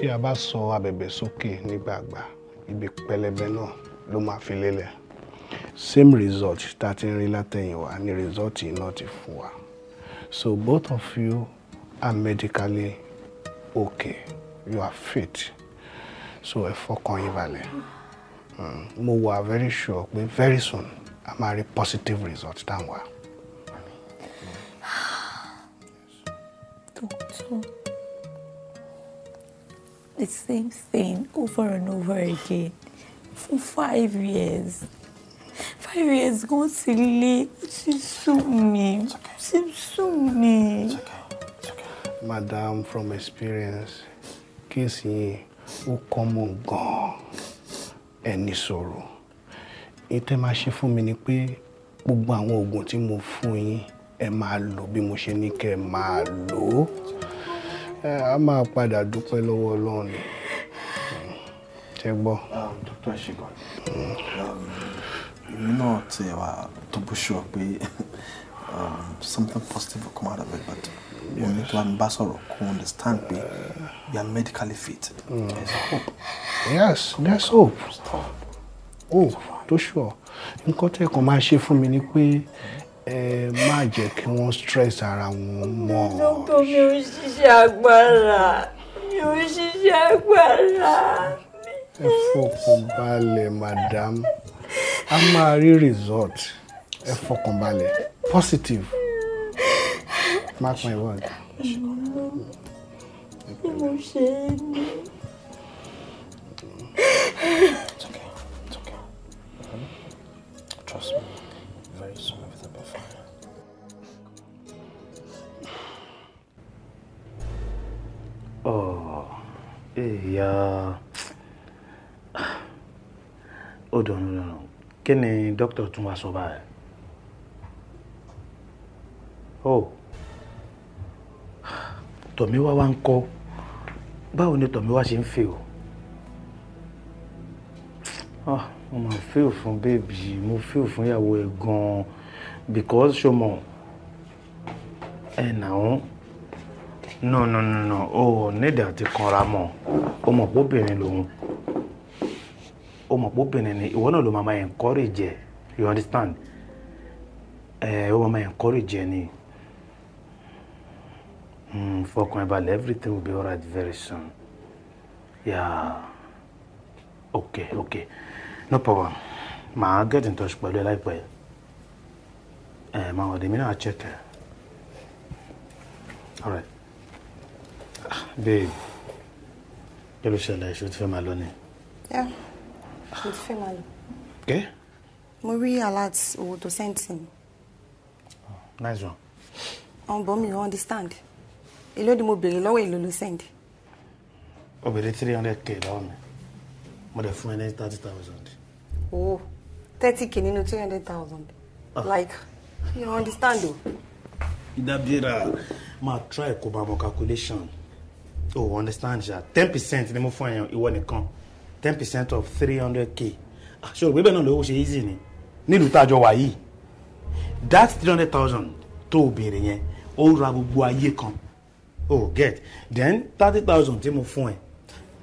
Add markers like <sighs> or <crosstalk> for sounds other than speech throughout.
tí a bá sọ abẹ̀bẹ̀ sókè nígbàgbà ibi pẹlẹbẹ náà ló máa fi lélẹ̀ same result tá a ti ń rí látẹ̀yìnwá ni result yìí náà ti fún wa so both of you are medically okay you are fit so ẹ fọkàn yín balẹ̀ hmm. mo wà very sure pé very soon a máa rí positive result táwọn wa. doctor the same thing over and over again for five years five years gan ti lé ó ti sú mi ó ti sú mi. madam from experience kéèsì yìí come kọ́ mọ̀ Any sorrow, ẹni sọ̀rọ̀ èyí tẹ́ máa ṣe fún mi ni pé gbogbo àwọn oògùn tí mo fún yín ẹ máa lò bí mo ṣe ní kẹ́ ẹ máa a máa padà dúpẹ́ lọ́wọ́ ọlọ́run ni ṣe gbọ́. dókítà ṣìgàn èmi náà ti wà tó bó ṣọ pé um, something positive will come out of it but mo ní kí wàá bá sọ̀rọ̀ kó understand pé we are medically fit. Mm. there's hope. yes there's hope. hope oh, tó ṣọ nǹkan tẹ́ kàn máa ṣe fún mi ni pé ẹ má jẹ́ kí wọ́n stress ara wọn mọ́. dókítà mi ò ṣiṣẹ́ agbára mi ò ṣiṣẹ́ agbára. ẹ fọkàn balẹ̀ madam a máa rí result ẹ fọkàn balẹ̀ positive mark my word. bí mo ṣe é ní. It's okay. It's okay. Trust me. Very soon. Oh, hey, uh, <sighs> hold on, hold on. Can ni doctor tún wá sọ Oh, <sighs> Tọ̀míwá wá ń kọ́. Báwo ni Tọ̀míwá ṣe ń fè o? <sighs> Ah, mo máa fè ò fún bébì, mo fè ò fún ìyàwó ẹ̀ because show more. And now no no no no o nídìí àti kanra mọ́ o mọ̀ bóbìnrin lòun o mọ̀ bóbìnrin ni ìwọ náà ló máa máa encourage ẹ you understand ẹ o máa máa encourage ẹ ni hmm, fọkàn ẹ balẹ̀ everything will be alright very soon yeah okay okay no problem màá get in touch pẹ̀lú ẹ láìpẹ́ ẹ máa ọ̀dẹ̀ mi náà check ẹ alright babe kí ló ṣẹlẹ̀ ṣé o ti fẹ́ máa lọ ni. ẹ ṣe ti fẹ́ máa lọ. ké. mo rí alert owó tó sẹ́ǹtì mi. Oh, nice one. ọ̀nbọ̀n mi ò understand èló ni mo béèrè lọ́wọ́ èló ló sẹ́ǹdì. o béèrè three hundred k lọ́wọ́ mi mo dẹ̀ fún ẹ ní thirty thousand. o oh, thirty k nínú two hundred thousand ah. like you understand o. ìdábìrà máa try kó bá mọ calculation o oh, understand ṣá ten percent ni mo fún ẹyàn ìwọ nìkan ten percent of three hundred k ah, ṣé o gbẹ́bẹ̀ náà lówó ṣe easy ni nílùú tàjọ wà yìí that three hundred thousand tó o béèrè yẹn ó ra gbogbo ayé kan o oh, get then thirty thousand tí mo fún ẹ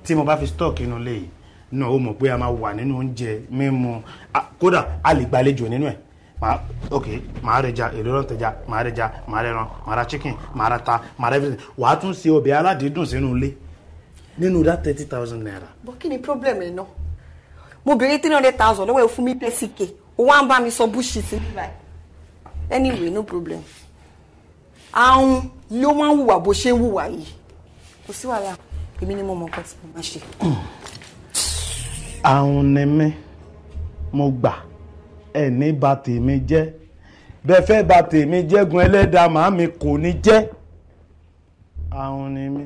tí mo bá fi stock inú ilé yìí náà o mọ̀ pé a máa wà nínú oúnjẹ mímu ah, kódà a lè gbàlejò nínú ẹ̀ màá ok màá rẹja èrè ọ̀rọ̀ tẹja màá rẹja màá rẹran màá chicken màá ra ta màá ra everything wàá tún ṣe ọbẹ̀ aládìídùn sínú ilé nínú that thirty thousand naira. bọ́ kí ni problem rẹ̀ náà mo béèrè three hundred thousand lọ́wọ́ ẹ̀ fún mi pẹ́sìkè ó wá ń bá mi sọ búṣì sí mi báyìí anyway no problem àrùn ló máa ń hùwà bó ṣe ń hùwà yìí kò sí wàhálà èmi ni mo mọ nǹkan tí mo máa ṣe. àrùn ni mí mo gbà ẹni bà tèmi jẹ́ bẹ́ẹ̀ fẹ́ bà tèmi jẹ́ gun ẹlẹ́dàá màá mi kò ní jẹ́ ahun ni mí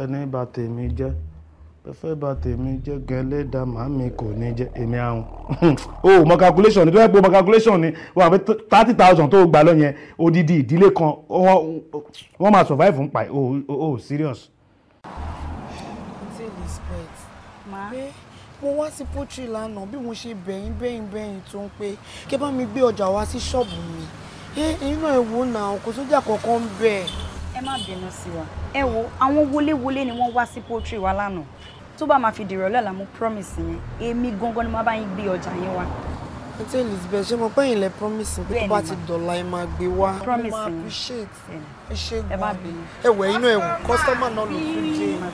ẹni bà tèmi jẹ́ bẹ́ẹ̀ fẹ́ bà tèmi jẹ́ gun ẹlẹ́dàá màá mi kò ní jẹ́ èmi ahun <laughs> o mọ calculation ni tó yẹ pé mọ calculation ni wọn àbí thirty thousand tó gbà lọ́yẹn odidi ìdílé kan wọ́n máa survive ń pa ẹ̀ o o serious. until his mo wá sí poultry lánàá bí mo ṣe bẹ̀yìn bẹ̀yìn bẹ̀yìn tó ń pé kí ẹ bá mi gbé ọjà wá sí ṣọ́ọ̀bù mi ẹ̀yin náà ẹ wò náà kò sójà kankan ń bẹ̀. ẹ má bínú sí wa ẹ wo àwọn wọléwọlé ni wọ́n wá sí poultry wa lánàá tó bá máa fi dìrọ̀ lọ́la mo promise yẹn èmi gangan ni mo bá yín gbé ọjà yẹn wá. àti Elizabeth ṣé mo pẹ́ yín lẹ promise pé tó bá ti dọ̀la ẹ máa gbé wá ẹ máa ẹ ṣe gbọ́n ẹ wẹ̀ inú ẹ̀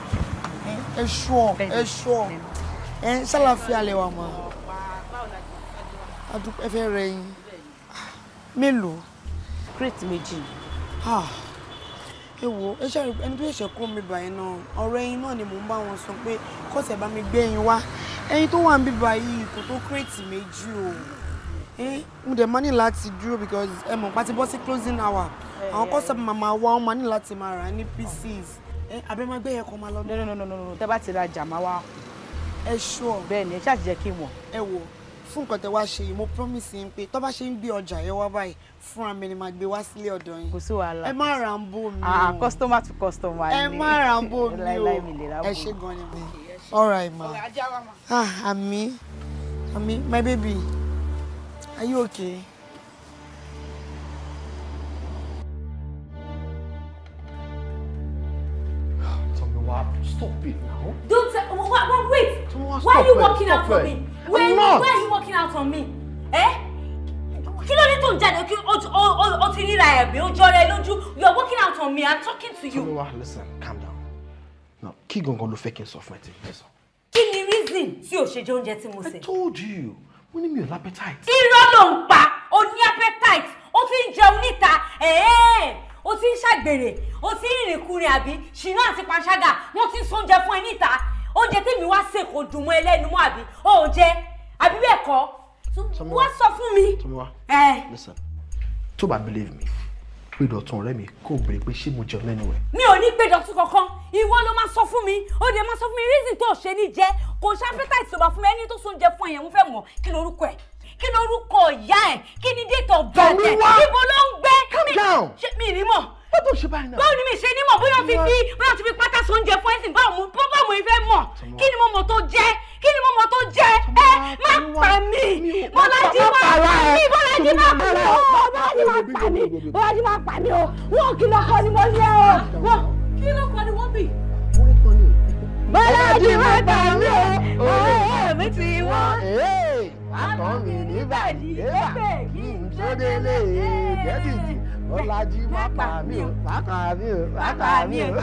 ẹ ń ṣàlàfíà lẹ wà mọ́ adúpẹ́ fẹ́ rẹ yín mélòó. crate méjì. ẹ wo ẹ ṣàrí ẹni tó ṣẹ̀ṣẹ̀ kó mi báyìí náà ọ̀rọ̀ ẹyin náà ni mò ń bá wọn sọ pé kọ́sẹ̀ bá mi gbé ẹyin wá ẹyin tó wà ń bí báyìí kò tó crate méjì o mo dẹ̀ máa ní láti dúró because ẹ mọ̀ pa ti bọ́ sí closing hour àwọn kọ́sẹ̀ màmá wa wọ́n máa ní láti máa rà ní pieces abẹ́ máa gbé yẹn kọ́ máa lọ. no no no no tẹ́ bá ti ra jà máa wá ẹ ṣọ. bẹ́ẹ̀ ni ẹ ṣáà ti jẹ́ kí n mọ̀. ẹ wo fún nǹkan tẹ wá ṣe yìí mo promise yín pé tó bá ṣe ń gbé ọjà yẹn wá báyìí fúnra mi ni màá gbé wá sílé ọ̀dọ̀ yín. kò sí wàhálà ẹ má ra ń bò mí ah, o. customer to customer ni ẹ má ra ń bò <laughs> mí o ẹ ṣe gan ni. all right ma ah ami ami my baby are you okay. Baba, stop it now. Don't say, wait, wait. Why are you walking out on me? Where, where are you walking out on me? Eh? Kí ló ní tó ń jáde kí o ti ríra ẹ̀mí ojú ọ̀rẹ́ lójú? You are walking out on me. I'm talking to you. Tọ́lọ́wá, listen, calm down. Now, kí gangan ló fẹ́ kí n sọ fún ẹ tí mo sọ? Kí ni reason tí o ṣe jẹ oúnjẹ tí mo sè? I told you, mo ní mi ò lápẹ́tàìtì. Irọ́ ló ń pa, o ní appetite, o fi ń jẹun níta o ti ń ṣàgbèrè o ti ń rìnrìnkurìn àbí ṣìnà àti panṣágà wọ́n ti ń sóúnjẹ fún ẹ níta oúnjẹ tèmi wá sè kò dùn mọ́ ẹlẹ́nu mọ́ àbí o ò jẹ àbí bẹ́ẹ̀ kọ́ wá sọ fún mi. Tomiwa listen tó bá believe me pé dọ̀tún ọ̀rẹ́ mi kò béèrè pé ṣé mo jẹun lẹ́nu ẹ̀. mi ò ní pé dọ̀tún kankan ìwọ ló máa sọ fún mi ó dẹ̀ máa sọ fún mi reason tó ṣe ní jẹ́ kò ṣe appetite tó bá fún mi ẹni tó sóúnjẹ fún ẹ̀yẹ̀ ń fẹ́ mọ̀ kí lorúkọ ẹ̀ kí lorúkọ ìyá ẹ̀ kí ni date of birth ẹ̀ ibo ló ń gbé mi ní mọ̀ báwo ṣe báyìí náà. báwo ni mi ṣe ní mọ̀ bóyá fi fi bóyá ti fi pátá so oúnjẹ fún ẹ̀sìn báwo mo báwo mo fẹ́ mọ̀ kí ni mo mọ̀ tó jẹ́ kí ni mo mọ̀ tó jẹ́ ẹ má pa mí bọ́lájí má pa mí bọ́lájí má pa mí bọ́lájí má pa mí bọ́lájí má pa mí o wọn kìlọ̀ kọ́ ni mo yẹ o. kìlọ̀ kọ́ ni wọ́n bì bọ́lájì má gbà mí o ọ̀rẹ́ mi ti wọ́n. àtọ̀ mi níbàdí ẹ̀fẹ̀ kí n tó délé gẹ́dìdì bọ́lájì má pa mí o pàkà mí o pàkà mí o.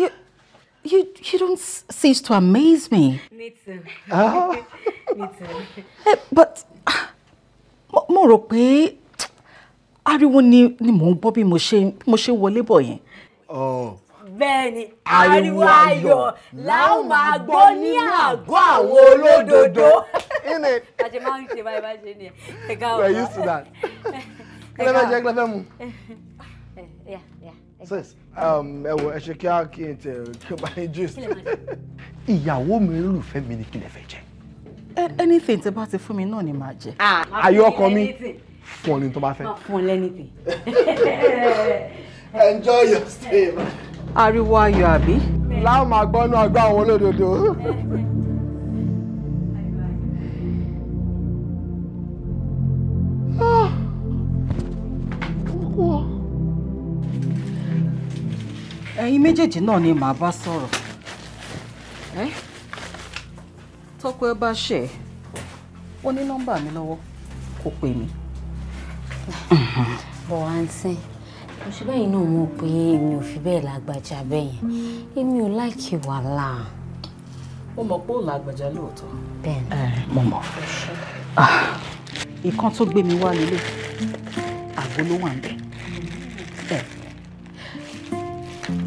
You, you, you don't cease to amaze me. Me too. Oh. me too. But mo rò pé ariwo ni ni mò ń gbọ́ bí mo ṣe mo ṣe wọlé bọ̀ yẹn. bẹ́ẹ̀ ni ariwo ayọ̀ làwọn máa gbọ́ ní àgọ́ àwọn olódodo. bàjẹ́ máa ń ṣe báyìí bá ṣe were you see that. <laughs> kílẹ̀ fẹ́ jẹ́ kílẹ̀ fẹ́ mu. <laughs> Eh, sis um, ẹ wo ẹ ṣe kí á kí n tẹ kí n bá yín gist. <laughs> ìyàwó mi olùfẹ́ mi ni kílẹ̀ fẹ́ jẹ. anything tí bá ti fún mi náà ni màá jẹ. Ah, ayọ̀ ọkọ mi fún ọ ní tó bá fẹ́. máa fún ọ lẹ́nìtì. <laughs> enjoy your stay. ariwo ayọ̀ àbí. láwọn máa gbọ́ náà gbá àwọn olódodo. ẹ̀yin méjèèjì náà ni màá bá sọ̀rọ̀ tọ́pẹ́ bá ṣẹ̀ ó ní nọ́mbà mi lọ́wọ́ kó pè mí bọ̀ àǹtí kò ṣe bẹ́yìn náà mọ̀ pé èmi ò fi bẹ́ẹ̀ lágbájá bẹ́yẹn èmi ò láìkí wàhálà. mo mọ̀ pé òun lágbájá lóòótọ́. bẹ́ẹ̀ni ẹ mo mọ̀. Ah, ìkan tó gbé mi wá nílé àgbo ló wà ń bẹ̀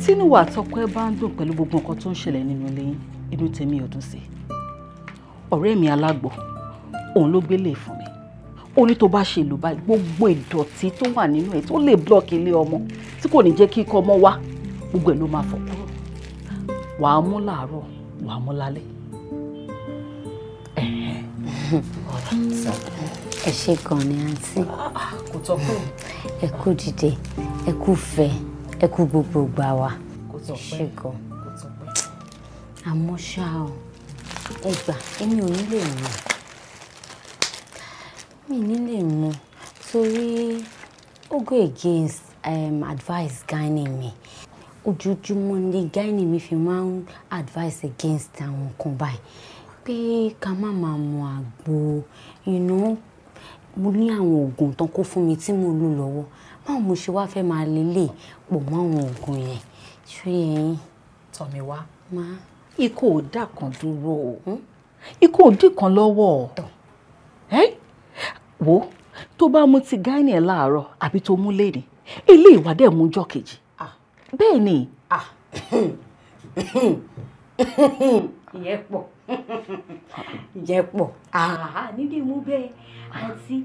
tínú wa tọkọ ẹ bá ń dùn pẹ̀lú gbogbo nǹkan tó ń ṣẹlẹ̀ nínú ilé inú tèmi ò sí ọ̀rẹ́ mi alágbò òun ló gbélé fún mi ó ní tó bá ṣe lù báyìí gbogbo ìdọ̀tí tó wà nínú ẹ̀ tó lè block ilé ọmọ tí kò ní jẹ́ kí ikọ́ ọmọ wá gbogbo ẹ̀ ló máa fọ̀ kúrò wà á mú làárọ̀ wà á mú lálẹ́. ẹ ṣe gan ni àǹtí kò tọ́ pé ẹ kú dìde ẹ kú fẹ́ ẹ kú gbogbo gbà wá ṣe gan àmọ́ ṣá o ẹ gbà èmi ò ní lè rìn mi ní lè mú torí ó go against um, advice gani mi ojoojúmọ́ ni gani mi fi máa ń advice against àwọn nǹkan báyìí pé ká má máa mu àgbo you know mo ní àwọn oògùn tán kó fún mi tí mo lò lọ́wọ́ báwo mo ṣe wáá fẹ́ máa lélẹ̀ pọ̀ mọ́ àwọn oògùn yẹn ṣé ẹyin. Tọ́míwá ikú ò dà kan dúró o ikú ò dì kan lọ́wọ́ o wo tó bá mu ti gáínì ẹ̀ láàárọ̀ àbí tó mú lẹ́ni ilé ìwádẹ́ mú jọ́ kejì bẹ́ẹ̀ ni. ìyẹn pọ̀ ìyẹn pọ̀ nílé mú bẹ́ẹ̀ àti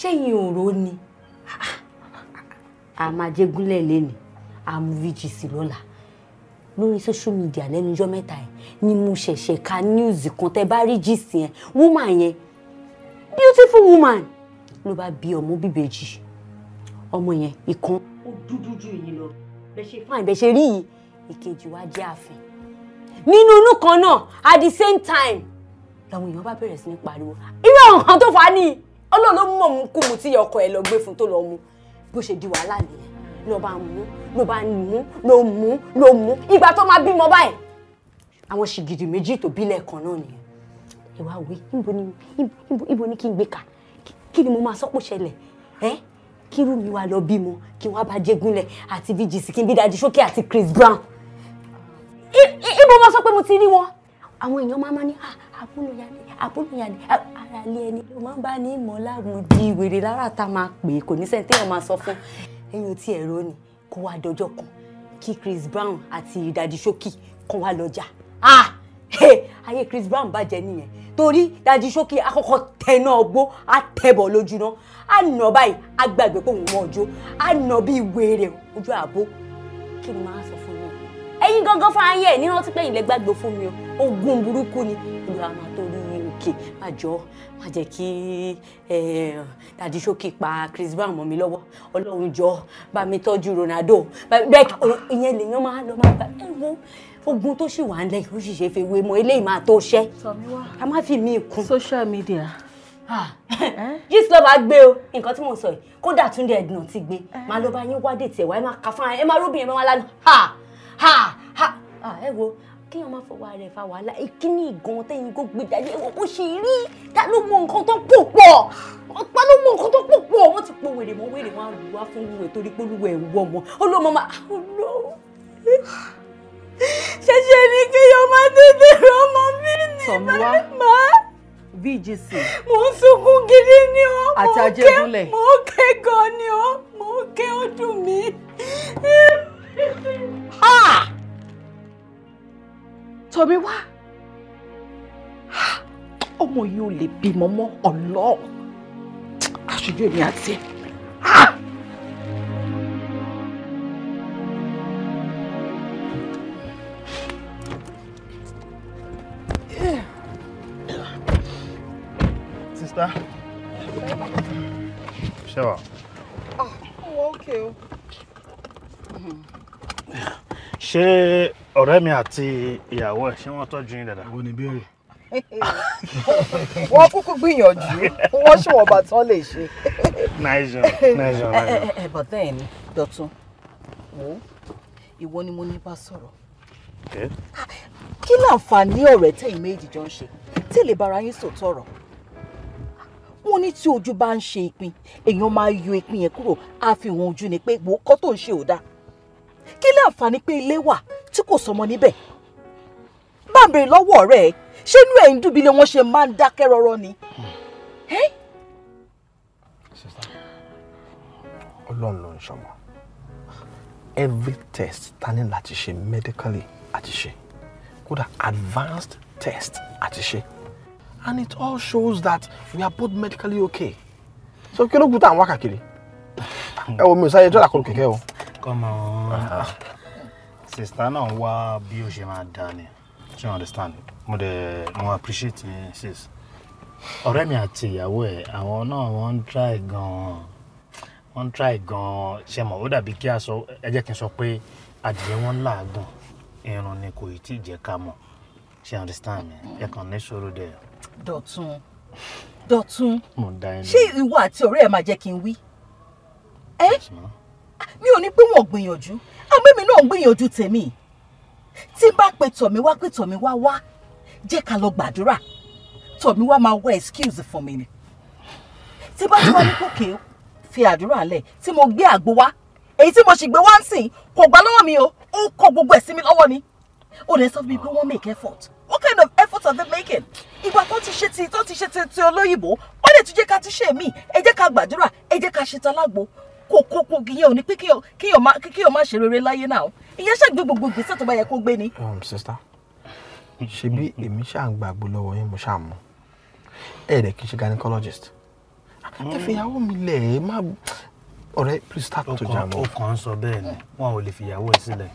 ṣẹ́yìn òró ni a máa jégúnlẹ̀ lẹ́ni a mú vg sí lọ́la lórí social media lẹ́nu ọjọ́ mẹ́ta yẹn ni mo ṣẹ̀ṣẹ̀ ka news kan tẹ́ bá rí gist yẹn woman yẹn beautiful woman ló bá bí ọmọ bíbejì ọmọ yẹn ìkan ó dúdú ju èyí lọ bẹ ṣe fún àìbẹ ṣe rí yìí ìkejì wa jẹ́ àfin nínú inú kan náà at the same time làwọn èèyàn bá bẹ̀rẹ̀ sí ní pariwo irú ọ̀hún tó fà á ní ọlọ́run ló mọ̀ mú kú mu tí ọkọ ẹ lọ gbé fún tó lọ mu bó ṣe di wàhálà nìyẹn ló bá mú ló bá mú ló mú ló mú ìgbà tó máa bímọ báyìí àwọn ṣìgìdì méjì tó bí lẹ́ẹ̀kan náà nìyẹn ẹ wá wí níbo ni níbo ni kí n gbé kà kí ni mo máa sọ́pọ̀ ṣẹlẹ̀ ẹ́ kí irú mi wá lọ bímọ kí wọ́n bá jégúnlẹ̀ àti vgc kí n bí Daddy Ṣókè àti Chris Brown ibo mo sọ pé mo ti rí wọn àwọn èèyàn máa ma ní àbúlùyàní ah, àbúlùyàní ara lé ẹni ló máa ń bá ní ìmọ̀ láwọn di ìwèrè lára tá a máa pè é kò ní sẹ́ni téèyàn máa sọ fún ẹ̀yin tí ẹ̀rọ ni kó wá dọjọ́ kan kí Chris Brown àti Daddy Ṣókè kó wá lọ́jà ah, <laughs> ayé Chris Brown bàjẹ́ nìyẹn torí Daddy Ṣókí akọ́kọ́ tẹná ọgbó àtẹ̀bọ̀ lójú náà àná báyìí agbàgbé pé òun mọ ọjọ́ àná bíi wèrè ojú àbó kí ni màá sọ fún mi ẹ̀yin gangan fún ayé ẹ nírántí pé ìlẹ gbàgbé fún mi o ogun burúkú ni ìlú àmà tó rí òkè má jọ má jẹ́ kí Daddy Ṣókí pa Chris Brown mọ́ mi lọ́wọ́ Ọlọ́run jọ bá mi tọ́jú Ronaldo bẹ́ẹ̀ ìyẹn lèèyàn máa lọ máa gbà ẹ wo ogun tó sì wà nílẹ̀ ó sì ṣe fi wé mọ eléyìí máa tó ṣẹ́ ká má fi mí kún. social media. Ah, <laughs> eh? <laughs> gist lọ́ba gbé o nǹkan tí mò sọ yìí kódà Túndé Ẹ̀dùn ti gbé eh. máa lọ́ba yín wádìí tiẹ̀ wá máa kà fún máa róbìnrin máa lánàá ha ha ha ah, ẹ wo kéèyàn má fọwọ́ rẹ̀ fa wàhálà ìkíní ìgan tẹ́yìn kó gbé jáde ẹ̀wọ̀n kó ṣe rí ta ló mọ nǹkan tó pò pọ̀ ọ̀pá ló mọ nǹkan tó pò pọ̀ wọ́n ti po wèrè mọ́ wèrè wọn á lù wá fún wúwo torí pé olúwẹ̀ ń wọ̀ wọn olóòmọ́ máa olóòmọ́ ṣẹ̀ṣẹ̀ ní kí yóò máa tètè rọmọ bí ní bàbá. VGC. mo ń sunkún gidi ni o. àti ajégúnlẹ̀. mo ń ké gan ni o mo ń ké ó dùn mí. tọ́mi wá ọmọ yìí ò lè bímọ mọ́ ọlọ́ọ̀ aṣojú èmi àti ẹ̀. sister. Ṣé wà? Okay o. Ṣé ọ̀rẹ́ mi àti ìyàwó ẹ̀ ṣé wọ́n tọ́jú yín dáadáa? Wo ni béèrè? Wọ́n kúkú gbìyànjú, wọ́n ṣe wọ̀n bàtán lè ṣe. Nice one, nice one, nice one. Ẹ̀bọ̀ bẹ́ẹ̀ ni, Dọ̀tun, wò ó, ìwọ ni mo ní bá sọ̀rọ̀. Kí láǹfààní ọ̀rẹ́ tẹ̀yìn méjì jọ ń ṣe? Tí lè yín sòtọ̀rọ̀ wọ́n ní tí ojú bá ń ṣe ìpín èèyàn máa yọ ìpín yẹn kúrò á fi hàn ojú ni pé gbòókọ tó ń ṣe ò dáa kí lè àǹfààní pé ilé wà tí kò sọmọ níbẹ̀ bá ń bèrè lọ́wọ́ ọ̀rẹ́ ẹ ṣé inú ẹ̀ ń dùn wọ́n ṣe máa ń dákẹ́ rọ́rọ́ ni. ọlọ́run ló ń ṣọmọ every test tani ní ṣe medically àti ṣe kódà advanced test àti ṣe and it all shows that we are both medically okay. So kí ló kú tá à ń wá kàkiri? Ẹ wo mi ò sáyé jọ́là kọlu kẹ̀kẹ́ o. Come on. Ah. Sista náà wá bí o ṣe máa dá ni. Ṣé o understand? Mo dẹ̀ mo appreciate yín sis. Ọ̀rẹ́ mi àti ìyàwó ẹ̀ àwọn náà wọ́n ń try gan-an. Wọ́n ń try gan-an. Ṣé mo ó dàbí kí a sọ ẹ jẹ́ kí n sọ pé adìyẹ wọn ń làágùn. Irun ni kò ì tí ì jẹ́ ká mọ̀. Ṣé o understand mi? Ẹ kàn ní sùúrù dẹ̀. Dọ̀tun Dọ̀tun ṣé ìwọ àti ọ̀rẹ́ ẹ̀ máa jẹ́ kí n wí? ẹ mi ò ní pé wọn gbìyànjú àmọ́ èmi náà ń gbìyànjú tèmi tí n bá pe tọ̀mí wá pé tọ̀mí wá wá jẹ́ ká lọ gbàdúrà tọ̀mí wá máa wá excuse fún mi ni tí bá ti ní kókè fi àdúrà lẹ̀ tí mo gbé àgbo wá èyí tí mo sì gbé wá ń sìn kò gbà lọ́wọ́ mi o ó kọ gbogbo ẹ̀ sí mi lọ́wọ́ ni ó lè sọ fún mi pé wọ́n make effort what kind of what of the making ìgbà tó ti ṣe ti tó ti ṣe ti ti olóyìnbó wọ́n lè tún jẹ́ ká tún ṣe mí ẹ jẹ́ ká gbàdúrà ẹ jẹ́ ká ṣe talágbo kò kò kò ìyẹn ò ní pé kíyàn má ṣe rere láyé náà ìyẹn ṣàgbé gbogbo gbèsè tó bá yẹ kó gbé ni. Oh, sista ṣebí èmi ṣáà ń gbàgbọ́ lọ́wọ́ yín mo ṣáà mọ̀ ẹ̀ dẹ̀ kì í ṣe gynecologist ẹ fìyàwó mi lẹ̀ ẹ má ọ̀rẹ́ please start to jam o. ọkàn sọ bẹ́ẹ̀ ni wọn ò lè fìyàwó ẹ sílẹ̀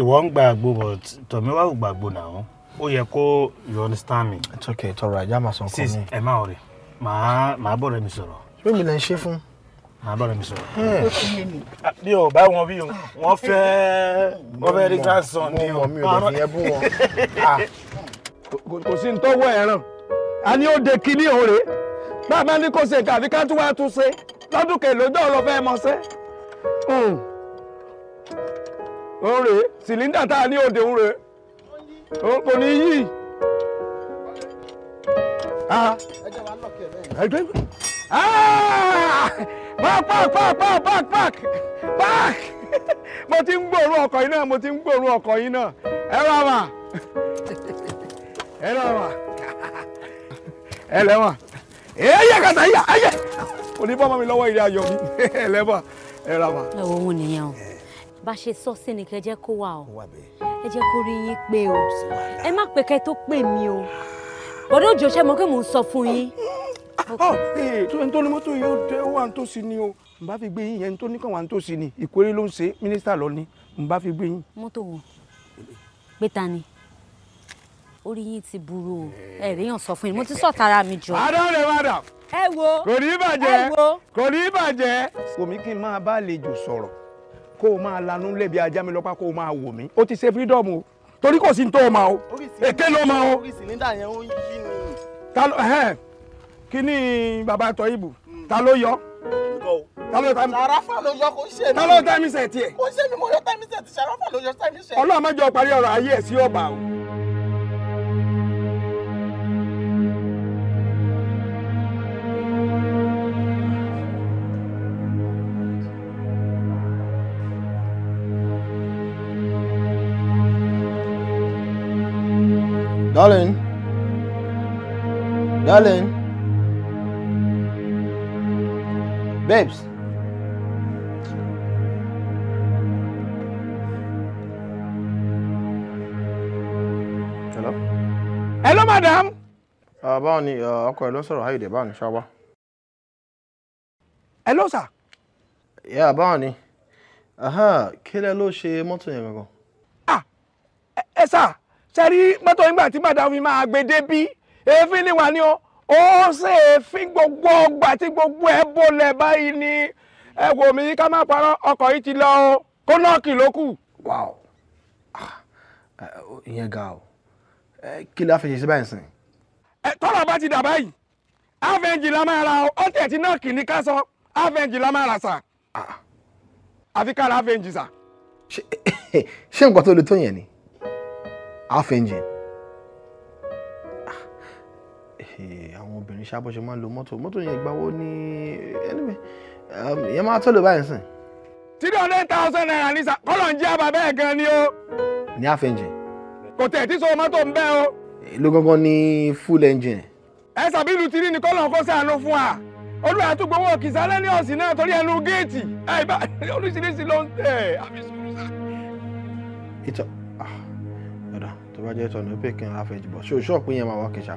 ìwọ ń but tọ̀míwá ò gbàgbọ́ náà ó yẹ kó you understand me. it's okay it's alright jama sọ nǹkan mi. sis ẹ máa rè màá màá bọ̀rẹ̀ mi sọ̀rọ̀. ṣé mi lè ṣe fún. màá bọ̀rẹ̀ mi sọ̀rọ̀. bí hmm. o bá wọn bí o wọn fẹ́ wọn fẹ́ rí grandson ni o. mi ò dẹ̀ fi yẹn bú wọn. <laughs> Ah. kò sí ní tọ́wọ́ ẹ̀ràn a ní ó de kínní òre bàbá ní kò ṣe nǹkan àfi ká tún wá tún ṣe lọ́dún kẹlẹ́dọ́ lọ fẹ́ mọ ṣe. òun hmm. rèé sìlíńdà tá a ní òde òun òun kò ní yí. Ah! park park park park park park park <laughs> mo ti ń gbòòrò ọkọ̀ yìí náà mo ti ń gbòòrò ọkọ̀ yìí náà ẹ wá wà ẹ lọ wà ẹ lẹ wà ẹ yẹ kàtà yà ẹ yẹ oníbọ̀mọ̀ mi lọ́wọ́ ìrìn àjọ mi <laughs> ẹ lẹ wà ẹ lọ wà. ẹ wo ohun nìyẹn o bá ṣe sọ sí ni kẹ jẹ́ kó wà o ẹ jẹ́ kó rí yín pé o ẹ má pé kẹ tó pè mí o bọ́dọ̀ òjò ṣe mọ́ pé mò ń sọ fún yín. Ah, ah, eh, tó ní mọ́tò yóò wà tó ni o n bá fi gbé yín yẹn tó ní kàn wà tó sí ni ìkórè ló ń ṣe mínísítà lọ ni n bá fi gbé yín. mọ́tò wọn gbé ta ni orí yín ti burú o ẹ ríyàn sọ fún yín mo ti sọ tara mi jọ. adọ́rẹ̀ madam. ẹ wo ẹ wo kò ní bàjẹ́ kò ní bàjẹ́. omi kí n máa bá àlejò sọ̀rọ̀ kó o máa lanú lẹ́bi ajá mi lọ́pàá kó o máa wò mí ó ti ṣe freedom o torí kò sí ní tó o máa o èké ló máa o. orí sìnínda yẹn ó yí ni. ta ló ẹhẹn kí ni bàbá tọ ibù hmm. ta ló yọ. ta ló ta mi. sẹ̀ tiẹ̀. kó ṣe mi jọ parí ọ̀rọ̀ ayé ẹ̀ sí ọ̀bà o. Darling. Darling. Babes. Hello. Hello, madam. Ah, báwo ni Uh, ẹ ló sọ̀rọ̀ Ayọ̀dé báwo ni ṣáwá? Hello, sir. Yeah, báwo ni? Aha, kí lẹ ló ṣe mọ́tò yẹn gangan? Ah! Ẹ sá! sẹ́rí mọ́tò nígbà tí bàdá fi máa gbé débí èéfín ni wà ní o ó ṣe èéfín gbogbo ọgbà tí gbogbo ẹ bọ́lẹ̀ báyìí ni ẹ wò mí ká má parọ́ ọkọ̀ yìí ti lọ o kó nọ́ọ̀kì ló kù. wow ah, ìyẹn ga o kí la fẹ̀yẹ̀ sí báyìí sìn. tọ́lọ̀ bá ti dà báyìí avenge la máa ra ó tẹ̀ tí nọ́ọ̀kì ní ká sọ avenge la máa ra sà ah. àfi ká ra avenge sà. <laughs> ṣé nǹkan tó le tó yẹn ni half engine ah, eh, àwọn obìnrin ṣàbọ̀ ṣe máa ń lo mọ́tò mọ́tò yẹn gbáwó ní anyway um, ìyẹn máa tọ́lọ̀ báyìí sìn. three hundred thousand naira ní sa kọ́lọ̀ ń jẹ́ àbá bẹ́ẹ̀ gan ni o. ní half engine. kò tẹ̀ tí so mọ́tò ń bẹ́ o. Eh, ló gangan ní full engine. ẹ sàbí ìlú tìrí ni kọ́lọ̀ kó sàánú fún wa olùwà tó gbowó kìsálẹ́ ní ọ̀sìn náà torí ẹnu géètì ẹ bá oríṣiríṣi ló ń tẹ̀ àbí sùúrù sá tó bá jẹ́ tọ̀nà pé kí n half edge but ṣé shop ṣọ́ọ̀pù yẹn máa wá kẹ̀ṣà.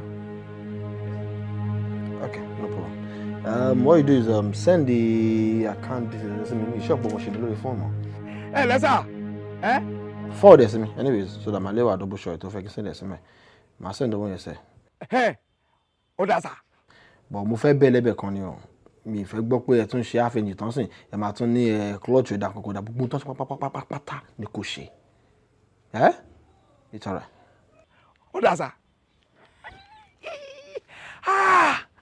okay no problem um, what you do is um, send the account details sí mi ní ṣọ́ọ̀pù mo ṣe dé lórí fóònù. ẹ lẹ́sà ẹ. forward ẹ̀ sí mi anyways so that màá léwà double shot tó fẹ́ kí n send ẹ̀ sí mi màá send owó yẹn sẹ́. ẹ ó dà sá. but mo fẹ́ bẹ́ẹ̀ lẹ́bẹ̀ kan ni o mi fẹ́ gbọ́ pé ẹ tún ṣe àfẹ̀yìn tán sìn ẹ máa tún ní ẹ clutch ìdàkọ̀kọ̀ ìdàgbogbo tán pátápátá ni kò ṣe. Eh? It's all right. ó dà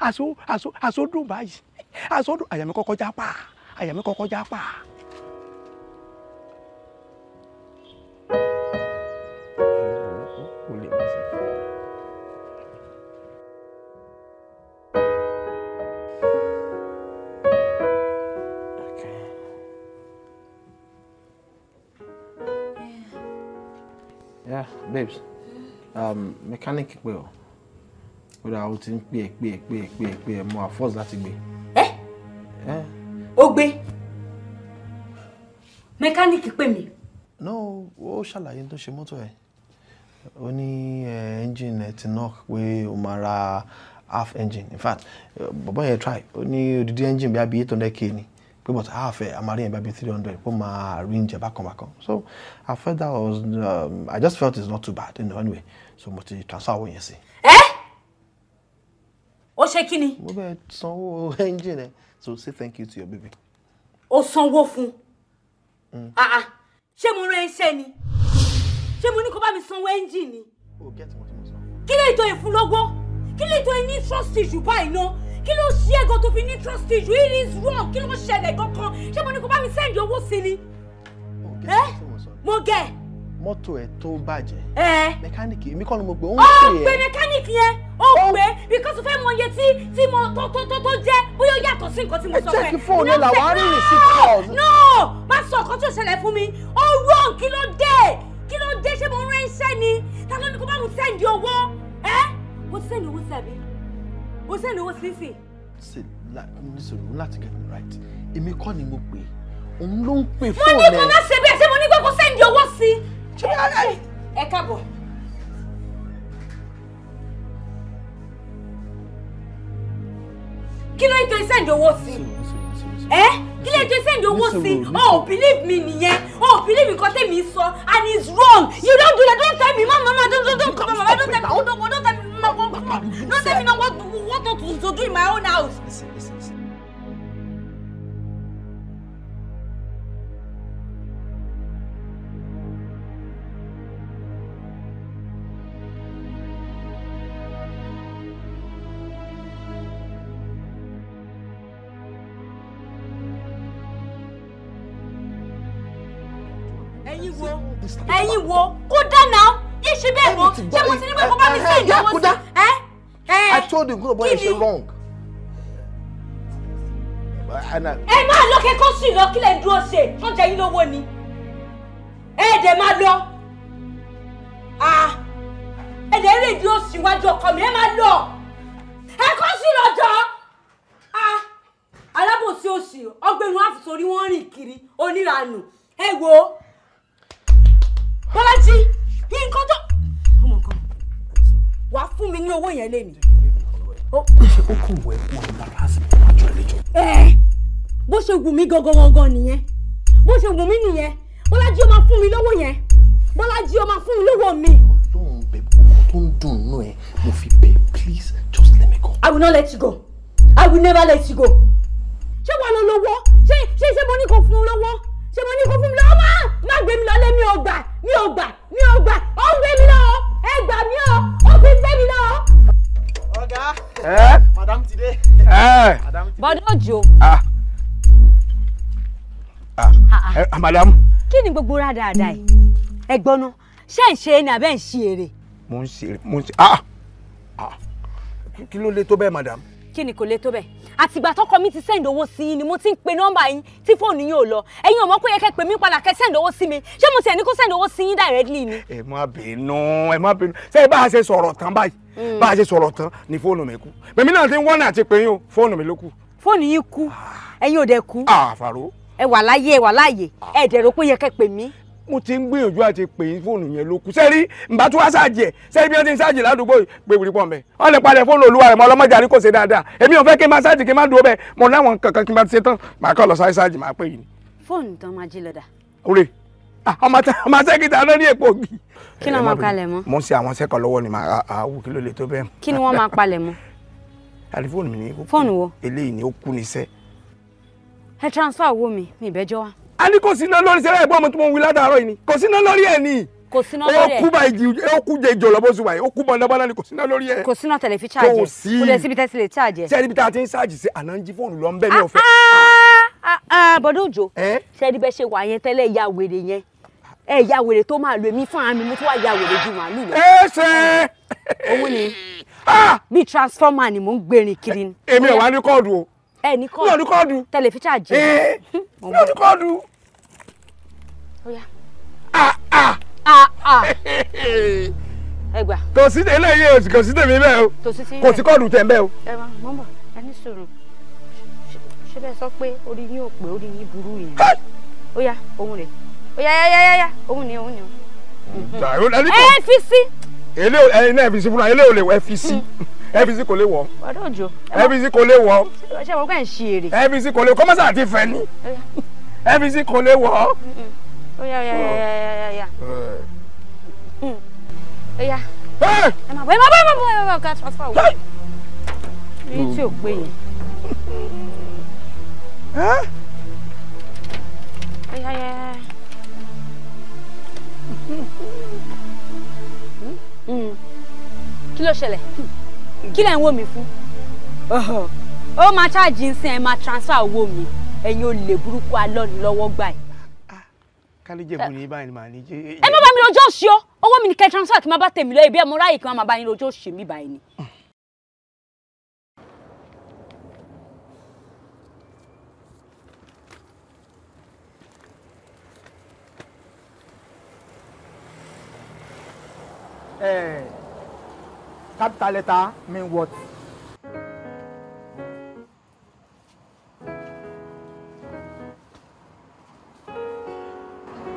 aṣọ aṣọ aṣọ dùn báyìí aṣọ dùn mi kọ́kọ́ já pa mi babes. Um, mechanic, pé ọ ó dà ó ti ń pè é pè é pè é pè é pè é mo àfọ́ọ̀sì láti gbé. ẹ ó gbé mẹkáníìkì pè mí. náà ó ṣàlàyé tó ṣe mọ́tò ẹ̀ ó ní ẹ́ńjìn ti knock pé ó máa ra half engine in fact bàbá yẹn try ó ní odidi engine bí abiy eight hundred k ni pé but half ẹ̀ amari yẹn bí abiy three hundred pé ó máa arrange ẹ̀ bákan bákan so I felt that was um, I just felt it's not too bad you know, anyway so mo ti transfer owó yẹn sí. ẹ o ṣe kí ni. mo bẹ sanwó engine so say thank you to your baby. o sanwó fún mm. ah, ah ṣé mo rán iṣẹ́ ni ṣé mo ní kó bá mi sanwó engine ni. o get mo ti mo sọ. kí lè tó ìfúnlọ́gbọ́ kí lè tó ní trust issue báyìí náà kí ló ṣe é tó fi ní trust issue it is wrong kí ló ṣẹlẹ̀ gankan ṣé mo ní kó bá mi send owó sí ni. mo gẹ̀ mọ́tò ẹ̀ tó bàjẹ́. ẹ mẹkáníìkì èmi kọ́ ni mo pè ó ń pè ẹ́. ó pè mẹkáníìkì yẹn ó pè é because fẹ́ mọ iye tí tí mo tó tó tó tó jẹ́ bóyá ó yàtọ̀ sí nǹkan tí mo sọ fẹ́. ẹ jẹ́kí fóònù ẹ̀ làwọn arí receipt calls. no má sọ ọ̀kan tó ṣẹlẹ̀ fún mi ó wrong kí ló dé kí ló dé ṣé mo ń ránṣẹ́ ni ta ló ní kó bá mo sẹ́ndì owó ẹ mo sẹ́ndì owó sẹ́bi mo sẹ́ndì owó sísì. ṣe nísòro láti get me right èmi kọ́ ni mo pè é òun ló ń pè fóònù ẹ. mo ní kó má ṣe bẹ́ẹ̀ ṣé mo ní kó kó sẹ́ndì owó sí i ẹ káàbọ̀. kí ló ń tó send owó sí ẹ kí ló ń tó send owó sí oh believe me nìyẹn oh believe me because tẹ̀mí sọ and it's wrong you don't do that Don't tell me mama mama don't, don't, don't. come mama don't tell me don don don't tell me mama don't tell me na what what don't do in my don't house. something kúrò bọ́ ẹ ṣe wrong. ẹ máa lọ kẹ́kọ̀ọ́ sí lọ kílẹ̀ dúró ṣe wọ́n jẹ yín lówó ni ẹ dẹ̀ máa lọ ẹ dẹ̀ rè dúró síwájú ọkọ mi ẹ máa lọ ẹ kọ́ sí lọ́jọ́ alábòsí òsì ọgbẹ́nu àfìsórí wọn rìn kiri oníranù ẹ wo bọ́lájí nǹkan tó wàá fún mi ní owó yẹn lé mi ṣe ó kàn wọ ẹkú ọ̀nà lásìkò àjọ ìlẹjọ. ẹ bó ṣe wù mí gangan gangan nìyẹn bó ṣe wù mí nìyẹn bọ́lájí ó máa fún mi lówó yẹn bọ́lájí ó máa fún mi lówó mi. ọlọ́run bẹ̀bù tó ń dùn nù ẹ mo fi bẹ̀ please just let me go. I will not let you go I will never let you go. ṣé wàá lọ lówó ṣé ṣé ṣé mo ní kó fún un lówó ṣé mo ní kó fún mi lówó má gbé mi lọlé mi ò gbà mi ò gbà mi ò gbà ó ń gbé mi lọ ẹ gbà mí o ó fi gbé mi lọ ọ̀gá madam ti dé. bọ́dọ̀ òjò. Ah. Ah. Ah, eh, eh, madam. kí ni gbogbo ra dáadáa ẹ ẹ̀gbọ́n nu ṣé ń ṣe é ní abẹ́ ń ṣe eré. mo ń ṣe mo ń ṣe kí ló lè tó bẹ́ẹ̀ madam kí ni kò lè tó bẹ́ẹ̀ àtìgbà tọkọ mi ti send owó sí yín ni mo ti ń pe nọ́mbà yín tí fóònù yín ò lọ ẹ̀yin ò mọ̀ pé yẹ kẹ́ pè mí padà kẹ́ send owó sí mi ṣé mo tiẹ̀ ní kó send owó sí yín directly ni. ẹ má bínú ẹ má bínú ṣé bá a ṣe sọ̀rọ̀ tán báyìí mm. bá a ṣe sọ̀rọ̀ tán ni fóònù mi kú mẹ̀mí náà ti ń wọ́nà àti pé yín fóònù mi ló kú. fóònù yín kú ah. ẹ̀yin ò mo ti ń gbìyànjú àti pè é fóònù yẹn ló kù sẹ́rí nbà tún wá ṣáàjì ẹ̀ sẹ́rí bí wọ́n ti ń ṣáàjì ládùúgbò pé wìrì pọ̀ mẹ́ wọ́n lè palẹ̀ fóònù olúwa rẹ̀ mọ́ ọlọ́mọdé àní kò ṣe dáadáa èmi ò fẹ́ kí n máa ṣáàjì kí n máa dúró bẹ́ẹ̀ mo láwọn kankan kí n bá ti ṣe tán màá kọ́ lọ sáré ṣáàjì màá pè yìí. fóònù tán máa jí lọ́dà. ọ̀rẹ́ ah, ọmọ sẹ́kítà náà ní èpo ògì. kí ni wọ́n máa palẹ̀ mọ́. <laughs> mo ń a ní kò síná lórí sẹ́rẹ́ ẹ̀gbọ́n mi tí mo ń wí ládàárọ̀ yìí ni kò síná lórí ẹ̀ ni kò síná lórí ẹ ó kú bá ìjì ó kú jẹ ìjọ lọ́bọ̀ sùn báyìí ó kú bọ̀ ni kò síná lórí ẹ. kò síná tẹ̀lé fi ṣáàjì kò sí kò lè síbi tẹ́sí lè ṣáàjì. ṣé ibi tá a ti ń ṣáàjì sí àná ń jí fóònù lọ ń ah, ah, ah, bẹ́ mi ọ̀fẹ́. bọ́dọ̀ òjò ṣé ibi ṣe wà yẹn tẹ́lẹ̀ ya wèrè yẹn ẹ ya wèrè tó máa lo èmi fún àmì mo tún wà ya wèrè ju màálù lọ. ẹ ṣe. owó ni bíi transformer ni mò ń gbèrin kiri. èmi ò wá ní kóòdù o ẹ ní kọ́ọ̀dù ní ọdún kọ́ọ̀dù tẹlẹ fi ṣáàjì ẹ ní ọdún kọ́ọ̀dù. ẹgbà. kò sí eléyìí o kò sí tèmi bẹ́ẹ̀ o kò sí kọ́ọ̀dù tẹ̀ bẹ́ẹ̀ o. ẹ wá mọ́mọ́ ẹ ní sùúrù ṣé bẹ́ẹ̀ sọ pé orí yín ò pé orí yín burú yẹn ó yá òun rè ó yá yá yá yá òun ni òun ni òun. ẹ fi sí. ẹ náà fi sí fúnra ẹ lè wẹ fi sí. Hmm ẹbísí kò lè wọ. ọ̀dọ́ òjò. ẹbísí kò lè wọ. ṣé wọn kàn ń ṣe èrè. ẹbísí kò lè wọ kọ́mọ́sà ti fẹ́ ni. ẹbísí kò lè wọ. ó yá yá yá yá yá. ó yá. ẹ má bọ ẹ má bọ ẹ má bọ ẹ má bọ ká transfer wọ. ní tí ò pé yẹn. ó yá hmm. Hmm. kí ló ṣẹlẹ̀ kí lẹ̀ ń wò mí fún ó máa ṣáàjì ń sìn ẹ máa transfer owó mi ẹ̀yin ò lè burúkú alọ́ọ̀nì lọ́wọ́ gbà ẹ̀. kálíjẹ̀bù ni báyìí màá ní jẹ́. ẹ má bá mi lọ́jọ́ òsì o owó mi ni kẹ́ transfer kí n má bá tèmi lọ ibi ẹ̀ mo ráàyè kí n má bá yín lọ́jọ́ òsì mi báyìí ni. ẹ eh capital letter mean what?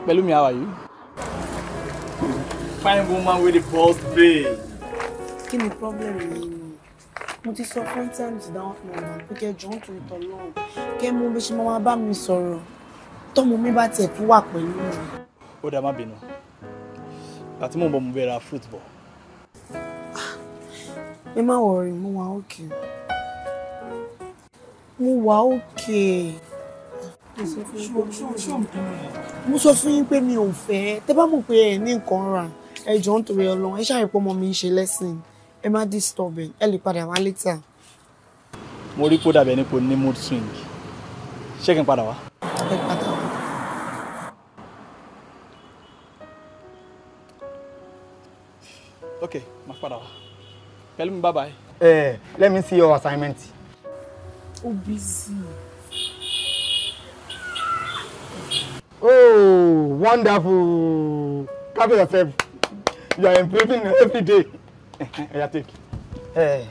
Pelumi, how are you? Fine woman with the boss babe. Kí ni problem yìí? Mo ti sọ fún times down for now pé kẹ́ jọ ń tún ìtọ̀ lọ́hùn. Kẹ́ mú bí ṣe máa bá mi sọ̀rọ̀. Tọ́mọ mi bá tiẹ̀ tún wà pẹ̀lú mi. Ó dá má bínú. Àti mò ń bọ̀ mo bẹ̀rẹ̀ fruit ball ẹ má wọrí mo wà òkè mo wà òkè mo sọ fún yín pe mi ò fẹ́ tẹ bá mọ̀ pé ẹ ní nǹkan rà ẹ jọ ń torí Ọlọ́run ẹ ṣàyẹ̀ pé ọmọ mi ń ṣe lẹ́sìn ẹ má disturb ẹ lè padà wá létà. mo rí kó dàbẹ̀ nípo ní mood swing ṣé kí n padà wá. ẹ padà wá. ok máa padà wá. pẹ̀lú mi bye bye. eh let me see your assignment. o busy. oh wonderful clap yourself you are improving every day. <laughs> oya take. Uh, eh,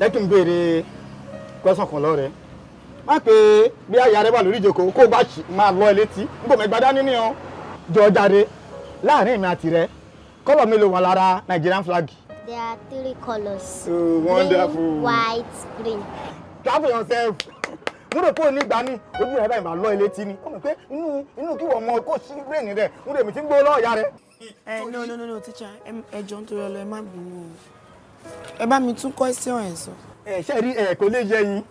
lẹ́kì ń béèrè question kan lọ́rẹ̀ má pé bí àyà rẹ wà lórí ìjókòó kó o bá máa lọ ẹ létí nígbà mẹ́gbàá dání ni ọ́ jọ jáde láàrin mi àti rẹ kọ́lọ̀ mélòó wà lára Nigerian flag. There are three colors. Oh, wonderful. Green, white, green. Clap for yourself. mo rò pé o ní gbà ní ojú rẹ báyìí máa lọ ilé tí ni ó mọ̀ pé inú inú kí wọ́n mọ kó sí brain rẹ̀ mo rò èmi tí ń gbó lọ́ọ̀yà rẹ̀. ẹ no no no no teacher ẹ jọ nítorí ọlọ ẹ má bínú o ẹ bá mi tún question ẹ sọ. ẹ ṣe rí ẹ kò lè yẹ yín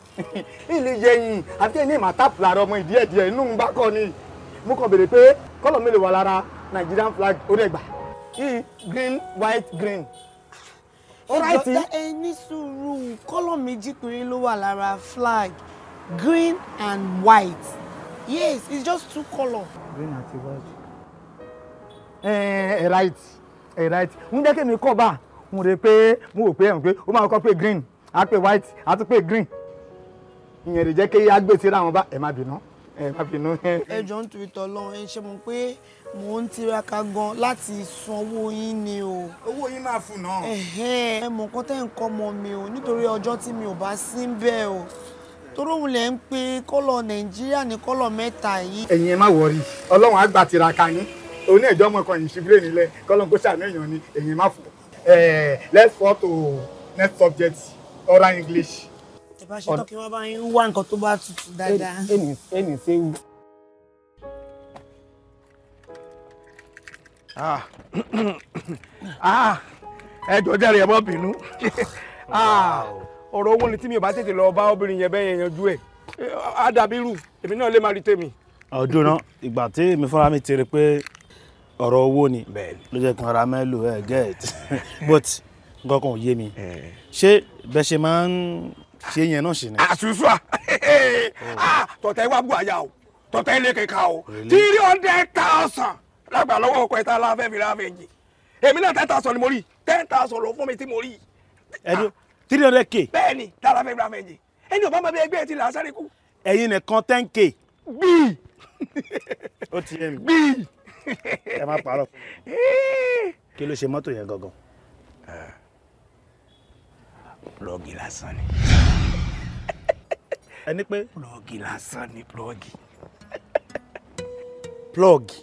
ilé yẹ yín àti ẹni ìmọ̀ táàpù lára ọmọ ìdí ẹ̀díẹ̀ inú ń bá kọ́ ni mo kàn béèrè pé kọ́lọ̀ mélòó wà lára Nigerian flag orí ẹ̀gbà green white green alrighty. ẹ ní sùúrù kọ́lọ̀ méjì péré ló wà lára flag green and white yes it's just two colour. green àti white. ẹ ẹ right ẹ right ń jẹ́ kí mi kọ́ bá a mo rè pé mo rò pé ẹ̀rùn pé ó máa kọ́ pé green á pé white á tún pé green ìyẹn lè jẹ́ kí agbèsè ra wọn bá ẹ̀ má bínú ẹ̀ má bínú. ẹ jọ ń tu ìtọ̀ lọ ẹ ṣe mọ̀ pé mò ń tiraka gan láti sanwó yín ni o. owó yín máa fún náà. ẹ mọ̀ nǹkan tẹ́ ń kọ́ ọmọ mi o nítorí ọjọ́ tí mi ò bá sí ń bẹ̀ o torí òun lè ń pe kọ́lọ̀ nàìjíríà ní kọ́lọ̀ mẹ́ta yìí. ẹ̀yin ẹ má wọrí ọlọ́run á tiraka yín òun náà ìjọ ọmọ yìí ṣubúlẹ̀ nílẹ̀ kọ́lọ̀ kó ṣàánú èèyàn ni ẹ̀yin má fọ. let's go to next subject oral english. ìbáṣetọ́ kí wọ́n bá yín wá nǹkan tó bá tutù dáadáa. ẹnì ṣé wù. Ah. Ah. ẹ jọ jàre ẹ má bínú ah. ọ̀rọ̀ owó ni tí mi ò bá tètè lọ bá obìnrin yẹn bẹ́ẹ̀ yanjú ẹ̀ á dàbí rù èmi náà lè má rí tèmi. ọdún náà ìgbà tí èmi fúnra mi ti rí pé ọ̀rọ̀ owó ni ló jẹ́ kí n ra mẹ́lò ẹ̀ gẹ́ẹ̀tì <laughs> but nǹkan kan ò yé mi ṣé bẹ́ẹ̀ ṣe máa ń ṣe yẹn náà ṣì ni. àṣùṣùà oh. tọ̀tẹ̀ wá bù àyà o tọ̀tẹ̀ ilé kíkà o three hundred thousand lágbà lọ́wọ́ ọkọ̀ ẹ̀ta la fẹ́ fi ra fẹ́ jì èmi náà ten thousand ni mo rí ten thousand ló fún mi tí mo rí. ẹni three hundred k. bẹ́ẹ̀ni tá a la fẹ́ fi ra fẹ́ jì ẹni ò bá ma bí ẹgbẹ́ ti là á sáré kú. ẹ̀yin nìkan ten k. bíi ó ti yé mi bíi. ẹ má parọ́ kí ló ṣe mọ́tò yẹn gangan. plọ́ọ̀gì lásán ni. ẹni pé. plọ́ọ̀gì lásán ni plọ́ọ̀gì. plọ́ọ̀gì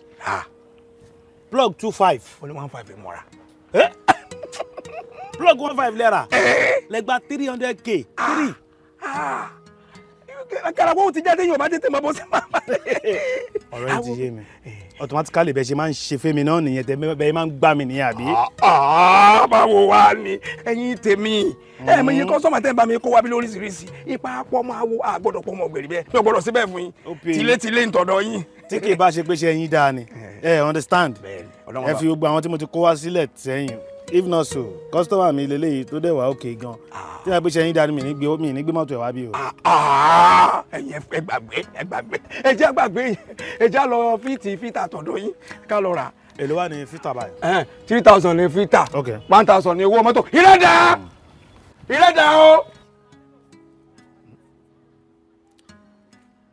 plug two five. Only one five mọ́ra. Eh? <laughs> plug one five lẹ́ra eh? lẹ́gbà three hundred k ah. three. Ah. kàràkó ti jáde yóò bá tètè máa bọ́ sí màmá rẹ̀. ọ̀rẹ́ ti yé mi ah. automatically bẹ́ẹ̀ ṣe máa ń ṣe fẹ́mi náà nìyẹn tẹ bẹ́ẹ̀ máa ń gbà mí nìyẹn àbí. báwo wá ni ẹ̀yin tèmi ẹ mọ iye kọ́sọ́mà mm. tẹ́ ń bá mi kó wá bí lóríṣiríṣi ipa pọ́ máa wo àgbọ̀dọ̀ pọ́ mọ̀ gbèrè bẹ́ẹ̀ mi ò gbọ́dọ̀ síbẹ̀ fún yín tilé ń tọ̀dọ̀ yín tí kì í bá ṣe pé ṣe ẹyin dáa ni eh. Eh, ẹ understand ẹ fi gbogbo àwọn tí mo ti kó wá sílẹ̀ sẹ́yìn if not so customer mi lélẹ́yìí tó dẹ̀ wá òkè gan ah. tí wọ́n pe ṣe ẹyin dáa ni mi ní gbé mi ní gbé mọ́tò ẹ̀ wá bí o. Ah, ah, ẹyin ẹ gbàgbé ẹ gbàgbé ẹ jẹ́ gbàgbé yẹn ẹ já lọ fíìtì fíìtà tọ̀dọ̀ yín ká lọ rà. èló wà ní fíìtà báyìí. Eh, three thousand ní fíìtà one thousand ní owó mọ́tò ìrẹ́dà ìrẹ́dà o.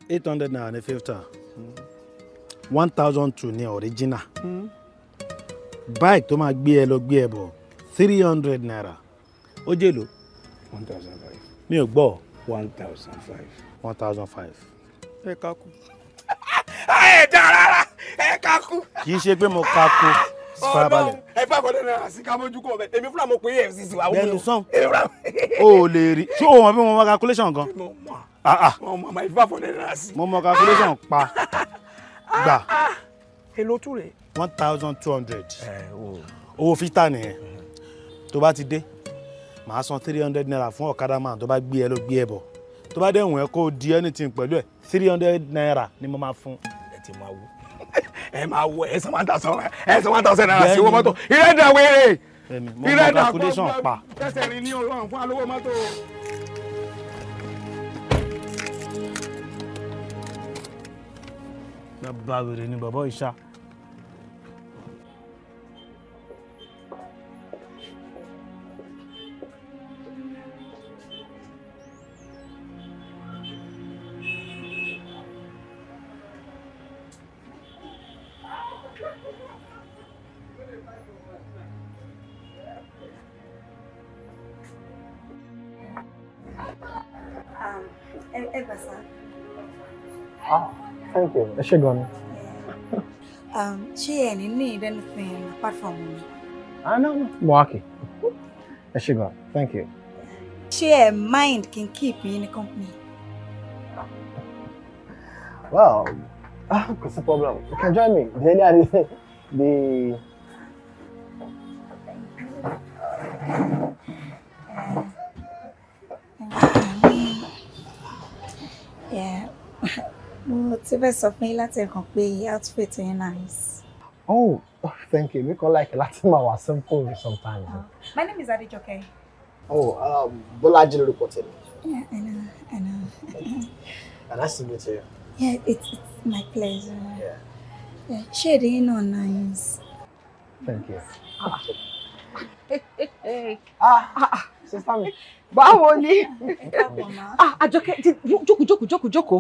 eight hundred naira ní fíìtà one thousand two ní original bike tó máa gbé ẹ lọ gbé ẹ bọ̀ three hundred naira ó jẹ́ lò. one thousand five. mi ò gbọ́. one thousand five. one thousand five. ẹ ká kú. ẹ dá rárá ẹ ká kú. kì í ṣe pé mo ká kú farabalẹ̀. ẹ fẹ́ àkọ́dé náírà sí ká mójú kó o bẹ èmi fúnra mo pé efcc wà wúlò. bẹ́ẹ̀ni sàn o lè rí ṣé o mọ̀ bí mo mọ̀ calculation ah, ah. gan. mo mọ̀ mo mọ̀ ìfúnra àkọ́dé náírà sí. mo mọ̀ calculation pa. <laughs> gbà. Ah, ah. èlò tù rè. one thousand two hundred. owó fítà nìyẹn tó bá ti dé màá san three hundred naira fún ọ̀kadà máa tó bá gbé ẹ ló gbé ẹ bọ̀ tó bá dẹ̀ wọ̀n ẹ kó di anything pẹ̀lú ẹ three hundred naira ni mo máa fún. ẹ ti máa wú ẹ máa wọ ẹ san one thousand ẹ san one thousand naira sí owó mọ́tò ìrẹ́dà wéré ìrẹ́dà kọ́ ọ́ tẹ̀sẹ̀ rìn ní ọ̀rọ̀ fún alówó mọ́tò. gbàwèrè ni bàbá ìṣá. Um, ah. Thank you. Ẹ ṣé gan ni. Um, ṣé ẹ ní need anything apart from money? Ah, no, no. Mo wá kì. Ẹ ṣé Thank you. Ṣé ẹ mind can keep me in the company? Well, ah, kò sí problem. You can join me. The earlier the ṣé bẹ́ẹ̀ sọ fún yín láti ẹ̀kan pé outfit yín nice. oh thank you mi kàn like láti máa wà simple sometimes. Uh, my name is Adejoke. oh um, Bolaji lorúkọ tèmi. yeah I know I know. and nice to meet you. yeah it's, it's my pleasure. Yeah. Yeah, shade yín nice. thank you. ah ah. <laughs> ah, ah sísá mi báwo ni. Ah, àjọkẹ́ jókòó jókòó jókòó jókòó.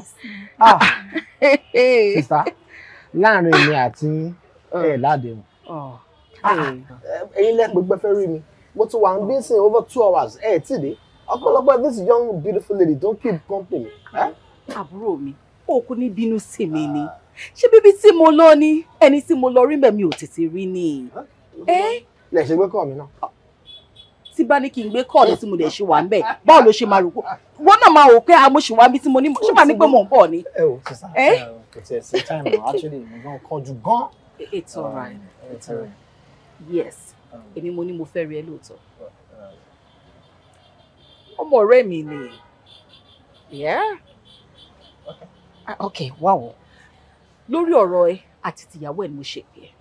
Ah. sísá láàrin èmi àti ah. ẹ̀ ládéhùn ẹ̀yin lẹ́pẹ́ gbẹ́fẹ́ rí mi mo ti wà ń bí sin over two hours ẹ̀ tí dé ọ̀pọ̀lọpọ̀ this young beautiful lady don keep company. Eh? àbúrò mi òkú ní bínú sí mi ni ṣé bíbí tí mo lọ ni ẹni tí mo lọ rí mbẹ ò tètè rí ni. Eh? lẹ ṣe gbé mi náà tí bá ní kí n gbé kọ́ọ̀lù tí mo dẹ̀ ṣe wà ń bẹ̀ báwo ló ṣe máa rò wọn náà máa rò pé àmọ́ ah, ṣì wá bí tí mo ní ṣé màá ní pé mò ń bọ̀ ni. ẹ o sísá eh? ẹ kò tiẹ̀ sí táìmù actually mo gan kan jù gan. it's alright um, it's alright yes um. èmi mo ní mo fẹ́ rí ẹ lóòótọ́ um. ọmọ ọ̀rẹ́ mi ni ah, ok wá o lórí ọ̀rọ̀ ẹ àti tìyàwó ẹ ni mo ṣe pé ẹ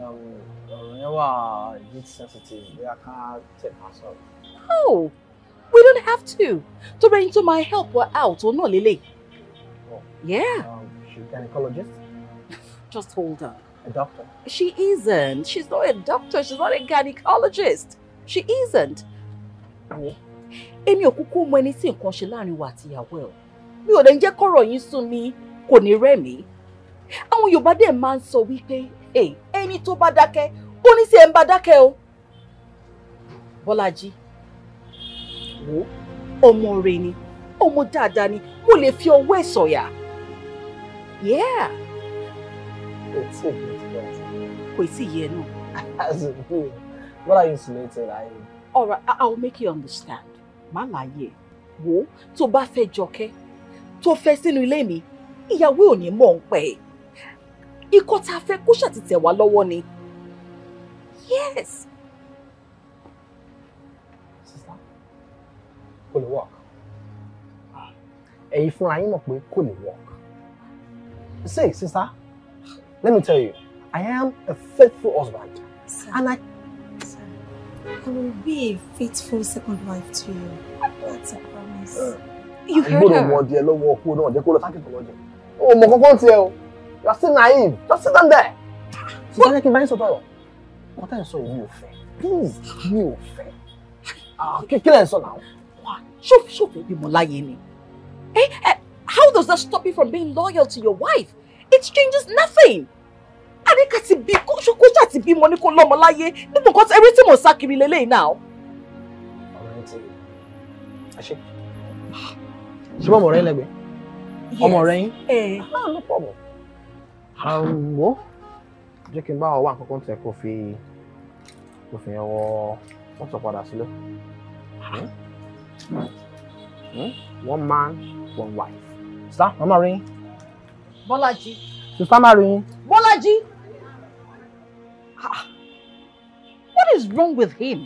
ọ̀rọ̀ yẹn wà bit sensitive bí a kàn tẹ̀ no we don't have to To bring to my help we're out òun náà lélẹ̀. yeah. Um, she's a gynecologist. <laughs> just hold her. A doctor? She isn't. She's not a doctor. She's not a gynecologist. She isn't. Èmi ò kúkú mọ ẹni tí nǹkan ṣe láàrin wa àti ìyàwó ẹ̀. Mi ò lè jẹ́ kọ́rọ̀ yín sún mi, kò ní rẹ̀ mí. Àwọn Yorùbá dẹ̀ máa ń sọ wípé, ẹni tó bá dákẹ́ ó ní sí ẹ̀ ń bá dákẹ́ o. Bọ́lájí wo ọmọ rẹ ni ọmọ dáadáa ni mo lè fi ọwọ́ ẹ̀ sọ̀yà. Yeah. Kò tí ì yẹ náà. <laughs> What are you insinuating I All right, I will make you understand. Má láyé wo tó bá fẹ́ jọkẹ́ tó fẹ́ sínú ilé mi ìyàwó ò ní mọ̀ ń pẹ́ ikọ́ tá a fẹ́ kó ṣàti wá lọ́wọ́ ni. yes. sista kò lè work ẹ̀yin fúnra yín mọ̀ pé kò lè work see sister. let me tell you I am a faithful husband Sir. and I. Sir, I will be a faithful second wife to you. That's a promise. Uh, you heard her. Ìgbọ́dọ̀ wọ̀ díẹ̀ lọ́wọ́ ọkọ náà jẹ́ kó lọ sákìtì lọ́jọ́. Ó mọ̀ kankan tiẹ̀ o you are still naive just sit down there. ṣùgbọ́n jẹ́ kí n bá yín sọ tọrọ you tẹ̀ sọ èmi ò fẹ́ please mi ò fẹ́ now. sọ náà. wà á ṣòfòṣòfò ìbímọ láyé eh, eh, how does that stop you from being loyal to your wife it changes nothing adika ti bí kóṣokóṣo àti bímọ ní kó lọ́mọ láyé gbogbo nǹkan ẹrí tí mò ń sá kiri Mo náà. ọ̀rẹ́ ti àṣẹ ṣé bọ́mọ̀ rẹ lẹ́gbẹ̀ẹ́ ọmọ rẹ yín. ẹ ẹ máa ń lọ àwọ̀ jẹ́ kí n bá ọwọ́ àkọ́kọ́ tẹ kó fi kó fi ọwọ́ wọ́n sọ padà sílẹ̀. Hmm? Hmm? one man one wife. sá màmá rí. Bọ́lájí. sista má rí. Bọ́lájí. Ah. what is wrong with him?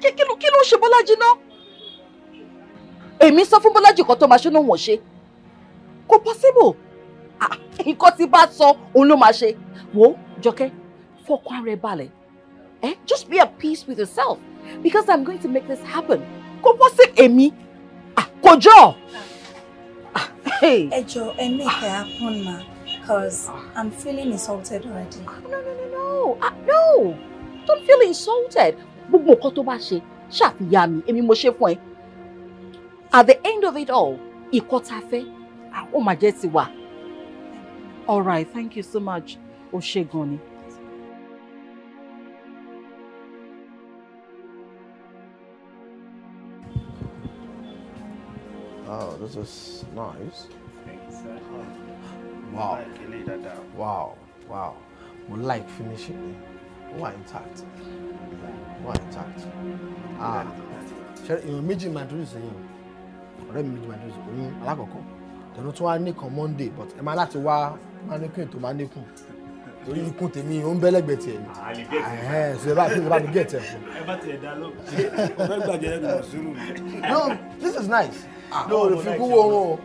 kí ló kí ló ń ṣe Bọ́lájí náà? èmi sọ fún Bọ́lájí kan tó máa ṣe náà wọ̀n ṣe kò possible. Ah, nǹkan tí bá sọ òun ló máa ṣe Wo, Jọkẹ́ fọkàn rẹ balẹ̀ eh just be at peace with yourself because i'm going to make this happen kò bọ́ sí èmi ah, kò jọ. Ah, ẹ jọ ẹ make because i'm feeling insulted already. no no no no uh, no don't feel insulted gbogbo nǹkan tó bá ṣe ṣàfihàn mi èmi mo ṣe fún ẹ at the end of it all ìkọ́ta fẹ́ ó máa jẹ́ tiwa all right thank you so much Oshegoni. Oh, this is nice. Wow. Wow. Wow. We like finishing it. are intact? are intact? Ah. Ṣé èèyàn méjì máa dúró sí yẹn? Ọ̀rẹ́ mi méjì máa dúró sí yẹn ẹnu tó wá nìkan monday but ẹ máa láti wá mannequin tó mannequin torí ikùn tèmi ó ń bẹ́lẹ̀gbẹ̀ tiẹ̀ ni ṣe bá ṣe bá mi gẹ̀ tẹ̀ fún. ẹ bá tiẹ̀ dá lóhùn ṣé ọ̀rẹ́ ẹ̀ lọ sùúrù no this is nice. no ah, òfin kú wo oorun o.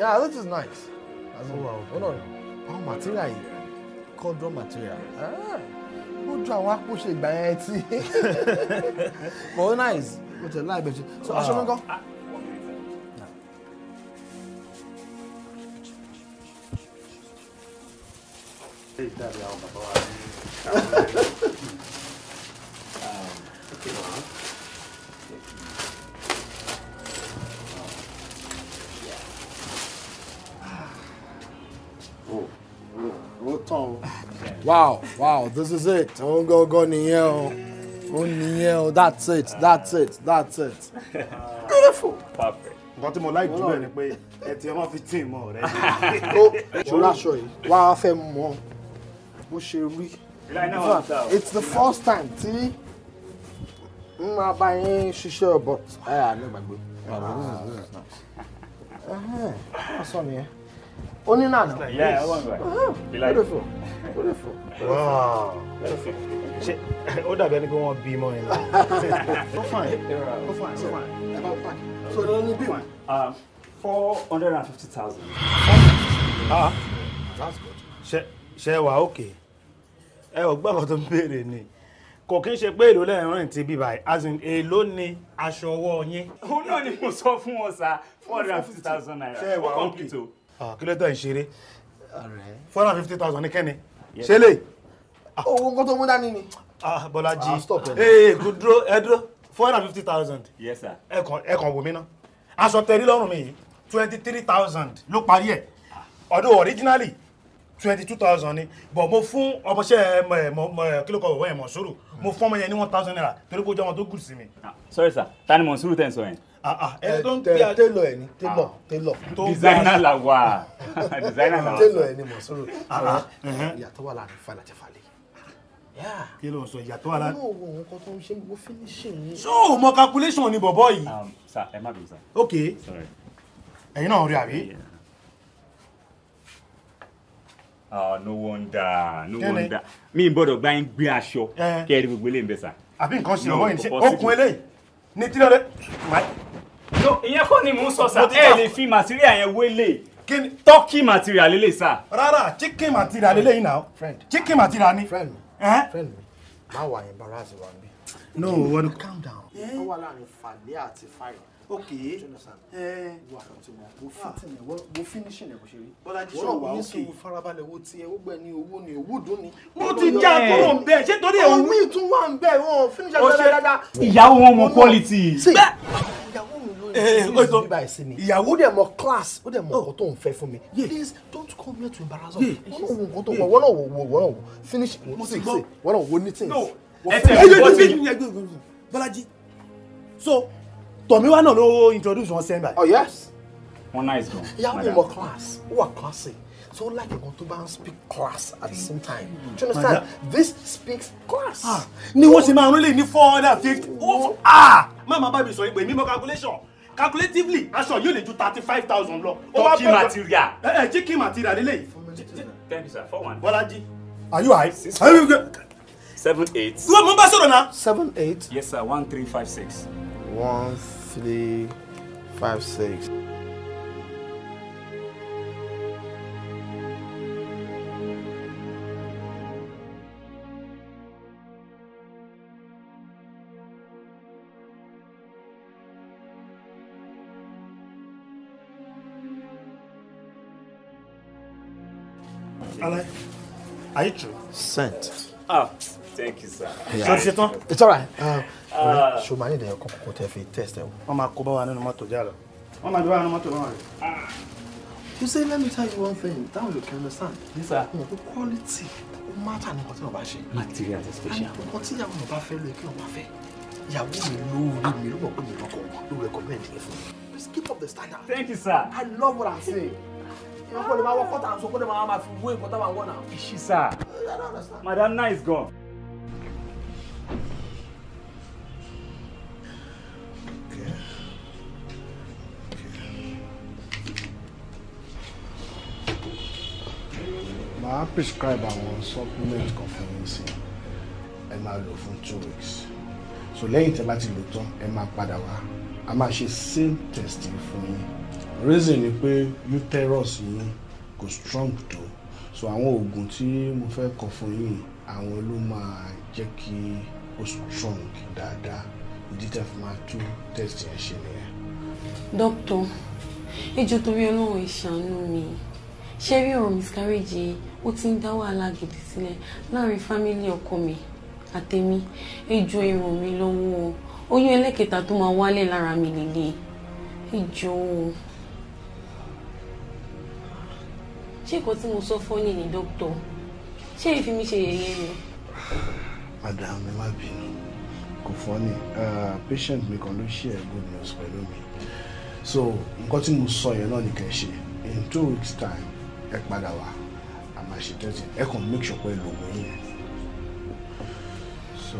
Yeah, this is nice. That's all. Hold on. Wow, material yìí record raw material. Ah, ó ju àwọn àpòṣe ìgbà yẹn tí <laughs> but ó nice ó tẹ̀ láì bẹ̀rẹ̀ so aṣọ mi kọ́. um, okay, wow wow this is it Oh go go Niel! Oh Niel! that's it that's it that's it beautiful. perfect nǹkan tí mo láì jùlọ ni pé ẹ ti ọmọ fi tíì mọ rẹ. ṣọlá aṣọ yìí wá fẹ́ mọ bó ṣe rí it's the first time See, tí n máa bá yín ṣiṣẹ́ but ẹ̀ àná ìgbàgbé. What's on here? Only Onínànà. Yeah, I want right. uh Beautiful. Beautiful. Wow. Beautiful. Ṣé ó dàbí ẹni pé wọ́n bí mọ́ <laughs> fine. Ó fine. Ó fine. Ẹ bá fine. So ló ní bí wọn. Four hundred and fifty thousand. Ah, that's good. Ṣé ṣé wà ókè? Ẹ ò gbọ́ àwọn tó ni kò kí n ṣe pé èlò lẹ́rìn tí bíbá ẹ̀ as in èlò ni aṣọ ọwọ́ yín. òun náà ni mo sọ fún wọn sá four hundred fifty thousand naira. ṣé ẹ wà ókè Ah, kí ló tẹ̀ ń ṣeré four hundred fifty thousand ní kẹ́ni ṣe lè. owó nǹkan tó mú dání ni. Ah, Bọ́lájí gudro ah, ẹdro four hundred fifty thousand ẹ̀kan wò mí aṣọ tẹ̀rí lọ́rùn mi yìí twenty three thousand ló parí ẹ̀ ọdún originally twenty two thousand ni but mo fún ọmọọṣẹ́ kílókọ ọwọ ẹ mo fún ọmọ yẹn ní one thousand naira torí kó jẹ ọmọ tó gùn sí mi. sorry sir ta ni tẹ̀ ń sọ yẹn. Ah, ah, ẹ tó ń pè á télò ẹ ní télò télò. designer la wa designer la wa. télò ẹ ní mọ̀sọ́rọ̀ ah, uh-huh. ìyàtọ̀ wà láàrin fàlà àti fàlẹ̀. kí ló ń sọ ìyàtọ̀ wà láàrin. mo wo nǹkan tó ń ṣe gbogbo finishing. so mọ calculation ni bọ̀bọ̀ yìí. Um, sir ẹ má bẹ̀rù sir. ok ẹ̀yin náà rí àbí. Oh, no wonder no wonder mi n bọdọ gba yín gbé aṣọ eh. kẹrin gbogbo eléyìí bẹ sa. àbí nǹkan ṣe lọ́wọ́ yìí ṣe okun eléyìí ní kí ló dé. ìyẹn kọ́ ni mò ń sọ sá ẹ lè fi màtíríà yẹn wélé tọ́kì màtíríà lélẹ̀ sá. rárá chicken màtíríà lélẹ̀ yìí náà chicken màtíríà ni. friend mi máa wà embarrass wa mi. no calm down. Eh? ó wà láàrin fàlẹ́ àti fire. Okay. ẹ wà wo fitin ẹ wo finishing ẹ bó ṣe rí bọ́lájí sọ wà ókè wọ́n farabalẹ̀ wo tiẹ̀ ó gbẹ ní owó ní owó dùn ni. mo ti já kúrò ń bẹ ṣé torí ẹ wú. omi tún wà ń bẹ wọn finish ẹ bẹ dáadáa. ìyàwó wọn mọ quality. ìyàwó mi ló ń eh, ṣe mi ìyàwó dẹ̀ mọ class ó dẹ̀ mọ ọkọ oh. tó ń fẹ́ fún mi. please don't come here to embarrass us. wọ́n náà wo nǹkan tó wọ̀ wọ́n náà wò wọ́n náà wò finish wọ́n náà wò ní things. ẹ tẹ̀ ẹ bọ́lájí so Tọ̀míwá náà ló introduce wọn sẹ́ńbà. Oh yes. Wọ́n nice gan. Ìyàwó mi mọ class, ó wà classy. So ó like ìkan tó bá ń speak class at the same time. Do you understand? This speaks class. Ah, ni wọ́n ṣe máa ń lè ní four hundred and fifty. Ah, Máma bá mi sọ ìpè mímọ́ calculation calculatively aṣọ yóò lè ju thirty five thousand lọ. Turkey material. Ẹ eh, ẹ eh, chicken material lélẹ̀. Thank you sir, four one. Bọ́lájí. Are you high? seven eight. Wọ́n mú bá sọ̀rọ̀ náà. seven eight. yes sir one three five six. one. roughly five, six. are you true? Sent. Oh, thank you, sir. Yeah. It's all right. Uh, Ah. ṣo máa nílẹ̀ ọkọ̀ kò tẹ́ fi test ẹ̀ wò. wọ́n máa kó bá wa nínú mọ́tò jálọ wọ́n máa gbé wa nínú mọ́tò náà rẹ̀. you say let me tell you one thing that one you can understand. yes sir. mo ko quality ó matter nǹkan tí wọ́n bá ṣe. material àti special. nǹkan tí ìyàwó mi bá fẹ́ lóye kí wọ́n bá fẹ́ ìyàwó mi lóore mi lóore pé mi lọ́kọ̀ wọn ló recommend yẹn fún mi. please keep up the standard. thank you sir. i love what i'm saying. ìwọ́n kò lè máa wọ́kọ̀ tà sọ kó lè máa máa fi wé nǹkan táwọn àwọn náà. ìṣí sir. madam nice gan. My prescriber àwọn supplement kan fún yín sí ẹ máa lò fún two weeks so lẹ́yìn tẹ́ bá ti lò tán ẹ máa padà wá a máa ṣe same test fún yín reason ni pé uterus yín kò strong tó so àwọn oògùn tí mo fẹ́ kọ fún yín àwọn ló máa jẹ́ kí ó strong dáadáa ìdí tẹ́ fi máa tún test yẹn ṣe nìyẹn. dókítà ẹ jọ̀ọ́ torí Ọlọ́run ìṣàánú mi ṣé rí ọ̀rọ̀ miscarriage yìí ó ti ń dá wàhálà gidi sílẹ̀ láàrin fámílì ọkọ mi àtẹ̀mí ẹjọ ìràn mi lọ́wọ́ o oyún ẹlẹ́kẹta tó máa wálẹ̀ lára mi lélẹ̀ ẹjọ o. ṣé nǹkan tí mo sọ fọ́nì ní dókítà ṣé ìfi mi ṣe yẹ̀yẹ́ ni. madam ẹ má bínú kò fọ́nì ah, patient mi kan ló ṣe ẹ̀gbọ́n mi ọ̀sán pẹ̀lú mi so nǹkan tí mo sọ yẹn náà ni kẹ́ ṣe in two weeks time ẹ padà wá a máa ṣe tẹ́tí ẹ kàn make sure pé lògùn yín yẹn so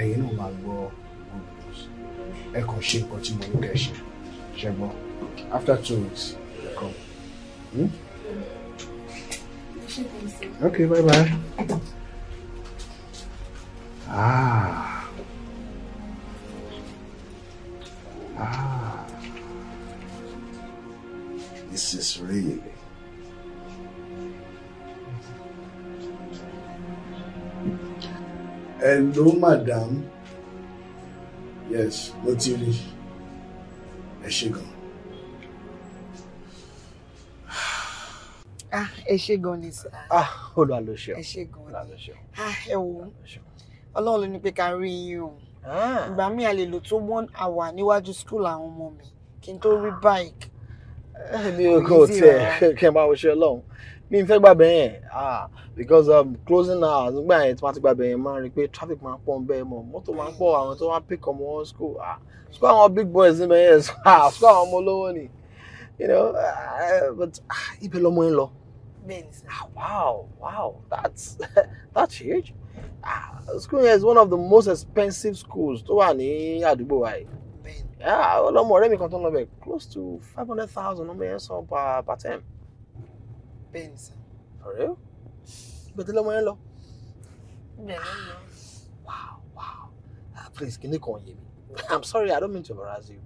ẹ̀yin náà máa gbọ́ ẹ kàn ṣe nǹkan tí mo ní kẹ́ ṣe ṣe gbọ́ after two weeks ẹ kàn. Hmm? Okay, bye bye. Ah. Ah. This is really hello madam yes mo ti rí ẹ ṣe gan. ah hold on, gan ni sir. ah olú àlọṣe ẹ ṣe gan ni ah ẹ wo ọlọ́run ló ní pé ká rí yín o ah. one hour níwájú school àwọn ọmọ mi kí n bike <laughs> mi ò kò tiẹ̀ <laughs> kí n bá wo ṣe lọ́hùn mi n fẹ́ gbà bẹ́ẹ̀ yẹn ah because um, closing hours nígbà yẹn tí wọ́n ti gbà bẹ́ẹ̀ yẹn máa rí i pé traffic máa ń pọ̀ ń bẹ́ẹ̀ mọ̀ mọ́tò máa ń pọ̀ àwọn tó wọ́n pick ọmọ wọn school ah school àwọn big boys ní bẹ́ẹ̀ <laughs> ah, school àwọn ọmọ olówó ni you know uh, but ah, ibẹ̀ lọmọ yẹn lọ ah wow wow that's that's huge ah school yẹn is one of the most expensive schools tó wà ní àdúgbò wa yìí ọlọ́mọ ah, ọ̀rẹ́ mi kan tó ń lọ bẹ̀ close to five hundred thousand ọmọ yẹn sọ per per term. bẹ́ẹ̀ ni sir. ọ̀rẹ́ o gbẹ̀dẹ̀ lọ́mọ yẹn lọ. bẹ́ẹ̀ lọ. wow wow ah please kí ni kàn yé mi <laughs> i'm sorry i don't mean to embarrass you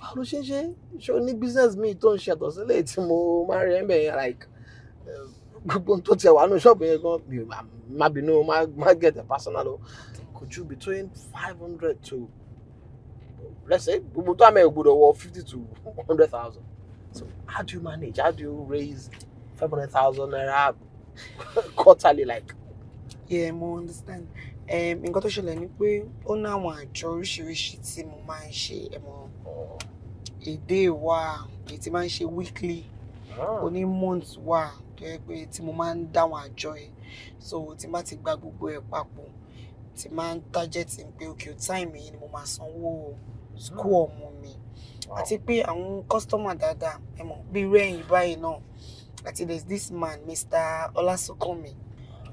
báwo ló ṣe ń ṣe ṣé ní business mi tó ń ṣe àtọ̀ sílẹ̀ tí mo máa rí ẹ̀ yẹn like gbogbo tó tiẹ̀ wà nù ṣọ́ọ̀bù yẹn gan mi má bínú má get a personal o kò ju between five hundred to let's say gbogbo tó àmì ìgbọdọ̀ wọ fifty to one hundred thousand so how do you manage how do you raise five hundred thousand naira <laughs> quarterly like. yeah mo understand nǹkan tó ṣẹlẹ̀ ni pé ó ní àwọn àjọ oríṣiríṣi tí mo máa ń ṣe ẹ̀mọ́ èdè wa èyí tí máa ń ṣe weekly oní ah. month wa tó yẹ pé tí mo máa ń dáwọn àjọ yẹn so tí n bá ti gba gbogbo ẹ̀ papọ̀ tí máa ń target pé okay time yìí ni mo máa sanwó school mm. ọmọ mi àti pé àwọn kọ́sítọ́mà dáadáa ẹ mọ̀ bíi rẹ́yìn báyìí náà àti there is this man Mr. Ọlásùnkànmí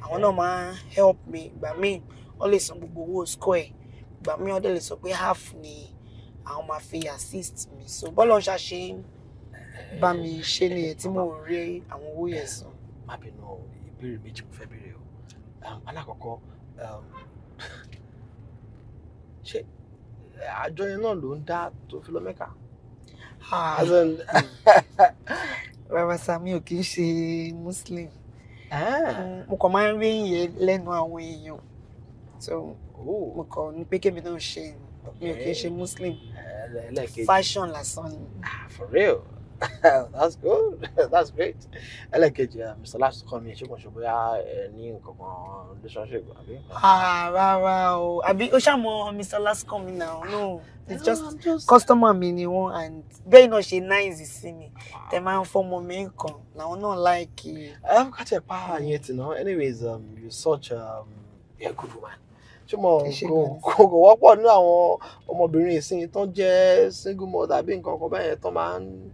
àwọn náà máa help me ìgbà míì wọ́n lè san gbogbo owó school ẹ̀ ìgbà míì wọ́n dẹ̀ lè sọ pé half ni àwọn máa fi assist mi so bọ́lá ọ̀ṣà ṣe bá mi ṣe nìyẹn tí mò ń rí àwọn owó yẹn san. má bínú ìbéèrè méjì mo fẹ́ béèrè o alákọ̀ọ́kọ́ um, <laughs> ṣé àjọ yẹn náà ló ń dá tó fi lọ mẹ́ka. bàbá sami ò kì í ṣe muslim ah. mo kàn máa ń rí ìyẹn lẹ́nu àwọn èèyàn so oh. mo kàn ní pé kémi náà ṣe mi ò kì í ṣe muslim eh, fashion lásán ni. Ah, for real. <laughs> that's good <laughs> that's great I like ẹlẹ́kejì eh, mr last call mi ṣé kò ṣe bóyá ẹ eh, ní nǹkankan relationship Ah, wow. o àbí ó ṣàmọ mr last coming now no it's just, no, just... customer mi ni and very náà ṣe nice sí me. tẹ máa ń fọmọ mi nǹkan làwọn náà I ẹ got a pa àyẹn tì náà anyways um, you such um, a good woman túmọ̀ kò kò wọ́pọ̀ nínú àwọn ọmọbìnrin ìsìn tó jẹ́ single mother bí nǹkan kan bẹ́ẹ̀ tó máa ń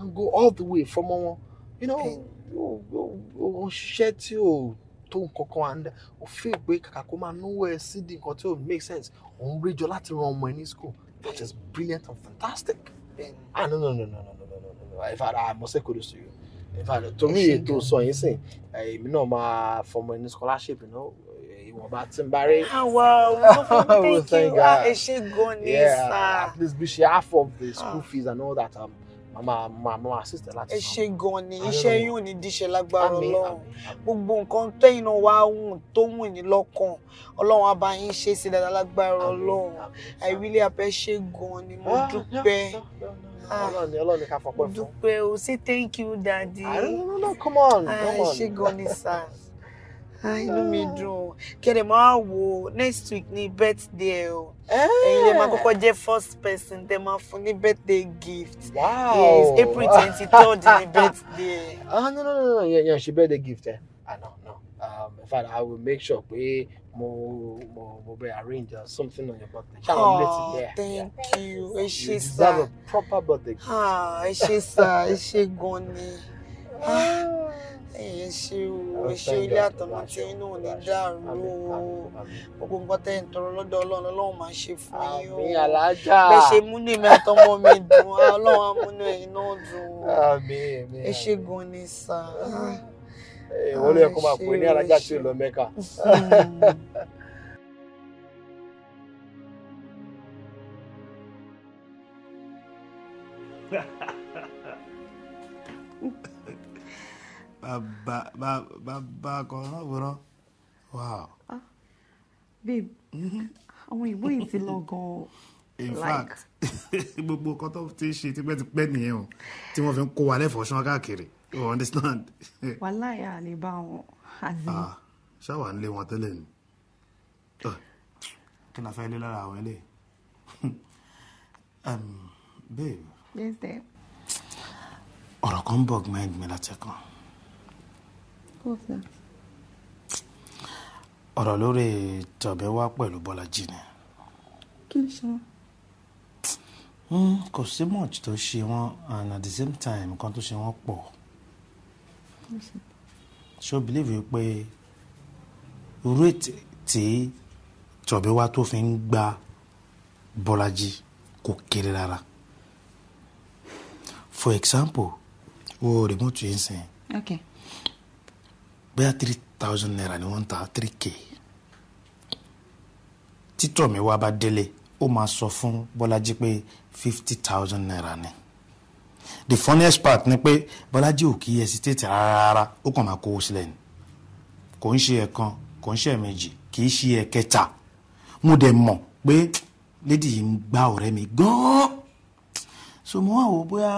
and go all the way from wọn you know o ṣiṣẹ́ tí o to nǹkankan and o feel pé kàkà kó máa náwó ẹ sí di nǹkan tí o make sense òun réjọ láti ran ọmọ ẹ school that is brilliant and fantastic ah no no no no no no no no If in I must say kudos to you If I to me ètò sọ yín sìn èmi náà máa fọmọ ẹ ní scholarship you know ìwọ̀nba tí ń bari. àwa òun thank you ah, ẹ ṣe gan ni sir. at least bí ṣe half of the school ah. fees and all that. Um, máa máa máa láti sọ. ẹ ṣe gan ni iṣẹ́ yín ò ní díṣẹ́ lágbára ọlọ́run gbogbo nǹkan tẹ́yìn náà wá wùn tó wùn ní lọ́kàn ọlọ́run á yín ṣe sí dáadáa lágbára ọlọ́run I really appreciate gan ni mo ah, dúpẹ́. Ah, ọlọ́run ni Ọlọ́run ni ká fọpẹ́ fún. dúpẹ́ o say thank you daddy. àìrìn ah, ṣe gan ni sir inú mi ah. dùn kẹ̀dẹ̀ máa wò next week ní birthday o ẹ̀yin lè máa ah. kọ́kọ́ jẹ́ first person tẹ́ máa fún ní birthday gift wow. yes April twenty third ní <laughs> birthday. ah no no no no yẹn yẹn ṣe birthday gift ẹ ah no no um, in fact I will make sure pé mo mo mo be arrange uh, something on your birthday. Shall oh, I let it Thank yeah. you. Ẹ ṣé sir. You deserve a proper birthday gift. Ah, ẹ ṣé sir. Ẹ ṣé gan ni. Ah ẹ ṣe o ẹ ṣe ilé àtọmọ tí inú ò ní dàrú o gbogbo nǹkan tẹ́ ń tọrọ lọ́dọ̀ ọlọ́run ọlọ́run máa ṣe fún yín o bẹ́ẹ̀ ṣe múnú mi àtọmọ mi dùn ọlọ́run amúnú ẹ̀yin náà dùn o ẹ ṣe gan ni sá. ìwọ ló yẹ kó máa pè ní alájà tí ò bàbá wúrọ. Ah, babe àwọn ìbò yìí ti lọ gan-an. in fact <laughs> gbogbo nǹkan tó ti ń ṣe tipẹ́tipẹ́ nìyẹn o tí wọ́n fi ń kó wa lẹ́fọ̀ọ́ ṣán káàkiri you understand. wàhálà yà á lè bá wọn àzí. ṣáwa ń lé wọn tẹ́lẹ̀ ni ah, kí la fẹ́ lé lára àwọn eléyìí <laughs> um, babe. yes dear. ọ̀rọ̀ kan ń bọ̀ gbọ́n ẹ̀gbìn látẹ̀kàn kófà. ọ̀rọ̀ lórí tọ̀bẹ́ wá pẹ̀lú Bọ́lájí ni. kí ló ṣe wọn. Hmm, kò sí much tó ṣe wọn and at the same time nǹkan tó ṣe wọn pọ̀. so believe you pé rate tí tọ̀bẹ́ wá tó fi ń gba Bọ́lájí kò kéré rárá. for example wo remote yìí sìn. okay bóyá three thousand naira ni wọ́n ń ta three k títọ̀ mi wá bá délé ó máa sọ fún bọ́lájí pé fifty thousand naira ni the funniest part ni pé bọ́lájí ò kí hesitate rárá ó kàn máa kówó sílẹ̀ ni kò ń ṣe ẹ̀kan kò ń ṣe ẹ̀mejì kì í ṣe ẹ̀kẹta mo dẹ̀ mọ̀ pé lady yìí ń gba ọ̀rẹ́ mi gan-an so mo wá wò bóyá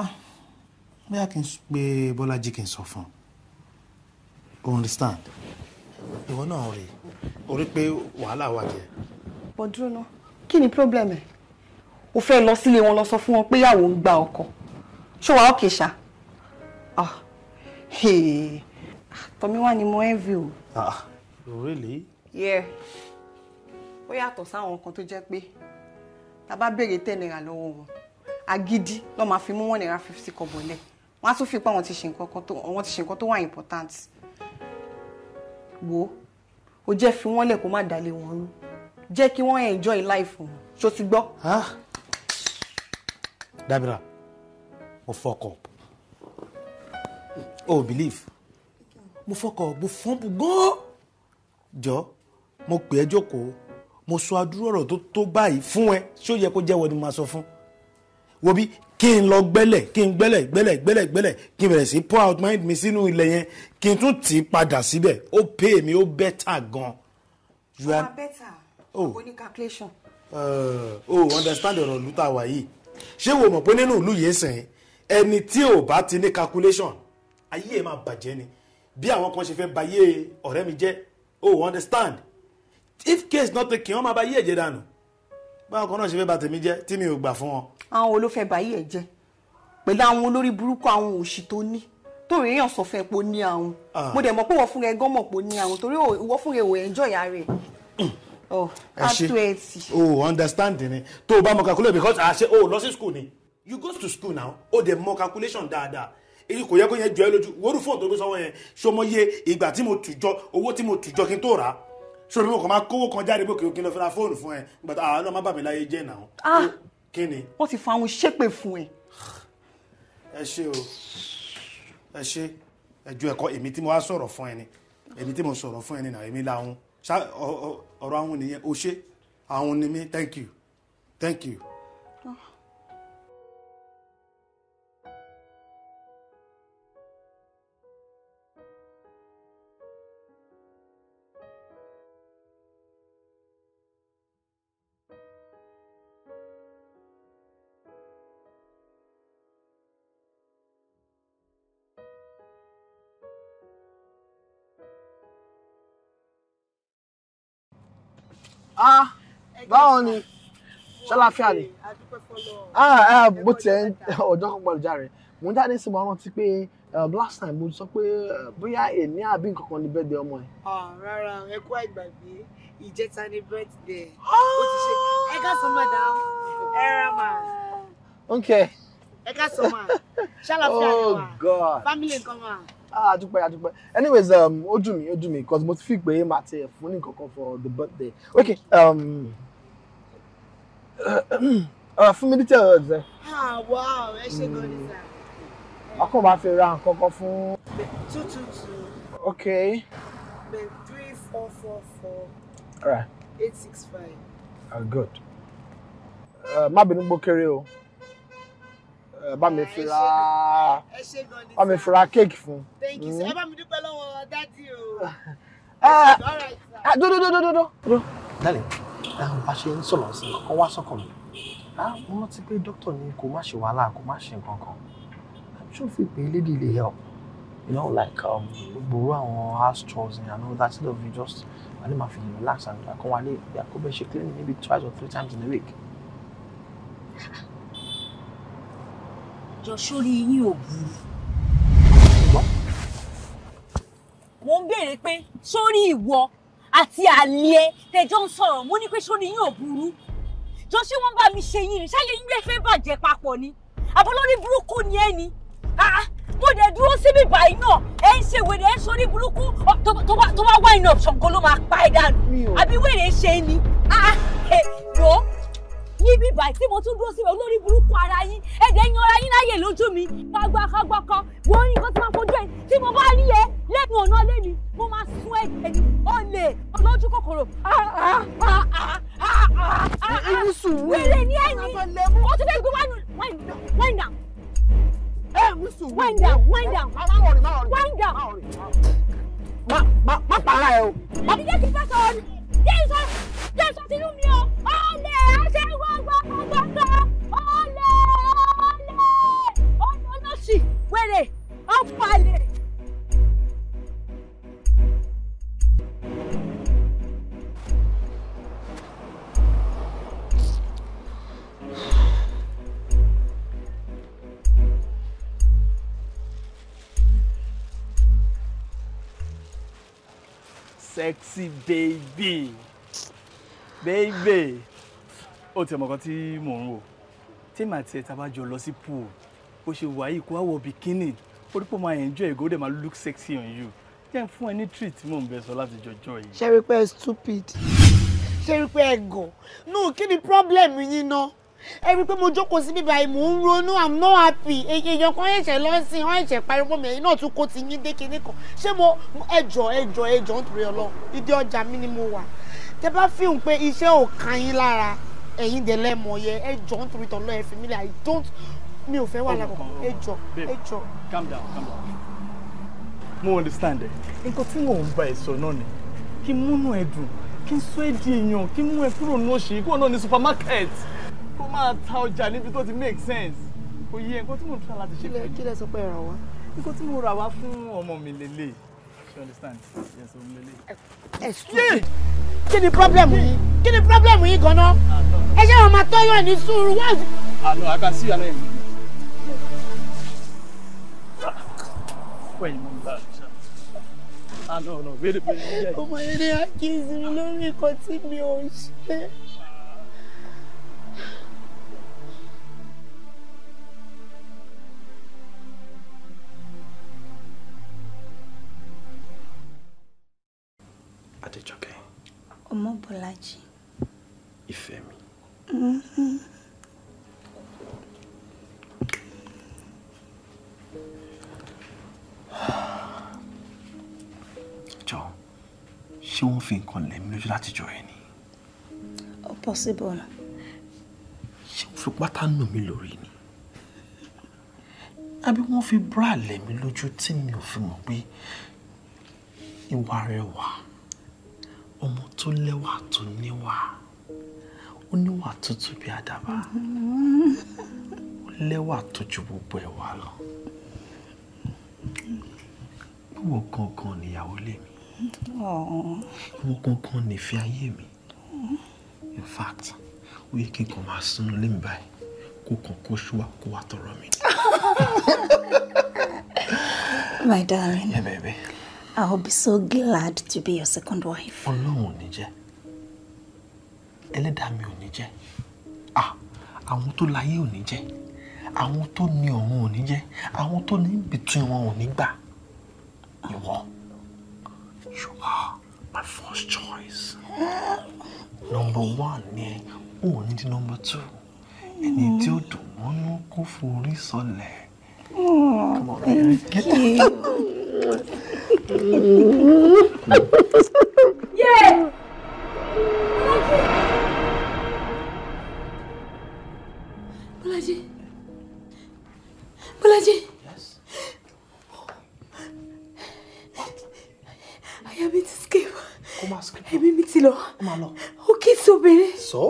bóyá kí n pe bọ́lájí kí n sọ fún un o understand ìwọ náà rí orí pé wàhálà wà jẹ. bọ̀ dúró ná kí ni problem ẹ̀ o fẹ́ lọ sílé wọn lọ sọ fún wọn pé ìyàwó ń gba ọkọ ṣó wàá òkè ṣá ah, ah, tọ́míwá ni mo envy o. ah oh, really. yeah ó yàtọ̀ sáwọn kan tó jẹ́ pé tá a bá béèrè tẹ̀ náírà lọ́wọ́ wọn agídí ló máa fi mú wọn náírà fifty kọ̀bọ̀lẹ̀ wọ́n á tún fi pé àwọn ti ṣe nǹkan tó wà important wo o jẹ́ fi wọ́n lẹ̀ kó má dalẹ̀ wọn rú jẹ́ kí wọ́n enjoy life wọn ṣó ti gbọ́. Dabira mo fuck up o oh, believe mo fuck up mo fọ́nbù gan-an jọ mo pè ẹ́ jókòó mo sọ adúrú ọ̀rọ̀ tó tó báyìí fún ẹ ṣó yẹ kó jẹ́wọ́ ni mo máa sọ fún wo bí kí n lọ gbẹ́lẹ̀ kí n gbẹ́lẹ̀ gbẹ́lẹ̀ gbẹ́lẹ̀ gbẹ́lẹ̀ kí n bẹ̀rẹ̀ sí pour out mind mi sínú ilẹ̀ yẹn kí n tún tì í padà síbẹ̀ ó pay mi ó better gan. you are better oh. o ní calculation. Uh, o oh, understand ọ̀rọ̀ ìlú tá a wà yìí ṣé wo mọ̀ pé nínú ìlú yìí sìn ẹni tí ò bá ti ní calculation ayé ẹ̀ máa bàjẹ́ ni bí àwọn kan ṣe fẹ́ bayé ọ̀rẹ́ mi jẹ́ oh, understand if case not taken wọ́n máa bayé ẹ̀jẹ̀ dànù báwọn kan náà ṣe fẹ́ bà tèmi jẹ́ tí mi ò gbà fún wọn. àwọn olófẹ́ báyìí ẹ̀ jẹ́ pẹ̀lú àwọn olórí burúkú àwọn òṣì tó ní torí èèyàn sọ fún ẹ pé ó ní àwọn ah. mo dẹ̀ mọ̀ pé wọ́n fún ẹ gán mọ̀ pé ní àwọn torí ìwọ fún ẹ ò enjoy ara ẹ. Mm. Oh, ẹ ṣe o understand ni tó o bá mọ calculate because àṣẹ o lọ sí school ni you go to school now o dẹ̀ mọ calculation dáadáa èyí kò yẹ kó yẹn jọ ẹ lójú wọ́n rú fóònù tó gbé sọ́wọ́ yẹn ṣọmọ iye ìgbà tí mo tù jọ owó tí mo tù jọ kí n tó rà á sórí mi kò máa kówó kan jáde bókè òkè lọ fẹ́ ra fóònù fún ẹ gbàtà àwọn ọlọ́mọ bàbí láyé jẹ́ náà. ah kí ni. wọ́n ti fa àwọn ṣépè fún ẹ. ẹ ṣe o ẹ ṣe ẹjọ ẹkọ èmi tí mo wá sọ̀rọ̀ fún ẹ ni èmi tí mo sọ̀rọ̀ fún ẹ ni náà èmi làwọn ọ̀rọ̀ àwọn nìyẹn o ṣe àwọn ni mí thank you thank you. ah báwo ni ṣọláfíà ni ah, ah bó tiẹ̀ ọjọ́ kan gbọ́dọ̀ járe mo ń jáde sí mo rántí pé um, last time mo sọ pé uh, bóyá èmi àbí nǹkan kan ní birthday ọmọ ẹ. Ah, rárá ẹ kú àìgbàgbé ìjẹta ni birthday ah! ó ti ṣe ẹ ká sọ madam ẹ rà mà. ok. ẹ ká sọ mà ṣàlàfíà ni wà oh, family nǹkan mà ah adúpẹ́ adúpẹ́ anyways um, Oju dùn Oju ó dùn cause mo ti fi pé màá ti fún ní kankan for the birthday okay um, <coughs> uh, fún mi ní ah wow ẹ ṣe gan ni sá. akọ́ máa fi ra nǹkan kan two two two. okay. three four four four. all right. eight six five. Uh, good. Uh, má bínú gbó kéré o ẹ bá mi fira bá mi fira kéèkì fún. Hmm? ẹ bá mi dúpẹ́ lọ́wọ́ dádì o. dúdú dúdú dúdú. dálẹ̀ bá ṣe ń sọ̀rọ̀ sí ọkọ̀ wá sọ́kàn mi mo rántí pé dókítà ní kó má ṣe wàhálà kó má ṣe nǹkan kan ṣó fi pé lady lè help you know like um, gbogbo àwọn house chores and all that sort of you just wà ní màá fi relax and kàn wá ní àkóbẹ̀ ṣe clean maybe twice or three times in a week jọ sórí yín ò burú. mo ń béèrè pé sórí ìwọ àti àlẹ tẹjọ ń sọ̀rọ̀ mo ní pé sórí yín ò burú jọ ṣé wọn bá mi ṣe yín ni ṣáyé yín fẹ́ bàjẹ́ papọ̀ ni àbọ̀lórí burúkú ni ẹ ni mo dẹ̀ dúró síbi báyìí náà ẹ ń ṣe wèrè ẹ ń sọ ní burúkú tó bá wá iná ṣàngó ló máa pa ẹ dànù àbí wèrè ṣe ni níbi ìbàyí tí mo tún dúró sí olórí burúkú ara yín ẹ̀dẹ̀ yan ara yín láàyè lójú mi kágbá kágbá kan wo ní nǹkan tí wọ́n fojú ẹ̀ tí mo bá rí ẹ lẹ́nu ọ̀nà lẹ́ni mo máa sún ẹ̀jẹ̀ ni ọ̀lẹ̀ ọlọ́jú kòkòrò. ẹyin ah, ah, ah, sùúrù wẹ̀rẹ̀ ní ẹ̀yìn ó tún fẹ́ gbé wánu wind down. ẹ mi sùúrù wind down wind down wind down. má má para ẹ o. àdìjẹ́ ti fẹ́ sọ ọ́ ni. Jésù Jésù tinú mi o olè aṣẹ́wó gbọ́gbọ́gbọ́ olè olè olè olóṣì wèrè ọ̀pọ̀ àlè. sexy baby baby ó tẹ̀ mọ̀kan tí mò ń wò tèmi àti ẹ̀ tàbá jọ lọ sí pool ó ṣe wà yìí kó wá wọ bikini ó rí máa enjoy go dẹ̀ máa look sexy on you jẹ́ fún ẹ ní treat mò ń bẹ sọ láti jọjọ́ yìí. ṣe rí pé ẹ stupid ṣe rí pé ẹ gàn nù kí ni problem yín náà ẹ rí i pé mo jókòó sí bíbá ìmọ̀ ń ronú i'm not happy èèyàn kan ẹ̀ṣẹ̀ lọ́sìn wọ́n ẹ̀ṣẹ̀ pariwo mi ẹ̀yin náà tún kó ti yín dé kinní kan ṣé mo ẹjọ ẹjọ ẹjọ nítorí ọlọ ìdí ọjà mi ni mo wà tẹ bá fíhùn pé iṣẹ́ ò kan yín lára ẹ̀yin dẹ̀ lẹ́mọ̀ yẹ ẹjọ nítorí tọ́lọ́ ẹ̀fìn mi i don't mi ò fẹ́ wà lákòókò ẹjọ ẹjọ. calm down calm down mo understand ẹ nǹkan tí mò ń bá ẹ sọ náà ni kí múnú ẹ dùn kí sọ ẹ di èèyàn kí mú ẹ kúrò ní òṣì kúrò náà ní supermarket kó máa ta ọjà níbi tó ti make sense kò yẹ nǹkan tí mò ń tún láti ṣe fún mi. kí lẹ sọ pé rà nǹkan tí mo rà wá fún ọmọ mi lélẹ̀ you understand yes òun lélẹ̀. ẹ ṣùgbọ́n kí ni problem yìí kí ni problem yìí gan-an ah, ẹ ṣe àwọn máa tọ́jú ẹ̀ ní sùúrù wá. àná àgbà sí àná ẹ̀ mi. Wait, mom, that. Ah, no, no, wait a minute. Ọmọ yẹn ni a kì í sinmi lórí nǹkan tí mi ò ṣe. Adéjọkẹ́. Ọmọbọ́lájí. Ìfẹ́ mi. Mm-hmm. <sighs> Jọ, ṣé wọ́n fi nǹkan lẹ̀ mí lójú láti jọ ẹ ni? Ó possible na. Ṣé wọ́n fi pátá nù mí lórí ni? Àbí wọ́n fi bra lẹ̀ mí lójú tí mi ò fi mọ̀ pé ìwà ọmọ tó lẹ́wà tó níwà ó níwà tútù bí àdàbà ó lẹ́wà tó ju gbogbo ẹ̀ wá lọ ìwọ kankan nìyàwó lé mi ìwọ kankan nìfẹ́ ayé mi in fact ó yẹ kí n kàn máa sunu lé mi báyìí kó kàn kó ṣúwà kó wá tọrọ mi. <laughs> my darling. Yeah, baby. I'll be so glad to be your second wife. Ọlọ́run ò ní jẹ́. Ẹlẹ́dàá mi ò ní jẹ́. Ah, àwọn tó láyé ò ní jẹ́. Àwọn tó ní ọ̀run ò ní jẹ́. Àwọn tó ní bìtún wọn ò ní gbà. Ìwọ. You are my first choice. Number one ni ò ní di number two. Ẹni tí ó dùn mọ́nú kó forí sọlẹ̀. Come on, baby. Thank you yeah. Bolaji. Bolaji. Yes. Aya mi ti escape. Kó máa escape. Ẹ̀mí mi ti lọ. Kó máa lọ. Ó So?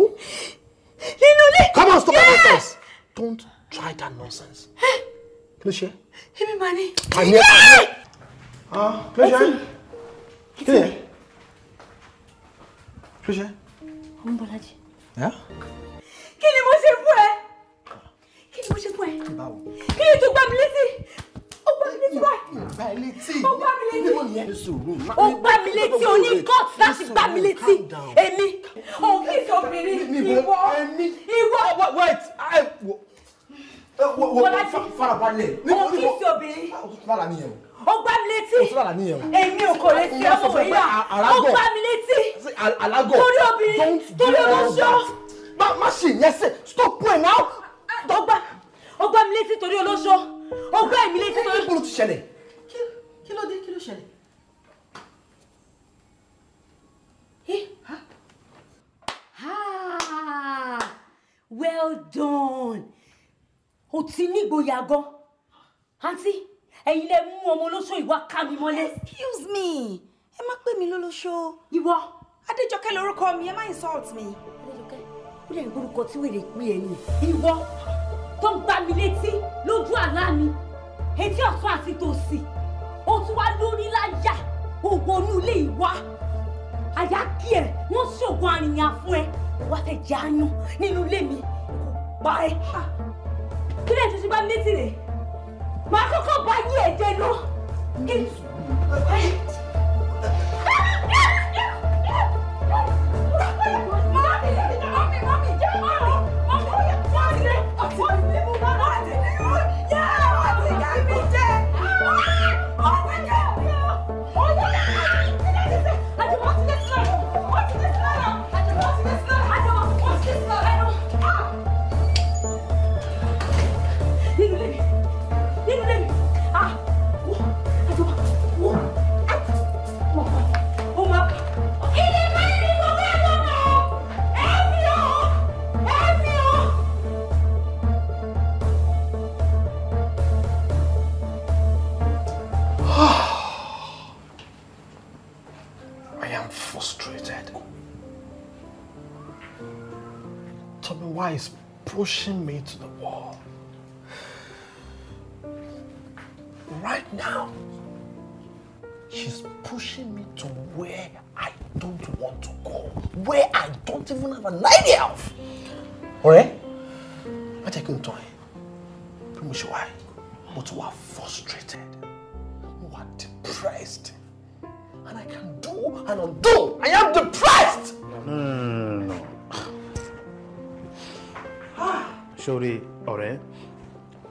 Nínú ilé. Come on, stop yeah. that nonsense. Don't try that nonsense. Kí ló ṣe? Ẹ̀mí máa ní. Àyẹ̀. Ah, Clójé. Clójé. Clójé. Ọmọ Bọ́lájí. Kí ni mo ṣe fún ẹ? Kí ni mo ṣe fún ẹ? Kí ni tó gbá mi létí? Ó gbá mi létí báyìí. Ó gbá mi létí. Ó gbá mi létí. Ó gbá mi létí. O ní gọ́ọ̀tì láti gbá mi létí. Èmi. Òun kì í sọ obìnrin. Ìwọ. Ìwọ. Wait. Bọ́lájí. Farabalẹ̀. Òun kì í sọ obìnrin. Fara mi yẹn o ó gbá mi létí èmi ò kò létí ọmọ ìyá ó gbá mi létí torí obìnrin torí olóṣó. má ṣe ìyẹn stop pẹ̀ náà. ọgbà ọgbà mi létí torí olóṣó ọgbà mi létí torí. kí ló ti ṣẹlẹ̀. kí ló dé kí ló ṣẹlẹ̀. well done o ti nígboyà gan àǹtí ẹ̀yin lè mú ọmọ olóṣó ìwà ká mi mọ́lé. excuse me ẹ má pè mí lólóṣó. ìwọ. adéjọkẹ́ lorúkọ mi ẹ má insult mi. adéjọkẹ́ ó lè gbórúkọ tí wèrè pé ẹ ní. ìwọ tó ń gbá mi létí lójú àlá mi etí ọ̀tún àti tòsì ó tún wá lórí láyà òwò inú ilé ìwà àyà kí ẹ wọn ṣògùn àrìyàn fún ẹ wá fẹ́ jẹ àyàn nínú ilé mi kò pa ẹ. kílẹ̀ tuntun bá mi létí rèé máa kọ́kọ́ bá yí ẹ̀jẹ̀ náà. stubborn why it's pushing me to the wall. Right now, she's pushing me to where I don't want to go, where I don't even have an idea of. Alright? I take time. Pretty much why. But we are frustrated, we are depressed, and I can do and undo. I am depressed! sórí ọ̀rẹ́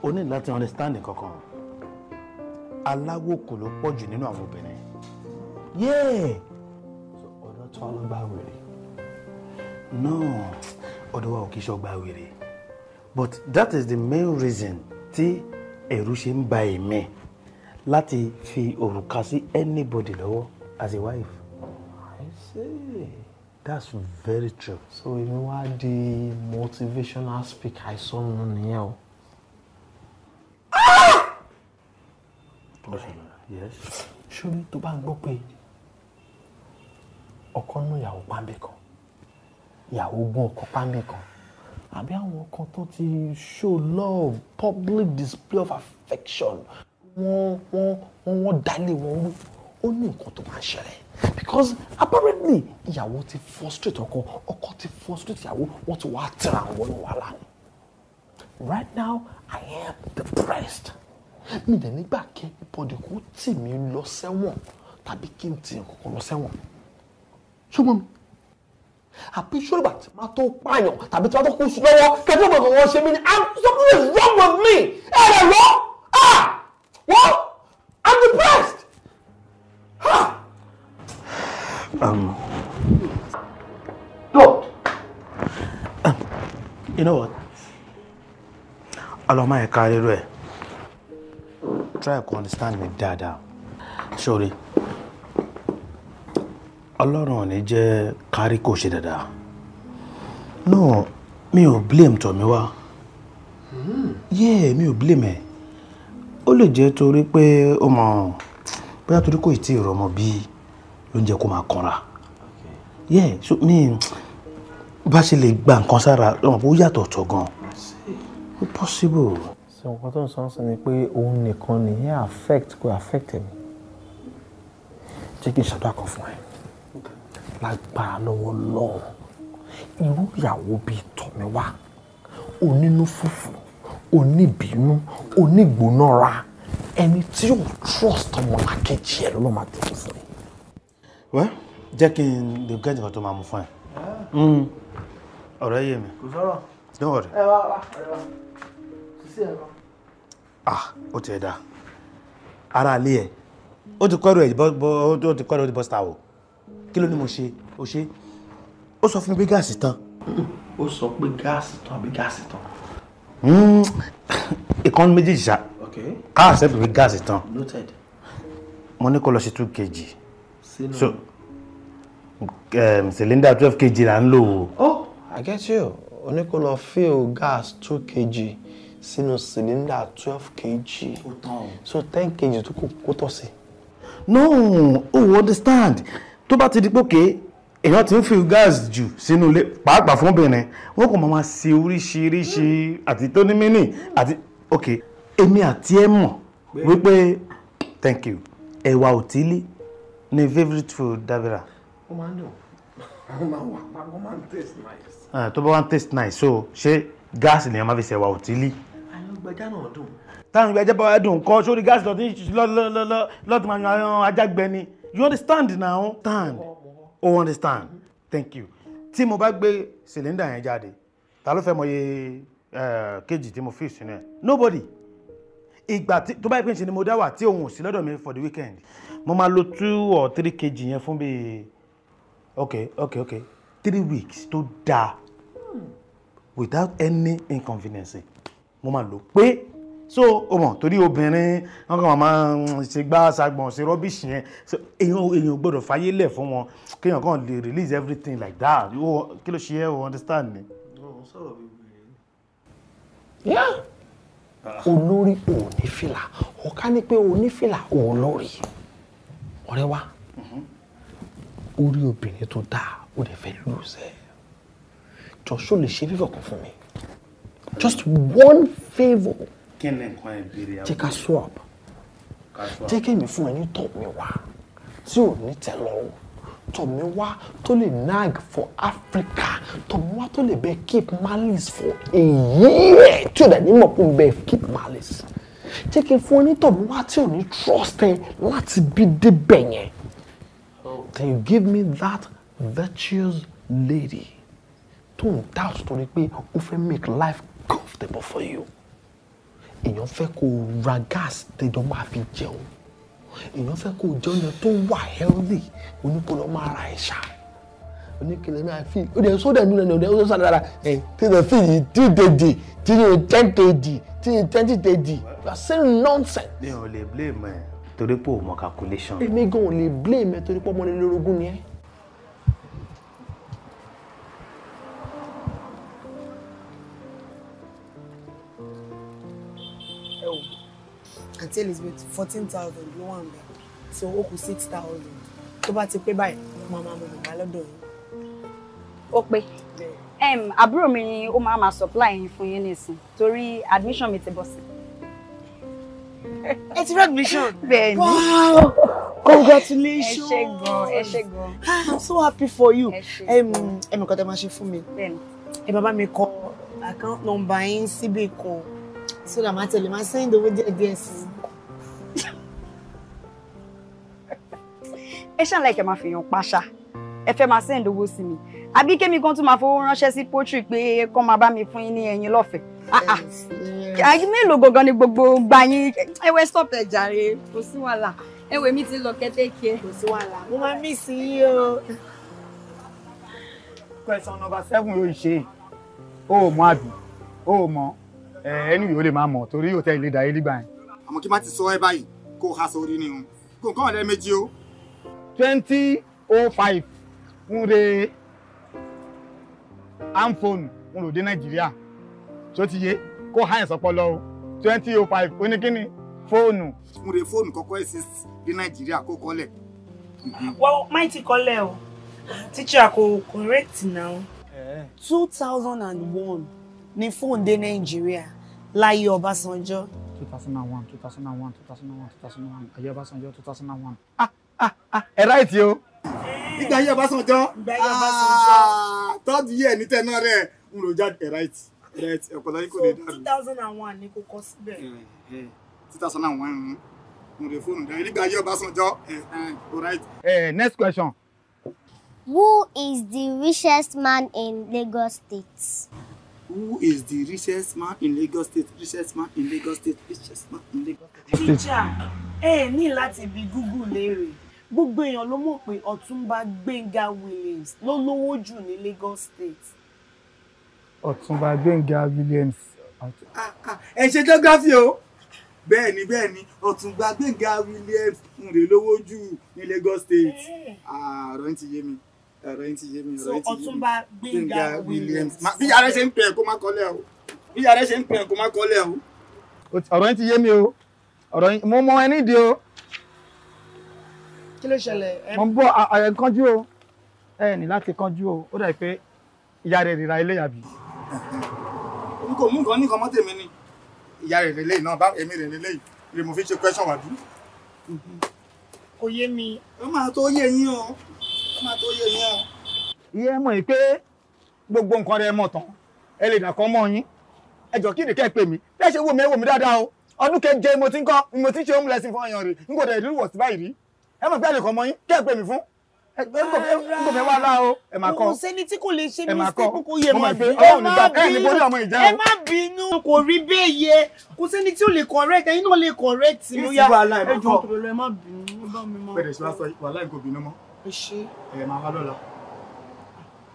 o ní láti understand kankan aláwo kò ló pọ̀ jù nínú àwọn obìnrin yéè ọ̀dọ̀ tí wọ́n lọ wèrè náà ọ̀dọ̀ wa ò kí sọ gba wèrè but that is the main reason tí ẹ̀rù ṣe ń ba èmi láti fi òrùka sí anybody lọ́wọ́ as a wife. I see that's very true. so èmi wá the motivational speaker àìsànù nìyẹn o. Ah! ṣórí tó bá ń gbọ́ pé ọkọ nú ìyàwó pàmì kan ìyàwó gún ọkọ pàmì kan àbí àwọn kan tó ti show love public display of affection wọ́n wọ́n wọ́n wọ́n dálé wọn rú ó ní nǹkan tó máa ń because apparently ìyàwó ti frustrate ọkọ ọkọ ti frustrate ìyàwó wọn ti wá tẹ̀ra wọn wàhálà ni right now i am depressed mi dẹ̀ nígbà kí ibodè kò tì mí lọ sẹ́wọ̀n tàbí kí n tì kọ̀kọ̀ lọ sẹ́wọ̀n ṣùgbọ́n mi àbí ṣọ́ọ̀bà tí máa tó pààyàn tàbí tí máa tó kú sí lọ́wọ́ kẹ́tọ́ bọ̀ kọ̀ọ̀kan ṣe mí ni i'm something is wrong with me ẹ̀rẹ̀ wọ́n ah wọ́n. Um, Lord! Um, you know what? Alọ́mọ ẹ̀ka rírú Try to understand me Dada. Sorry. Ọlọ́run ò ní jẹ́ kárí kò ṣe dáadáa. No, mi ò blame Tọ̀míwá. Yeah, mi ò blame ẹ̀. Ó lè jẹ́ torí pé ó mọ̀ bóyá torí kò tí ì rọmọ bíi ló ń jẹ́ kó máa kanra yeah so mi bá ṣe lè gba nǹkan sára lọ́mọ pé yàtọ̀ ọ̀tọ̀ gan ó possible. sọ nǹkan tó ń sọ ń ni pé òun nìkan nìyẹn affect kò affect mi jẹ́ kí n ṣàdúrà kan fún ẹ lágbára lọ́wọ́ lọ́wọ́ irú ìyàwó bíi tọ̀mí onínú fùfù oníbínú onígbónára ẹni tí yóò trust ọmọlàkejì ẹ lọ́lọ́ máa tẹ̀lé fún wẹ́ jẹ́ kí n lè gẹ́ ìjọba tó máa mú fún ẹ hmm. ọ̀rọ̀ yé mi kò sọ̀rọ̀ don't worry ẹ wá wá ẹ wá kò sí ẹ̀rọ. ah ó ti ẹ̀ dá ara ilé ẹ̀ ó ti kọ́ ẹ̀rọ ẹ̀ ó ti kọ́ ẹ̀rọ bọ́sítà o kí ló ní mo ṣe o ṣe ó sọ fún mi pé gáàsì tán. ó sọ pé gáàsì tán àbí gáàsì tán. Hmm. ìkànnì méjèèjì ṣá káà sẹ́fì pé gáàsì tán mo ní kó lọ sí two kg sínú. so um, cylinder twelve kg là ń lò oh i get you o ní fill gas two kg sínú cylinder twelve kg so ten kg tó kù kó tọ̀ sí. no o understand tó bá ti di pòkè èèyàn ti ń fi gas jù sínú ilé pàápàá fún obìnrin wọn kò máa ṣe oríṣiríṣi àti tó ní mínì àti ok èmi àti ẹ mọ̀ wípé thank you ẹ̀wà òtílí ni favourite food Dabira. ó máa ń dùn ó máa ń wà pa ó máa ń taste nice. Ah, tó bá wá ń taste nice so ṣé gáàsì lèèyàn máa fi ṣẹ̀wà òtílì. àwọn ìgbẹ́jà náà dùn. táwọn ìgbẹ́jà bá wá dùn kọ́ sórí gáàsì lọ́tí máa yan ajágbẹ́ ni you understand now stand oh understand thank you tí mo bá gbé cylinder yẹn jáde ta ló fẹ́ mọ iye eh, kejì tí mo fi sínú ẹ̀ nobody ìgbà tó bá yẹ pé ń ṣe ni mo dá wà tí òun ò sí lọ́dọ̀ mi for the weekend mo máa lo two or three kg yẹn fún bíi ok ok ok three weeks tó dáa without any inconvenience mo máa lò pé so o mọ̀ torí obìnrin wọn kàn máa ṣe gbá sagbọ̀n ṣe rọ́bìṣì yẹn èèyàn èèyàn gbọ́dọ̀ fàyè lẹ̀ fún wọn kéèyàn kàn lè release everything like that kí ló ṣe ẹ́ o understand ni. sọ̀rọ̀ mi olórí ò ní fìlà ọ̀ká ní pé ò ní fìlà ò lórí ọ̀rẹ́ wa ó obìnrin tó dáa ó lè fẹ́ lùsẹ̀ jọ̀ṣọ́ lè ṣe fífọ̀ kan fún mi just one favour jẹ́ ká swap jẹ́ kí èmi fún ẹ ní tọ̀ mi wá tí ò ní tẹ̀ lọ́wọ́ tọ̀ mi wá tó lè nag for Africa tọ̀ mi wá tó lè bẹ keep malice for a year tí ò dẹ̀ ní mọ̀ pé bẹ keep malice jẹ́ kí n fún onítọ̀hún wá tí ò ní trust ẹ láti bí débẹ̀ yẹn then you give me that virtuous lady tó ń doubt torí pé ó fẹ́ make life comfortable for you èèyàn fẹ́ kó o ra gas tẹjọ́ máa fi jẹun èèyàn fẹ́ kó o jẹun tó wà healthy oníkó lọ́ máa ra ẹ̀ṣá oníkèlè máa fi ó dẹ̀ sódà nínú ẹni ọ̀dẹ̀ ó sọ̀rọ̀ dára ẹ̀ tí the thing yìí tí dèdè tí yóò ten kg tí yóò twenty kg you are saying nonsense. mi ò lè blame ẹ torí pé o mọ calculation. èmi gan ò lè blame ẹ torí pé ọmọ nílé orogún ni ẹ. àti Elizabeth fourteen thousand ló wà ń bẹ so ó kù six thousand tó bá ti pé báyìí màmá mo mọ̀ bá lọ́dọ̀ yìí ó pé àbúrò mi ni ó máa máa supply yín fún yín nísìn admission mi ti bọ̀ sí. ti admission. bẹ́ẹ̀ni wow congratulations. ẹ ṣé gan ẹ ṣé gan. Ah, i'm so happy for you. ẹ mọ̀ kọ́ tẹ́ máa ṣe fún mi. ẹ bàbá mi kọ account number yín síbì kan so that màá tẹ̀lé màá send owó díẹ̀ díẹ̀ sí i. ẹ ṣàlàyé kẹ́ máa fi yan paṣá ẹ fẹ́ máa send owó sí mi àbí kémi kan tún máa fowó ránṣẹ́ sí poultry pé kán máa bá mi fún yín ní ẹyin lọ́fẹ̀ẹ́ ah, ah. mélòó gangan ni gbogbo gba yín ẹwẹ́ stop ẹ̀ jàre kò sí wàhálà ẹwẹ́ mi ti lọ kẹ́tẹ́kẹ́ kò sí wàhálà mo máa mí sí yín o. question number seven ló ń ṣe o ò mọ àbí o ò mọ ẹnu yìí ó lè máa mọ torí yóò tẹ ilé dàrí nígbà yẹn. àmọ́ kí n má ti sọ ẹ báyìí kó o há sórí ni o kó o kọ́ méjì o. twenty oh five ń re amphone wọn ò Naijiria: nàìjíríà ti ye ko ha o twenty oh five ó ní kí fóònù. mo rè fóònù kọ́kọ́ exist mm-hmm. o teacher kò correct now. Eh. two thousand and ni fóònù dé Naijiria, láyé ọbásanjọ́. two thousand and one two thousand ọbásanjọ́ two thousand and one. ah ah ah ráìtì o. ìgbà yẹ Ọbásanjọ́ tọ́jú yẹ ní tẹ́ná rẹ̀ ń lò jáde right right ọ̀pọ̀lọpọ̀ ayé kò lè dàrú. two thousand and one ni kò kọ síbẹ̀. Eh, eh. two thousand and one mo lè fóònù dá ìgbà yẹ Ọbásanjọ́ right. Eh, next question. Who is the richest man in Lagos State? Who is the richest man in Lagos State? Richest man in Lagos State? Richest man in Lagos State? Teacher, ẹ ní láti bi Google léèrè gbogbo èèyàn ló mọ̀ pé ọ̀túnba gbẹ̀ngà williams ló lówó jù ní lagos state. ọ̀túnba gbẹ̀ngà williams. Ah, ah, ẹ ṣe geography o bẹ́ẹ̀ ni bẹ́ẹ̀ ni ọ̀túnba gbẹ̀ngà williams ń rè lówó jù ní lagos state ah, ọ̀rọ̀ ń ti yé mi ọ̀rọ̀ ń ti yé mi ọ̀rọ̀ ń ti williams. bí yàrá ṣe ń pè kó má kọ́lẹ̀ o bí yàrá ṣe ń pè kó má kọ́lẹ̀ o. ọ̀rọ̀ ń ti yé mi o ọ̀rọ̀ mo mọ ẹni di o kí ló ṣẹlẹ̀. mo ń bọ ẹ ń kánjú o ẹ ní láti kánjú o ó dàbí pé ìyá rẹ rira eléyà bí. n kò mú nǹkan ní nǹkan mọ́ tèmi ni ìyá rẹ rẹ léyìí náà bá èmi rẹ rẹ léyìí rẹ mo fi ṣe question wàdú. kò yé mi. ó máa tó yé yín o ó máa tó yé yín o. iye mọ̀ yìí pé gbogbo nǹkan rẹ mọ̀ tán ẹ lè dàkọ́ mọ́ yín ẹ jọ kí nìkẹ́ pè mí bẹ́ẹ̀ ṣe wò mí ẹ wò mí dáadáa o ọdún keje mo ti ń kọ́ mo ti ń ṣe homeless fún ọyàn rè n kò ìlú wọ̀ sí rí ẹ mọ̀ pé àlè kọ́ mọ́ yín kí ẹ pè mí fún ẹ kò fẹ́ wá lá o ẹ máa kọ́ òsèni tí kò lè ṣe mistake kò yẹ mọ̀ bí ẹ má bínú ẹ má bínú kò rí bẹ́ẹ̀ yẹ kò sẹ́ni tí ò lè correct ẹ̀yin náà lè correct mi ó yá ẹ jọ ẹ má bínú ẹ bá mi mọ́. bẹ́ẹ̀ ṣe wá sọ wàhálà ìgò bínú mọ́ ẹ máa wá lọ́la.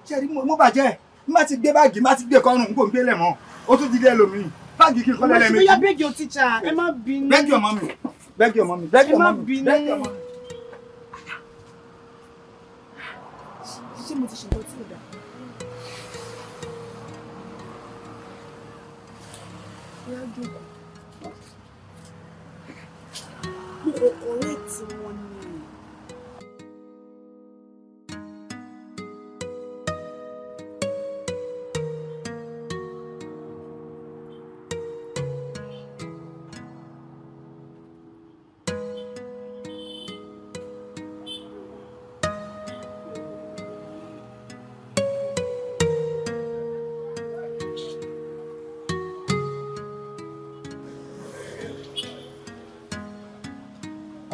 ṣé rí mo bàjẹ́ má ti gbé báàgì má ti gbé kọ́rùn kò ń gbé lẹ̀ mọ́ ó tún ti dé ẹlòmíì báàgì kí n kọ́ lẹ́lẹ́mẹ́jì. bẹ́ẹ̀gì ọmọ mi bẹ́ẹ̀gì ọmọ mi bẹ́ẹ̀gì ṣé mo ti ṣe nǹkan tí ò dáa. mo kò kọ̀rẹ́ẹ̀tì wọn ni.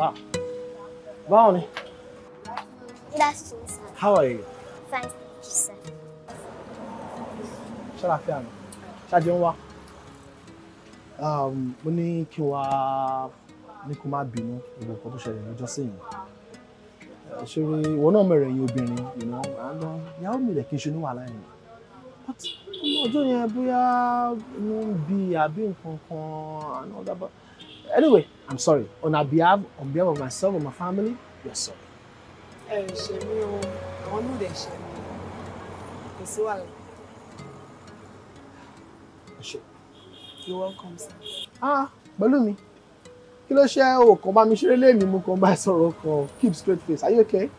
Ah. Báwo ni? Good sir. How are you? Fine, thank you, sir. Ṣàlàfíà ni. Ṣáàjì ń wá. Um, mo ní kí wá ní kó má bínú gbogbo nǹkan tó ṣẹlẹ̀ lọ́jọ́ sẹ́yìn. Eh, Ṣeré ìwọ náà mẹ̀rẹ̀ you obìnrin ìná àná ìyàwó mi lè kí n ṣe ní wàhálà yẹn. Ọjọ́ yẹn bóyá inú ń bi àbí anyway i'm sorry on our behalf on behalf of myself and my family you're sorry. ẹ ṣe mí o àwọn náà dẹ̀ ṣe mí kò you're welcome sir. ah balumi. kí ló ṣe o kàn bá mi ṣeré keep straight face are you okay.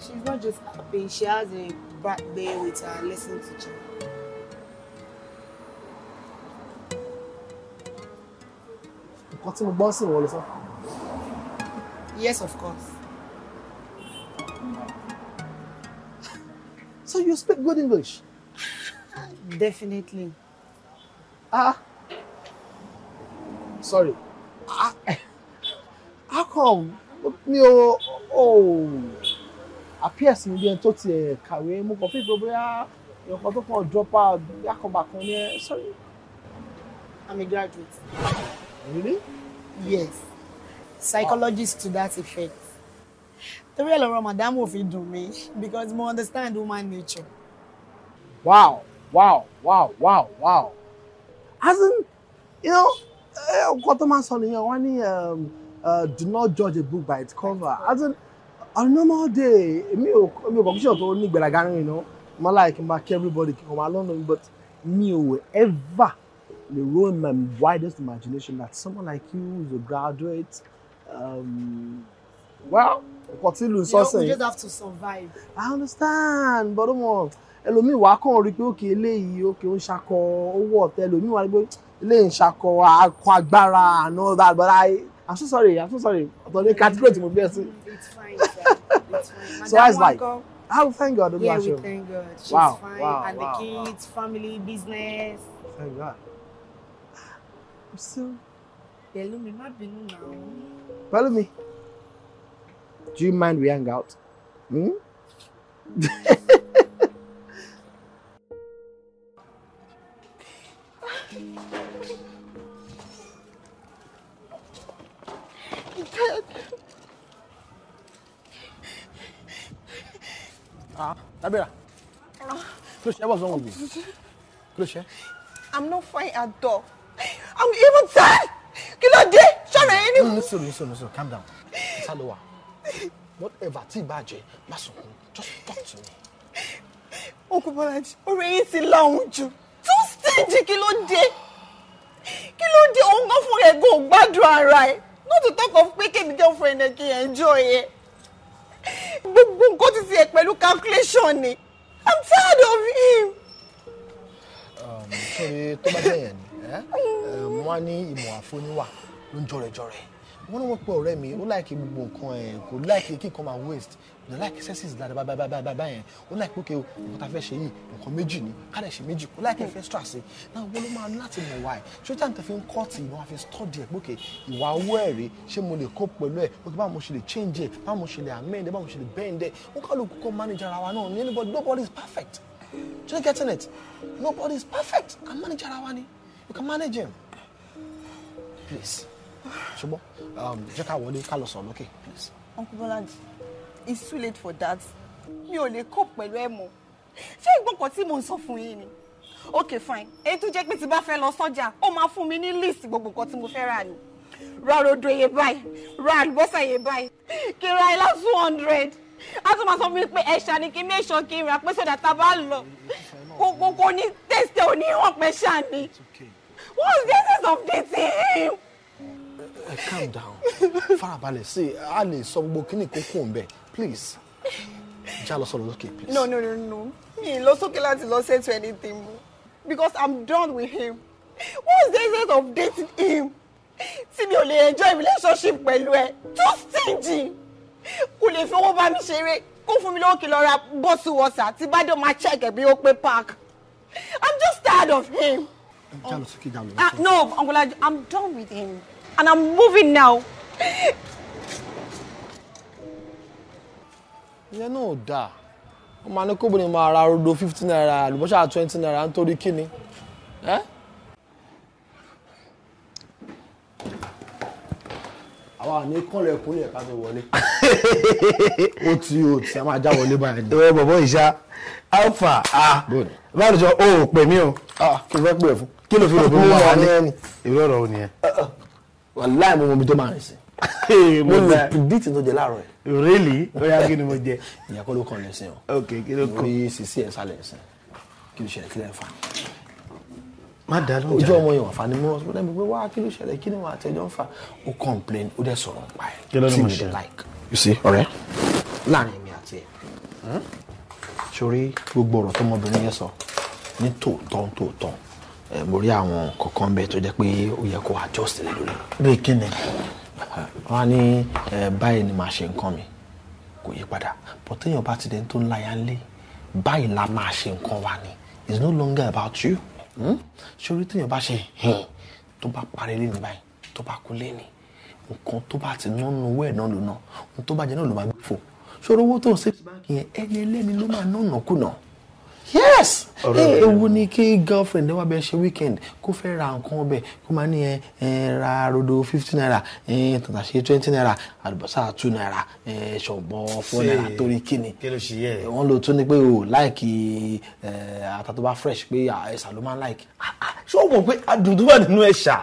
she's not just happy she has a bad day with her lesson teacher. nǹkan tí mo gbọ́ sí ìwọ ló sọ. yes of course. so you speak good english. <laughs> definitely. ah sorry ah how come mi ò oh appears mi bí ẹni tó ti kàwé mo kàn fi gbogbo yá nǹkan tó kàn drop out yá kan bàkan ní ẹ sorry. i'm a graduate. Really? Yes. Psychologist wow. to that effect. The real lọ́rọ̀ màdámù fi dùn mí because more understand human nature. Wow, wow, wow, wow, wow. As you know, ọkọ eh, tó máa ń sọ um, uh, do not judge a book by its cover. As in, on a normal day, me, ò èmi ò kọ̀míṣọ̀ tó ní gbẹ̀rẹ̀gà rìn iná. Mo máa láì kí n máa kí everybody kí n máa lọ́nà mi but me, ò ever the room, my widest imagination that someone like you who's a graduate, um, well, continue sourcing. Yeah, we just have to survive. I understand, but come on. ẹlòmíì wàá kàn rí pé òkè eléyìí òkè ó ń ṣakọ owó ọ̀tẹ̀ ẹlòmíì wàá rí pé eléyìí ń ṣakọ akọ agbára àná àgbàrá I'm so sorry I'm so sorry ọ̀tọ̀ ní category tí mo bí ẹ sí. Mm, it's fine sir it's fine. <laughs> so that's like. Go. Oh, thank God. Yeah, we thank God. She's wow, fine. Wow, and wow, the kids, family, business. Thank God. So, me. má bínú now. Pelumi, do you mind we hang out? Hmm? Dad. Ah, Nabila. Ah. Close, what's wrong with you? Close. I'm not fine at all. I'm even sad. Kí ló dé? Ṣọ̀rọ̀ ni. No, no, sorry, no, no, Calm down. Salowa, whatever tí ìbá jẹ, má sunkún. Just talk to me. Okun Bọ́lájí, ọ̀rọ̀ yín ti láwọn jù. Tún stage kí ló dé? Kí ló dé? Òun gan fún rẹ̀ gan gbádùn ara ẹ̀. Not to talk of pé kèmí jẹ́ òfin ẹ̀nẹ̀ kí ẹ̀ ń jọ yẹ. Gbogbo nǹkan ti tiẹ̀ pẹ̀lú calculation ni. I'm tired of him. Um, Sori tó bá jẹ́ yẹn ni. Eh, eh, wọ́n á ní ìmọ̀ àfoníwà ló ń jọrẹjọrẹ wọ́n ní wọ́n pe ọ̀rẹ́ mi ó láìkí gbogbo nǹkan ẹ̀ kò láìkí kí nǹkan máa waste kò láìkí sẹ́sìs dáadáa báyìí báyìí ó láìkí pé nǹkan tá a fẹ́ ṣe yìí nǹkan méjì ni kádẹ̀ ṣe méjì kò láìkí fẹ́ stress sí e. náà wọ́n ló máa láti mọ̀ wáyé ṣé tí àǹtẹ̀ fi ń kọ́ tì ìwọ̀n àfi study ẹ̀ pé ìwà owó ẹ̀ rè ṣé mo lè kó pẹ̀lú ẹ̀ pé báwo mo ṣe lè change ẹ̀ báwo mo ṣe lè amend ẹ̀ báwo mo ṣe lè bend ẹ̀ wọ́n kálukú kọ́ manage ara wa náà nobody is perfect. Do you get it? Nobody is perfect. I'm manager, ara wa ni we can manage him please um, check ká wọlé Call us on, okay? please. uncle bolaji it's too late for that mi ò lè cope pẹ̀lú ẹ̀ mọ́ ṣé ìgbọ́n kan tí mò ń sọ fún yín ni Okay, fine èyí tó jẹ́ pé tí bá fẹ́ lọ sọ́jà ó máa fún mi ní list gbogbo nǹkan tí mo fẹ́ rà ni ra rodo yẹ báyìí ra àlùbọ́sà yẹ báyìí kí n ra ilá two hundred a tún máa sọ fún mi pé ẹ̀ṣà ni kí n mẹ́ṣọ́ kí n rà pé sọ̀dà tá a bá lọ kò kò kò ní tẹ̀sítẹ̀ òní ìwọ̀n pẹ̀ṣà ni. It's okay. What's the essence of dating him? Uh, calm down. Farabalẹ̀ sí a lè sọ gbogbo please. Já lọ sọ̀rọ̀ please. No no no no. Me, ì lọ sókè láti lọ say to anything because I'm done with him. What's the essence of dating him? Tí mi ò lè enjoy relationship pẹ̀lú ẹ̀ too stingy. Kò lè fi bá mi ṣeré kó fún mi lókè lọ ra bọ́ọ̀sì wọ̀sà tí bá máa check bí ó pé park. I'm just tired of him. Uh, no, Uncle, I'm done with him. And I'm moving now. ìyẹn náà ò dáa wọ́n máa ní kóbìnrin máa ra rodo fifteen naira àlùbọ́sà twenty naira nítorí kíni. àwa ní kọ́lẹ̀ kúnlẹ̀ ká tó wọlé. <laughs> ó ti ó ti a máa já wọlé báyìí. ìwé bọ̀bọ̀ ìṣá alpha a ah, báwo ni sọ o ò pè mí o ah, kí n fẹ́ pè fún kí ló fi rò pé mo wà ní ìlú ọ̀rọ̀ òní ẹ̀. wàláì mo mọ ibi tó máa rìn sí. <laughs> mo lè predict tó jẹ láàárọ̀ ẹ̀. rẹ́lì bóyá kí ni mo jẹ. ìyá kọ́ ló kàn lè sìn o. ok kí ló kàn. orí sisi ẹ̀ sálẹ̀ sìn kí ló ṣẹlẹ̀ kí lẹ́ẹ̀ fà. má dá lóúnjẹ. ojú ọmọ yẹn wà fani mọ́ ọ́ mi pé wá kí ló ṣẹlẹ̀ kí ni wọ́n àtẹ̀jọ́ ń fa ó complain ó dẹ̀ sọ̀rọ̀ pa ẹ̀. kí mo ṣe like. you see ọ̀rẹ́ láàrin mi àti ẹ̀ hmm? sórí gbogbo ọ̀rọ̀ tọmọbìnrin yẹn sọ ní tòótọ́ tòótọ́ ẹ eh, mo rí àwọn kọ̀ọ̀kan bẹ́ẹ̀ tó jẹ́ pé ó yẹ kó adjust lé lórí. bí kíni. wọn á ní eh, báyìí ni màá ṣe nǹkan mi kò yí padà bó téèyàn bá ti dẹni tó ń láyà ń báyìí la máa ṣe nǹkan wa ni it's no longer about you hmm? ṣorí téèyàn bá ṣe hìn tó bá parí lé ní báyìí tó bá kú lé ní nǹkan tó bá ti nánú owó ẹ̀ náà lò náà nǹkan tó bá jẹ náà ló máa gbé fò ṣòro owó tó ń ṣe báńkì yẹn ẹni ẹlẹ́ni ló máa nánà kùnà yes ewu ni kí girlfriend wá bẹ ṣe weekend kó fẹ́ ra nǹkan ọbẹ̀ kó máa ní ẹ ra rodo fifty naira tàtà ṣe twenty naira àlùbọ́sà two naira ṣọ̀bọ̀ four naira torí kíni wọ́n lò tún ni pé o láìkì ata tó fresh pé ah, ẹ̀sà ló máa ń láìkì. Ah, ah, ṣé o mọ̀ pé adùn tó wà nínú ẹ̀ṣà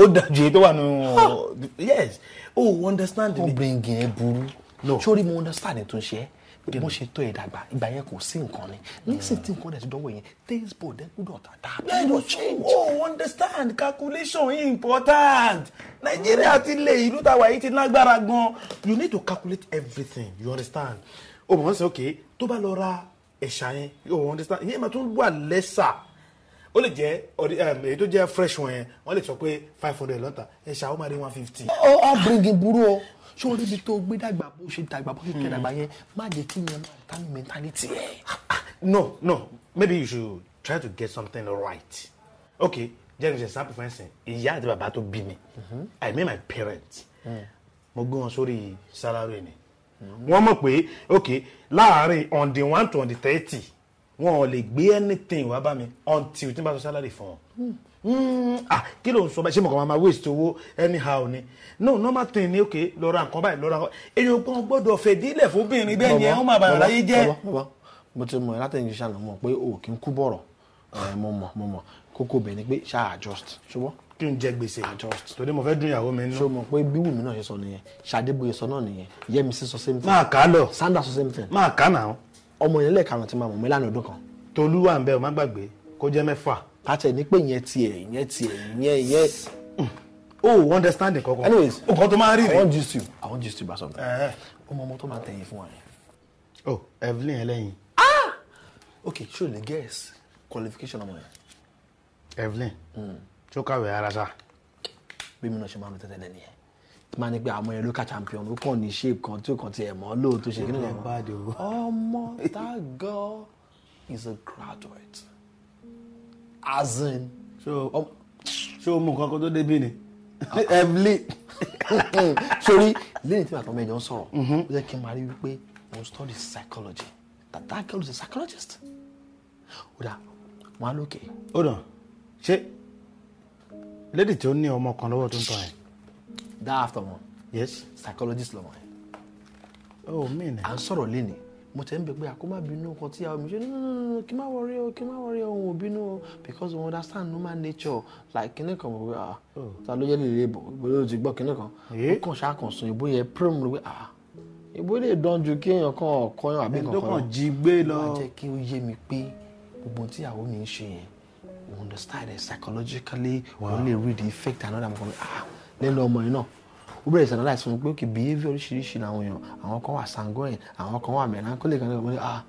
ó dájú èyí tó wà nínú yes o oh, understand me. wọ́n bring yẹn burú sórí mo understand tó ń ṣe é bó ṣe tó ìdàgbà ìgbà yẹn kò sí nǹkan ni hmm. nísìnyí tí nǹkan dẹ̀ ti dánwò yẹn taste board ẹ̀ gbúdọ̀ tàdá. gbúdọ̀ change o oh, understand calculation important nàìjíríà ti lè ìlú tàwa yìí ti lágbára gan you need to calculate everything you understand o mọ̀ ń sẹ́ okay tó bá lọ ra ẹ̀ṣà yẹn o understand ìyẹn máa tún wà lẹ́sà ó lè jẹ um, èyí tó jẹ fresh one yẹn wọn lè sọ pé five hundred lọ́tà ẹ̀ṣà ó máa rí one fifty. ó á bírígì burú o ṣó rí tó gbé dàgbà bó ṣe dàgbà bó ṣe kẹ dàgbà yẹn má jẹ́ kí yẹn máa mentality ẹ̀. no no maybe you should try to get something right okay jẹ́rìí ṣe sample fún ẹ̀sìn ìyá àti bàbá tó bí mi i mean my parents mo gbé wọn sórí salary ni wọ́n mọ̀ pé okay láàárín on the one to on the thirty wọn ò lè gbé anything wá bá mi until tí n bá sọ salary fún wọn. Hmm, ah kí ló ń sọ báyìí ṣé mo kàn máa waste owó anyhow ni no normal thing ni okay lọ ra nǹkan báyìí lọ ra nǹkan èèyàn kan gbọ́dọ̀ fèdílẹ̀ fóbìnrin bẹ́ẹ̀ ni ẹ̀ ń máa bàrà láyé jẹ́. mo ti mọ ẹ látẹ̀yìn ṣáà mọ pé o kì í kú bọ̀rọ̀ mo mọ mo mọ kókó bẹ̀ ni pé ṣáà adjust ṣùgbọ́n. kí n jẹ gbèsè adjust torí mo fẹ́ dun ìyàwó mi nínú. ṣé o mọ̀ pé bí Wùmí náà ṣe sọ nìyẹn Ṣadébóyè sọ náà nìyẹn Yẹ́misí sọ same thing. máa kà á lọ Sandra sọ same thing. máa kà á nà án. ọmọ yẹn lẹ́ẹ̀karùn-ún ti máa mọ̀ mí lánàá ọdún kan. Tolú ń bẹ o má gbàgbé kó jẹ́ mẹ́fà àtẹ ní pé yẹn tiẹ̀ yẹn tiẹ̀ yẹn yẹn. o oh, understanding kankan. anyways o oh, kan tó máa rí rẹ. i wan gist you i wan gist you about something. ọmọ eh, eh. ọmọ tó máa tẹ̀yìn fún wa yẹn. o oh, evelyn ẹlẹ́yin. ah okay. ṣé o lè guess qualification ọmọ yẹn. evelyn tó hmm. kàwé ara sa. bí mi náà ṣe máa ń tẹ́tẹ́ lẹ́nu yẹn máa ní pé àwọn ẹ̀rọ ká champion ó kàn ní shape kan tí ó kàn ti ẹ̀ mọ́ lóòótọ́ ṣe kí ni ọmọ that girl is a graduate as in. ṣé o mú nǹkan kan tó débi ni <laughs> ẹ̀bùlé sórí <laughs> lẹ́yìn tí màtọ́ mẹ́jọ ń sọ̀rọ̀ ó mhm. jẹ́ kí n máa rí wípé mo study psychology that girl is a psychologist ó dà wọn á lókè. ó dàn ṣé lady tí ó ní ọmọ kan lọ́wọ́ tó ń tọ́ ẹ̀. that after one. yes. psychologist lọ́mọ ẹ̀. oh mi ni. à ń sọ̀rọ̀ lénìí mo tẹ̀ ń bẹ̀ pé àkó má bínú ọkọ tí àwọn ìmọ̀ṣẹ́ no no no kí má wọrí o kí má wọrí o òun ò bínú o because we understand human nature like kíní kan wọ́n wí ah ta ló yẹ lèrè bọ́lá ti gbọ́ kíní kan eh? ó kàn ṣàkàn sùn ìbò yẹ pírọ̀mù rẹ ah ìbò lè dán ju kí èèyàn kan ọ̀kọ́yàn àbí kankan lọ ẹ̀ńdọ́kàn jí gbé lọ wọ́n jẹ́ kí ó yé mi pé gbogbo tí àwọn mi ń ṣe yẹn we understand it psychologically we only read the effect another one ah lẹ́nu ọmọ yìí náà ó bẹ̀rẹ̀ sàn láìsí fún pé òkè behaviour oríṣiríṣi làwọn èèyàn àwọn kan wà sangoin àwọn kan wà melancholic kan lọ́wọ́ ah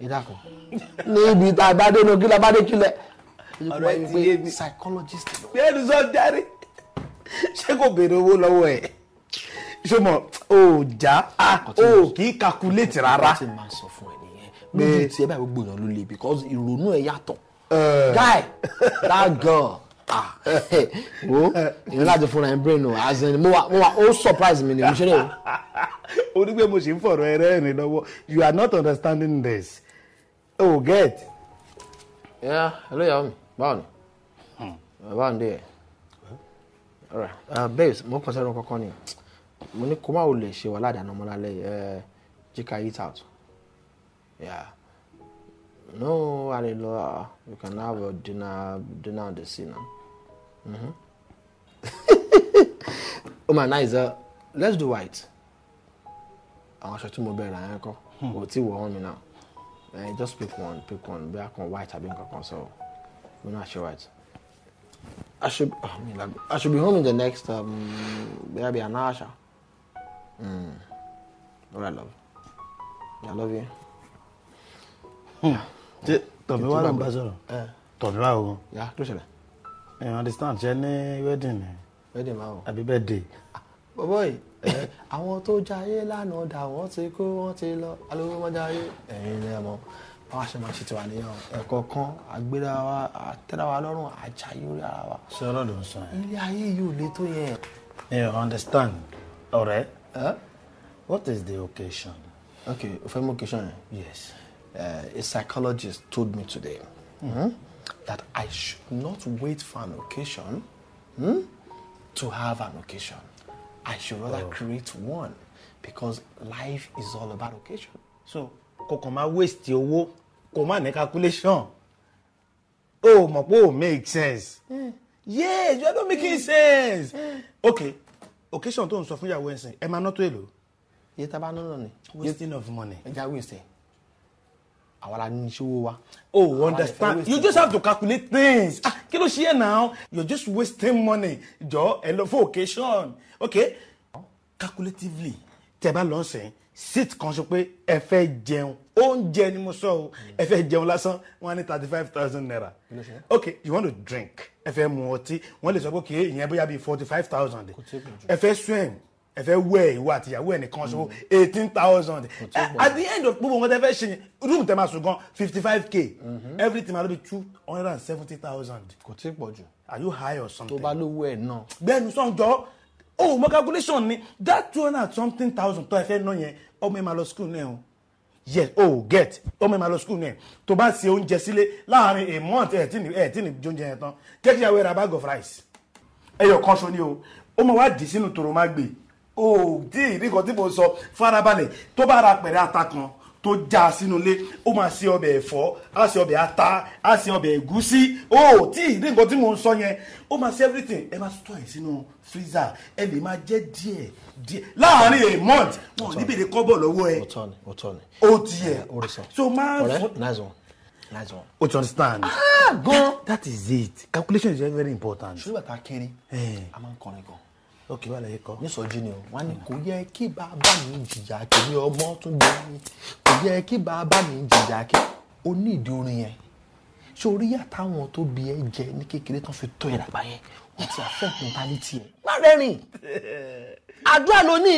ẹ dàkọ̀ <laughs> níbi tá a bá dé ní ògìlà bá dé kílẹ̀ ọ̀rọ̀ ẹ ti yé mi psychologist lọ. bí ẹnu sọ jáde ṣé kò béèrè owó lọ́wọ́ ẹ̀ ṣé mo ò já ò kì í calculate rárá. ọtí máa sọ fún ẹ nìyẹn lójú tiẹ̀ báyìí gbogbo èèyàn ló le because ìrònú ẹ̀ yàtọ̀ eh. guy that girl. ah <laughs> wo èèyàn láti fúnra ẹ brain no as in mo wa mo wa o surprise mi ni mo o. <laughs> mo ṣe ń ere ẹ rẹ́rìn you are not understanding this oh, get. yeah hello yàrá mi báwo ni hmm. báwo ni dé ẹ uh, babes mo kàn sẹ́nu ni mo ni kó má o lè ṣe wà eat out yeah. no I lọ you uh, can have your dinner dinner on the scene Mm-hmm. <laughs> Oma oh, Naiza, uh, let's do white. Àwọn aṣọ tí mo bẹ̀rẹ̀ àyàn kọ́, kò tí wọ̀ ọ́n náà. Eh, just pick one, pick one, bí a kan white àbí nǹkan kan sọ̀rọ̀. Mo náà ṣe white. I should, oh, I, should be home in the next, um, maybe an hour. Mm. All right, love. I love you. Hmm. Tọ̀mí wà ló ń bá sọ̀rọ̀. Eh. Tọ̀mí wà o. Yà ló ṣẹlẹ̀ ẹ understand ṣe ní wedding ni. wedding máa wọ. àbí birthday. bọ́bọ́ yìí àwọn tó jayé lánàá dà wọ́n ti kó wọ́n ti lọ alówó wọn jayé ẹ̀yin ilé ọmọ báwa ṣe máa ṣe tiwa nìyẹn ẹ̀kọ́ kan àgbéra wa àtẹ́ra wa lọ́rùn àjàyè orí ara wa. ṣé ọlọ́dọ̀ ń sọ yẹn. ilé ayé yóò le tó yẹn. ẹ understand ọ̀rẹ́ what is the occasion. okay o fẹ́ mú occasion yẹn. yes uh, a psychologist told me today. Mm -hmm that I should not wait for an occasion hmm, to have an occasion. I should rather oh. create one because life is all about occasion. So kò máa waste owó kò máa ní calculation o mọ̀ pé o make sense mm. yes you are not making mm. sense mm. okay occasion tó ń sọ fún ìyàwó ẹ̀sìn ẹ máa ná tó èlò. iye tá a bá ná náà ni. wasting of money. ẹ já waste àwa la ní ṣòwò wa. oh understand you just have to calculate things ah kí ló ṣe é now you're just wasting money jọ ẹ lọ fún occasion okay calculatively tẹ bá sit kan sọ pé ẹ fẹ́ jẹun oúnjẹ ni mo sọ o ẹ fẹ́ jẹun lásán wọ́n ní thirty five thousand naira Okay, you want to drink ẹ fẹ́ mu ọtí wọ́n lè sọ pé kì í ìyẹn bóyá bíi forty five thousand ẹ fẹ́ swim ẹ fẹ́ wẹ̀ ìwọ àtìyàwó ẹ̀ nìkan ṣo eighteen thousand at the end of gbogbo nǹkan tẹ́ fẹ́ ṣe room tẹ́ máa sùn gan fifty five k mhm. everything ma ló bi two hundred and seventy thousand. kò tí ì pọ̀ jù. are you high or something. tó bá lówó ẹ̀ náà. bẹ́ẹ̀ni sọ̀njọ́ o mọ calculation ni that two hundred and something thousand tó ẹ fẹ́ ná yẹn ọmọ ẹ máa lọ school náà o yes o oh, get ọmọ ẹ máa lọ school náà tó bá ṣe oúnjẹ sílé láàrin a month ẹ̀ tí ni ẹ̀ tí ni jóúnjẹ yẹn tán kẹ́kẹ́ ìyàwó ẹ̀ bag of rice ẹ̀yọ̀ kan ṣo ni o ó mọ̀ wá dì sínú tòrò má gbé o ò tí ì rí nǹkan tí mo sọ farabalẹ̀ tó bá ra pẹ̀rẹ̀ ata kan tó já sínú ilé ó máa ṣe ọbẹ̀ ẹ̀fọ́ á ṣe ọbẹ̀ ata á ṣe ọbẹ̀ ẹ̀gúsí ó tí tí mo sọ yẹn ó máa ṣe everything ẹ máa store ẹ̀ sínú freezer ẹ lè máa jẹ díẹ̀ díẹ̀ láàárín a month wọn ò ní bèrè kọ́bọ̀ lọ́wọ́ ẹ ó ti yẹ so máa fọ. nice one nice one. o ti understand. ah gan. that is it calculation is very important. ṣùgbọ́n bàtà kẹrin a máa ń kọrin gan ok wà lẹ́yìn kan nísọjí ni o wọn ni kò yẹ kí bàbá mi jìyà kìíní ọmọ tún gbé mi kò yẹ kí bàbá mi jìyà kí o ní ìdí orin yẹn ṣé orí àtàwọn tó bí ẹ jẹ ní kékeré tán fi tọ́ ẹ dàgbà yẹn wọn ti affect mentality ẹ má rẹ́rìn àdúrà ló ní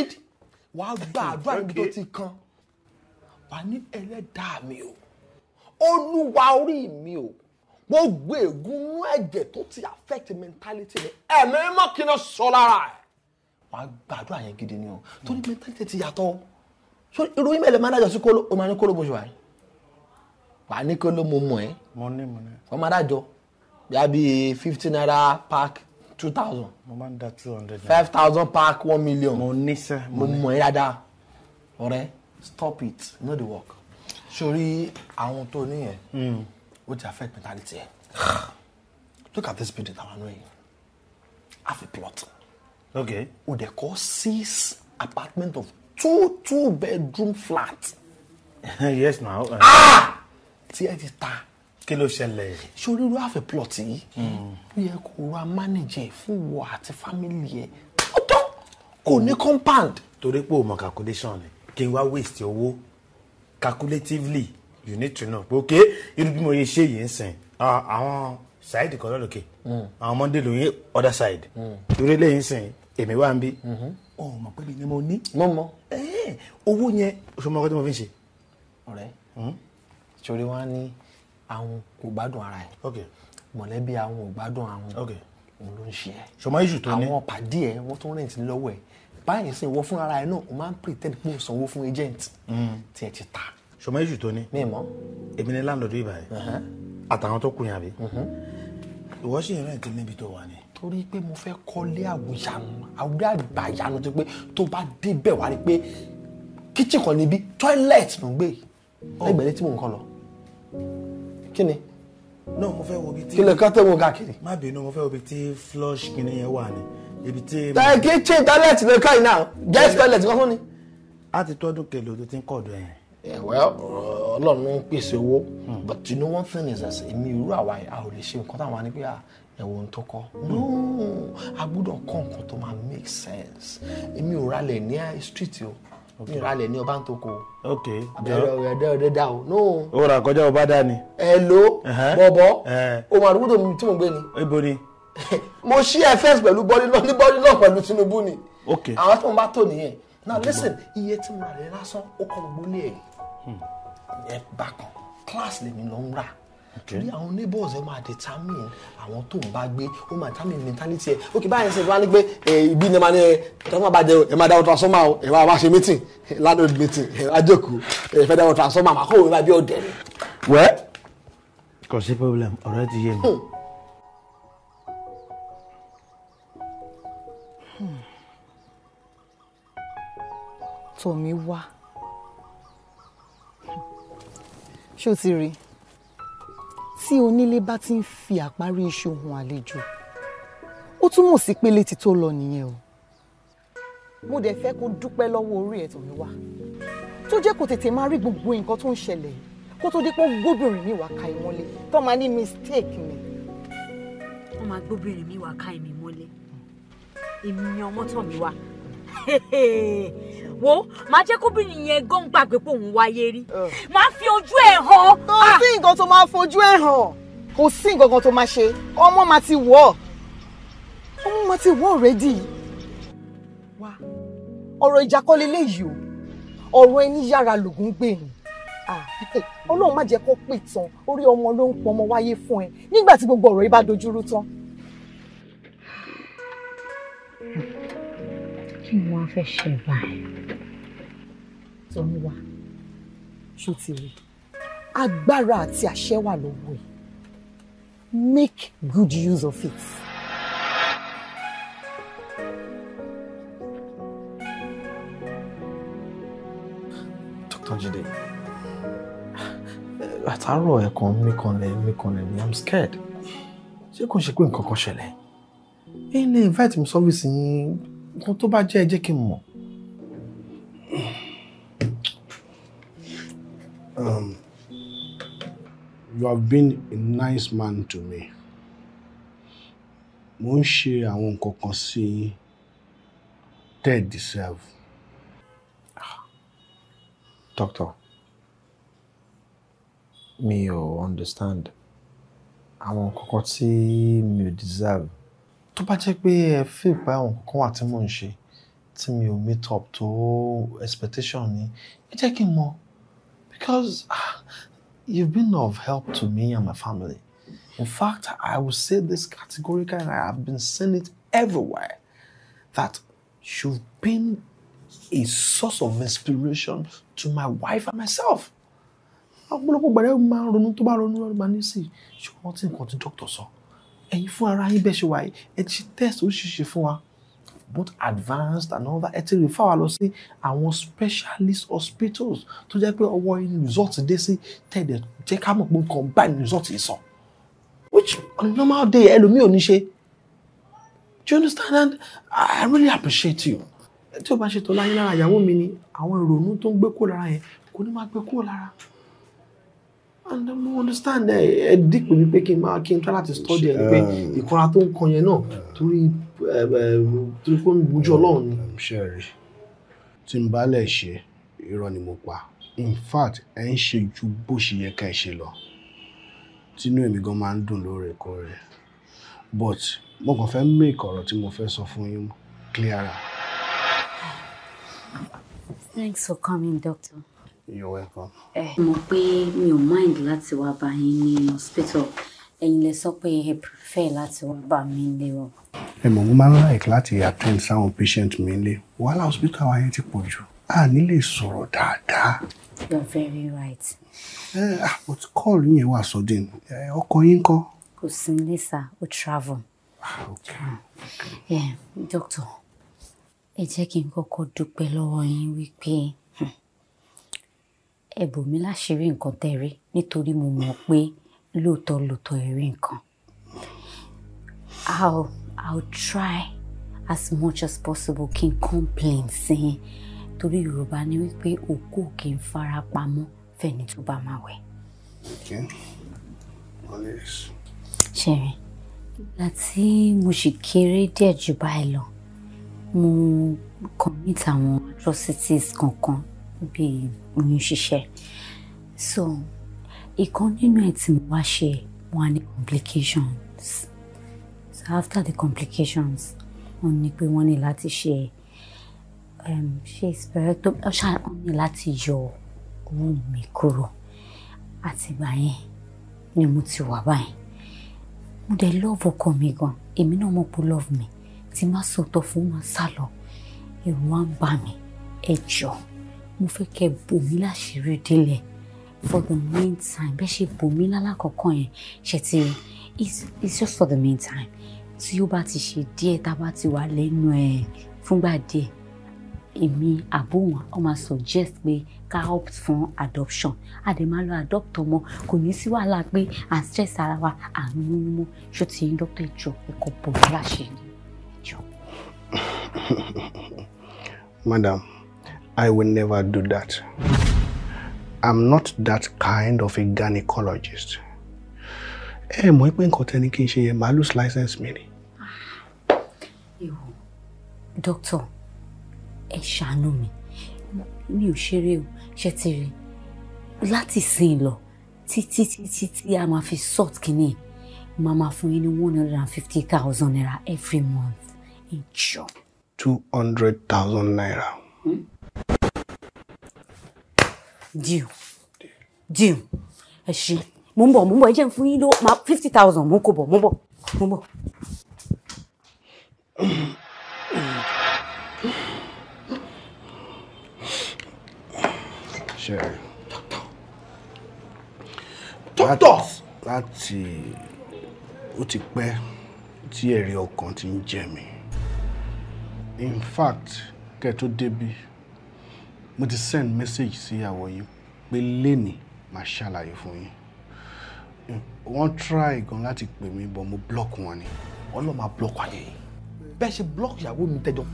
wàá gba àdúrà níbi tó ti kan wà ní ẹlẹ́dàá mi o olúwa orí mi o gbogbo ègún ẹ̀jẹ̀ tó ti affect mentality mi ẹ̀mí mọ́ kí sọ lára ẹ̀ wàá gbàdúrà yẹn gidi ni o torí mentality ti yàtọ̀ so irú email manager sí kóló o máa ní kóló bó ṣe wà yìí wà á ní kóló mo mọ̀ ẹ́ mo ní mo ní wọ́n máa dájọ́ yà bí fifty naira pack two thousand mo máa ń da two hundred naira five thousand pack one million mo ní sẹ́ mo mọ̀ ẹ́ dáadáa ọ̀rẹ́ stop it no know dey work sórí àwọn tó níyẹn hmm. ó ti affect mentality ẹ <sighs> look at this building tàwọn náà yìí half a plot okay. would they call six apartment of two two bedroom flat. <laughs> yes na. No. Uh. ah tí ẹ ti ta. kí ló ṣẹlẹ̀. sori ru àfẹ plot yìí. Hmm. ó yẹ kó ra manager fún wọ àti family yẹ ó tán kò ní compound. torí pé o mọ calculation ni kí n wá waste owó calculatively you need to know pé ok irú bí mo yẹ ṣe yìí ń sìn àwọn side kan lọ́lọ́kẹ́ hmm. àwọn monday lóyún other side torí lẹ́yìn sìn èmi wá ń bí ọ mọ̀ pé mi ni mo ní. mo mọ. owó yẹn oṣù mọ́kọ́ tí mo fi ń ṣe. ọ̀rẹ́ hmm? sori wọn ní àwọn kò gbádùn ara ẹ̀ mọ̀lẹ́bí àwọn ò gbádùn àwọn òun ló ń ṣe ẹ̀. sọmọ iṣu tó ní. àwọn pàdé ẹ wọn tó ń rìn tí lọ́wọ́ ẹ báyìí sìn wọ fúnra ẹ náà o máa ń pretend pé o sanwó fún agent hmm. tí ẹ ti ta. sọmọ iṣu tó ní. mi mọ. èmi ni láńlọ́dún ìbàdàn àtàwọn tó kù yàn àbí. ìwọ sì rẹ̀ níbi tó wà ní torí pé mo fẹ́ kọ́lé àwòyanu àwòrán àgbàyanu tó pé tó bá débẹ̀ wá rí pé kíchìn kan níbí toilet ló ń gbé oh. lẹ́gbẹ̀ẹ́ tí mò ń kọ́ lọ kí ni. náà mo fẹ́ wo ibi tí. kí lè kán tẹ̀ wọ́n káàkiri. má bínú mo fẹ́ wo ibi tí flush kìnìún yẹn wà ní ibi tí. tẹ kíchìn toilet lè ká iná guest eh. toilet kan fún ni. a ti tọ́dún kẹlẹ́ o tó ti ń kọ̀dọ̀ yẹn. Yeah, well ọlọ́run ń pèsè owó hmm. but you know one thing is as èmi irú àwa a ò lè ṣe nǹkan táwọn á ní pé ah ẹ̀wọ̀ ohun tó kọ́ hmm. no a gbọ́dọ̀ kọ́ nǹkan tó máa make sense èmi ò ralẹ̀ ní street o mi ò ralẹ̀ ní ọba ń toko o abẹ́rẹ́ ọ̀rẹ́ ọ̀dẹ́ ọ̀dẹ́ dá o no. o rà kọjá ọba dá ni. ẹ lo bọ̀bọ̀ ohun àdúgbò tí mo gbé ni. ebo ni. <laughs> mo ṣí ẹ fẹ́s pẹ̀lú bọ́lí náà ní bọ́lí náà pẹ̀lú Tinubu ni àwọn tí mo bá tò nìyẹn now listen iye tí mo rà lẹ́ lásán ó kọ́ gbólé ẹ̀ hmm. ẹ̀ bá kan class lèmi lọ ń rà torí àwọn neighbors ẹ máa determine àwọn tó ń bá gbé ó máa determine mentality ẹ ok báyìí ṣe wá ní pé ibi ní ẹ máa ní ẹ tọ́jú máa bá jẹ ẹ máa dáwọ́ transformer o ẹ máa wá ṣe meeting landlord <laughs> meeting ẹ máa jókòó ẹ fẹ́ dáwọ́ transformer àmọ́ kó o máa bí ọ̀dẹ̀ wẹ́ kò sí problem ọ̀rẹ́ ti yé mi. tòmí wá ṣó ti rí i tí onílé bá ti ń fi àparí iṣu hàn àlejò ó túmọ̀ sí pé létí tó lọ nìyẹn o mo dẹ̀ fẹ́ kó dúpẹ́ lọ́wọ́ orí ẹ̀ tó mi wá tó jẹ́ kó tètè máa rí gbogbo nǹkan tó ń ṣẹlẹ̀ kó tó dé pé gbóbìnrin mi wà ká ẹ tó máa ní mistake mi. wọ́n máa gbóbìnrin mi wà ká ẹ̀mí èmi ni ọmọ tọ̀ mi wá wo ma jẹ́ kóbìnrin yẹn gan gbàgbé pé òun wáyé rí máa fi ojú ẹ̀ hàn. kò sí ah. nǹkan tó máa fojú ẹ̀ hàn kò sí nǹkan kan tó máa ṣe ọmọ máa ti wọ̀ ọmọ máa ti wọ̀ already. wá ọ̀rọ̀ ìjàkọ́lé léyìí o ọ̀rọ̀ ẹni yára lògùn gbé ni ọlọ́run má jẹ́ kó pè tán orí ọmọ ló ń pọnmọ wáyé fún ẹ nígbà tí gbogbo ọ̀rọ̀ yìí bá dojúrú tán kí ni wọ́n fẹ́ ṣe báyìí tómi wá ṣó ti rí agbára àti àṣẹ wà lọ́wọ́ ẹ̀ make good use of it. Dr. Jide, àtàárọ̀ ẹ̀kan míkanlẹ̀ míkanlẹ̀ ni I'm scared. Ṣé kò ń ṣe pé nǹkan kan ṣẹlẹ̀? Ẹ lè invite mi service yín nǹkan tó bá jẹ́ ẹ jẹ́ kí n mọ̀. Um, you have been a nice man to me. Mo ń ṣe àwọn nǹkan kan sí yín deserve. Doctor, mi ò understand àwọn nǹkan kan tí mi ò deserve tó bá jẹ́ pé ẹ fi ìpá àwọn kankan wà tí mò ń ṣe tí mi ò meet up tó expectation ni ẹ jẹ́ kí n mọ̀ because ah, you've been of help to me and my family in fact I will say this categorically and I have been saying it everywhere that you've been a source of inspiration to my wife and myself ọ̀pọ̀lọpọ̀ gbàdá máa ń ronú tó bá ronú ọ̀rọ̀ máa ní sí ṣùgbọ́n tí nǹkan tí dókítà sọ. So ẹ̀yin fún ara yín bẹ́ẹ̀ ṣe wà yìí ẹ ti ṣe test oríṣiríṣi fún wa both advanced and other. that ẹ ti refer wa lọ sí àwọn specialist hospitals tó jẹ́ pé ọwọ́ yín result dé sí tẹ̀dẹ̀ jẹ́ ká mọ̀ pé nǹkan báyìí result yìí sọ which on a normal day ẹlòmíì ò ní ṣe do you understand and I really appreciate you tí o bá ṣe tó láyé lára ìyàwó mi ni àwọn ìrònú tó ń gbé kó lára yẹn kò ní máa gbé kó lára and mo understand ẹ ẹ dípò wípé kí n máa kí n try láti study ẹ wípé eh, ìkọra tó ń kọ yẹn náà eh, torí eh, torí pé ó ń gbojú ọlọ́run ni. ṣẹ́ẹ̀rì tí n bá lẹ̀ ṣe irọ́ ni mo pa in fact ẹ ń ṣe ju bó ṣe yẹ ká ẹ ṣe lọ tínú èmi gan máa ń dùn lóòrèkóòrè but mo kàn fẹ́ make ọ̀rọ̀ tí mo fẹ́ sọ fún yín clearer. Thanks for coming, doctor. You're welcome. Ẹ mọ̀ pé mi ò mind láti wá bá yín ní hospital. Ẹ̀yin lè sọ pé ẹ prefer láti wá bá mi lé o. Ẹ mọ̀ mo máa ń like láti attend sáwọn patient mi lé. Wàhálà hospital wa yẹn ti pọ̀ jù. A ní lè sọ̀rọ̀ dáadáa. You're very right. Ẹ but call yẹn wà sudden. Ọkọ yín kọ́. Kò sí nílé sá, ó travel. Ah, okay. Ẹ hmm. dọ́kítọ̀, ẹ jẹ́ kí n kọ́kọ́ dúpẹ́ lọ́wọ́ yín wípé ẹ bò mí láṣìírí nǹkan tẹ́ rí nítorí mo mọ̀ pé lóòótọ́ lóòótọ́ ẹ rí nǹkan. I'll, I'll try as much as possible kí n complain sí i torí Yorùbá ní wípé òkú kì í fara pamọ́ fẹ́ni tó bá máa wẹ̀. Okay. Always. Ṣẹ̀rìn, ìgbà tí mo sì kéré díẹ̀ jù báyìí lọ, mo commit àwọn atrocities kankan bíi oyún ṣiṣẹ́ so ìkan nínú ẹ̀ tí mo wá ṣe wọn ní complications so after the complications wọ́n ní pé wọ́n ní láti ṣe um, ṣe spiritum ọṣà wọ́n ní láti yọ owó mi kúrò àtìgbà yẹn ni mo ti wà báyìí mo dẹ̀ love ọkọ mi gan èmi náà mọ̀ pé love mi tí má sọ̀tọ̀ fún wọn sá lọ ẹ̀rù wá ń bà mí ẹ mo fẹ́ kẹ́ bò láṣìírí délẹ̀ for the meantime bẹ́ẹ̀ ṣe bò mí lálákọ̀ọ́kọ́ yẹn ṣe ti it's just for the meantime tí ó bá ti ṣe díẹ̀ tá a bá ti wà lẹ́nu ẹ̀ fúngbà díẹ̀ èmi àbúwọ̀n ọ máa suggest pé ká opt fún adoption a dẹ̀ máa lọ adopt ọmọ kò ní sí wàhálà pé à ń stress ara wa à ń mú mú ṣó ti ń dọ́kítọ̀ ìjọ ẹ̀kọ́ bò láṣẹ ni. madam I will never do that. I'm not that kind of a gynecologist. Eh, mo pé nǹkan tẹ́ni kí n ṣe yẹn màá license mi ni. Doctor, dókítà, ẹ mi, mi ò ṣeré o, ṣe ti rí láti sìn lọ títí títí tí a máa fi sort kìíní máa máa fún yín ní one hundred and fifty thousand naira every month. Ìjọ. Two hundred thousand naira. Hmm? deal deal ẹ ṣe mo ń bọ̀ mo ń bọ̀ ẹ jẹ́ fún yín ló máa fifty thousand mo ń kó bọ̀ mo ń bọ̀ mo ń bọ̀. Sherry. Dókítà. Láti ó ti pẹ́ tí ẹ̀rí ọkàn ti ń jẹ mí. In fact, kẹ́ tó débi mo ti send message sí ìyàwó yín pé lénìí màá ṣàlàyé fún yín wọ́n try gan láti pè mí bọ̀ mo block wọn ni ọlọ́run máa block ayé yìí bẹ́ẹ̀ ṣe block ìyàwó mi tẹ̀jọ́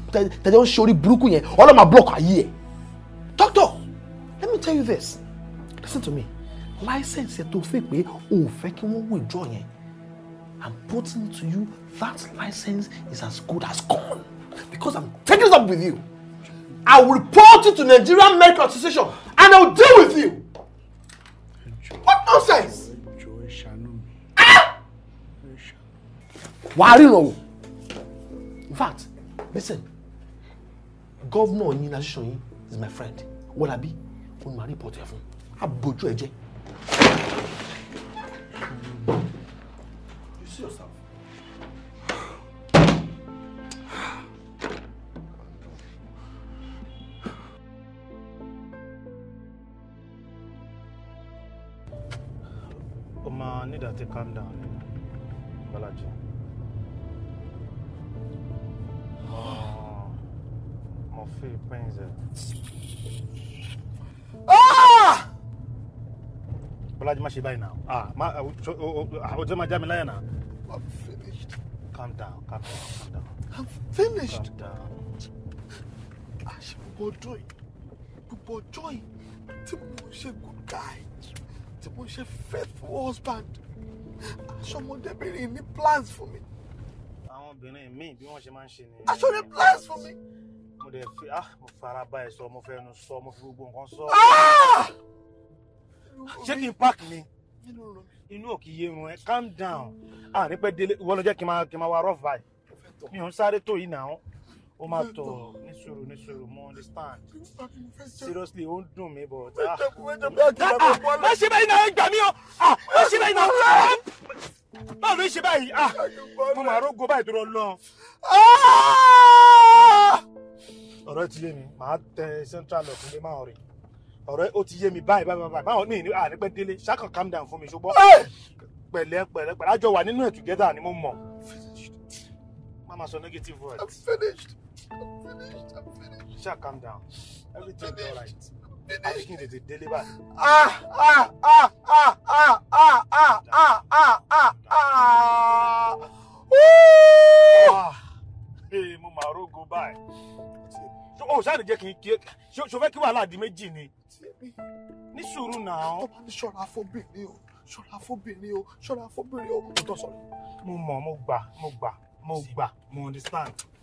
tẹ̀jọ́ ń ṣe orí burúkú yẹn ọlọ́run máa block ayé ẹ̀ doctor let me tell you this listen to me license tó fẹ́ pé o ò fẹ́ kí wọ́n withdraw yẹn I'm putting to you that license is as good as gone because I'm taking it up with you. I will report you to Nigerian Medical Association and I will deal with you. What nonsense? Ah! are you o. In fact, listen, governor yín association is my friend. Wọ́n làbí, òun máa rí ìpọ̀tù ẹ̀ fún un. Àbójú ẹ̀ jẹ́. calm down. Balaji. Oh, mo fi pains ah! ẹ. Balaji má ṣe báyìí náà. Ah, ma o jẹ́ ma já mi láyà náà. I'm finished. Calm down, calm down, calm down. I'm finished. Calm down. Àṣẹ gbogbo ọdún yìí, gbogbo ọjọ́ yìí tí mo ṣe good guy, tí mo ṣe faithful husband aṣọmọdébìnrin ní plans fún mi. àwọn obìnrin míì bí wọ́n ṣe máa ń ṣe ni. aṣọ ní plans fún mi. mo dẹ̀ fi ah mo fara bá ẹ sọ mo fẹ́ nu sọ mo fi gbogbo nǹkan sọ. Ah! ṣé kí n park ni inú ò yé irun ẹ calm down àní ah, pẹ́ délé ìwọ ló jẹ́ kí n máa wá rough vibe mi ò ń sáré tó yìí náà ó máa tọ̀ ní sùúrù ní sùúrù mo understand seriously ó ń dùn mí but. Ah. má ah, ṣe báyìí náà gbà mí o má ah, ṣe báyìí náà báwo ló ń ṣe báyìí mo máa rógo báyìí tó lọ lọ. ọ̀rọ̀ ti yé mi màá tẹ central lọ fún mi máa rìn ọ̀rọ̀ ó ti yé mi báyìí báyìí báyìí báwọn míì ní àrípẹ́ délé ṣáàkàn calm down fún mi ṣùgbọ́n pẹ̀lẹ́ pẹ̀lẹ́ pẹ̀lẹ́ àjọ wà nínú ẹ̀ together ni mo mọ̀. Mama, so negative words. I'm finished. I'm finished. Sha, calm down. Everything Everything's all right. I just needed to deliver. Ah, ah, ah, ah, ah, ah, ah, ah, ah, ah, ah. Woo! Ah. Hey, mo máa rógo báyìí. O oh, ṣáà lè jẹ́ kí n kí ṣo fẹ́ kí wàhálà di méjì ni. Ní sùúrù náà. Tọ́lá ní ṣọ́ra fóbìnrin o, ṣọ́ra fóbìnrin o, ṣọ́ra fóbìnrin o. Mo tọ́ sọ̀rọ̀. Mo mọ̀, mo gbà, mo gbà, mo understand.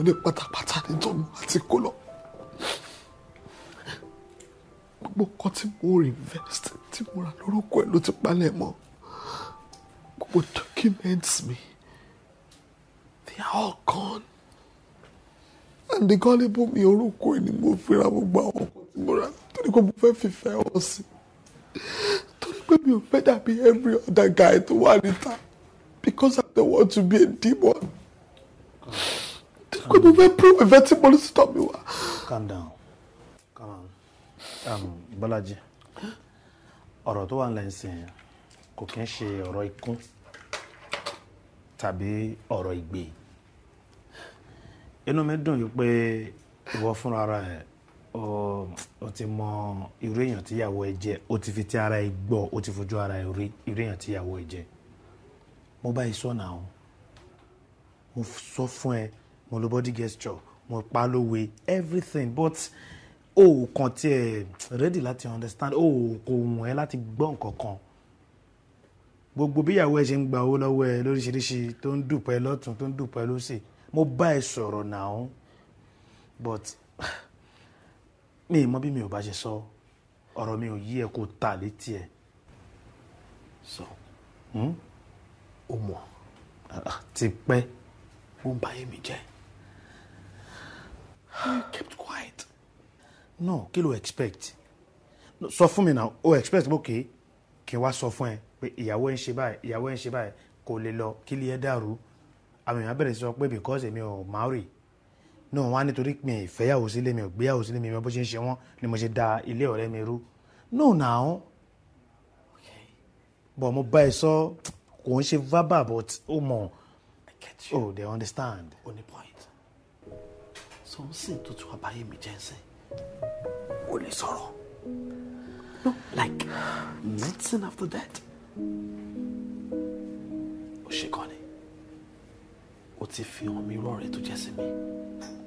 mo ní pátápátá ní àti kó lọ gbogbo nǹkan tí mo reinvest tí mo ra lórúkọ ẹ̀ ló ti palẹ̀ mọ́ gbogbo documents mi they are all gone and the gullible mi orúkọ ẹ̀ ni mo fi ra gbogbo àwọn nǹkan tí mo ra torí pé mo fẹ́ fìfẹ́ hàn sí torí pé mi ò fẹ́ dàbí every other guy tó wà níta because I don't want to be a demon pé mo fẹ́ prove ìfẹ́ stop mi calm down calm down um, Balaji. ọ̀rọ̀ tó wà ń lẹ́yìn sìn kò kí ń ṣe ọ̀rọ̀ ikún tàbí ọ̀rọ̀ ìgbé inú mi dùn yìí pé ìwọ fúnra rẹ o ti mọ irú èèyàn tíyàwó ẹ jẹ o ti fi ti ara ẹ gbọ́ o ti fojú ara ẹ rí irú èèyàn tíyàwó ẹ jẹ mo bá yìí sọ náà o mo sọ fún ẹ mo lo body gesture mo pa lówe everything but o ò kàn tiẹ̀ e ready láti understand o ò kò wọ̀n ẹ́ láti gbọ́ nǹkan kan gbogbo bíyàwó ẹ ṣe ń gba owó lọ́wọ́ ẹ lóríṣiríṣi tó ń dùpẹ́ lọ́tún tó ń dùpẹ́ lọ́sì mo bá ẹ sọ̀rọ̀ náà but mi mọ bí mi ò bá ṣe sọ ọ̀rọ̀ mi ò yí ẹ kó ta létí ẹ. sọ ó hmm? mọ̀ ti pẹ́ ó ń báyé mi jẹ́ you <sighs> kept quiet. no kí ló expect sọ fún mi náà o expect pé okay kí n wá sọ fún ẹ pé ìyàwó ẹ ń ṣe báyìí ìyàwó ẹ ń ṣe báyìí kò lè lọ kí lè ẹ dàrú àwọn èèyàn bẹ̀rẹ̀ sí sọ pé because èmi ò Maori náà wọn á nítorí mi ìfẹ́yàwó sílé mi ò gbéyàwó sílé mi mi bó ṣe ń ṣe wọ́n ni mo ṣe da ilé ọ̀rẹ́ mi rú no now but mo bá ẹ sọ kò ń ṣe verbal but ó mọ̀ oh they understand. o point so ń sìn tó ti wá báyé no like medicine after that o ṣe kàn ní o ti fi hàn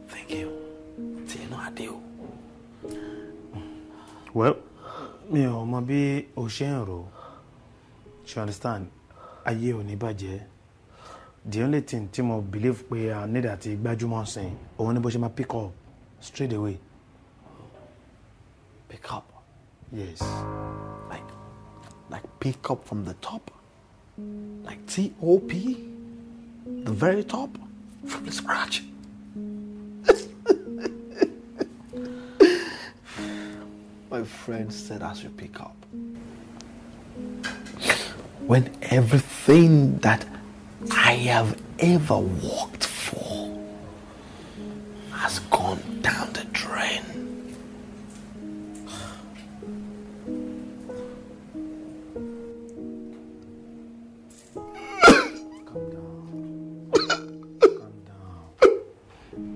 thank you tiẹ̀ náà adé o. well mi ò mọ bí o ṣe ń rò you understand ayé ò the only thing team of believe we are need to gbájúmọ̀ sìn òun ni bó ṣe pick up straight away. pick up. yes. like like pick up from the top like top the very top from the scratch. <laughs> My friend said "As you pick up. When everything that I have ever worked for has gone down the drain.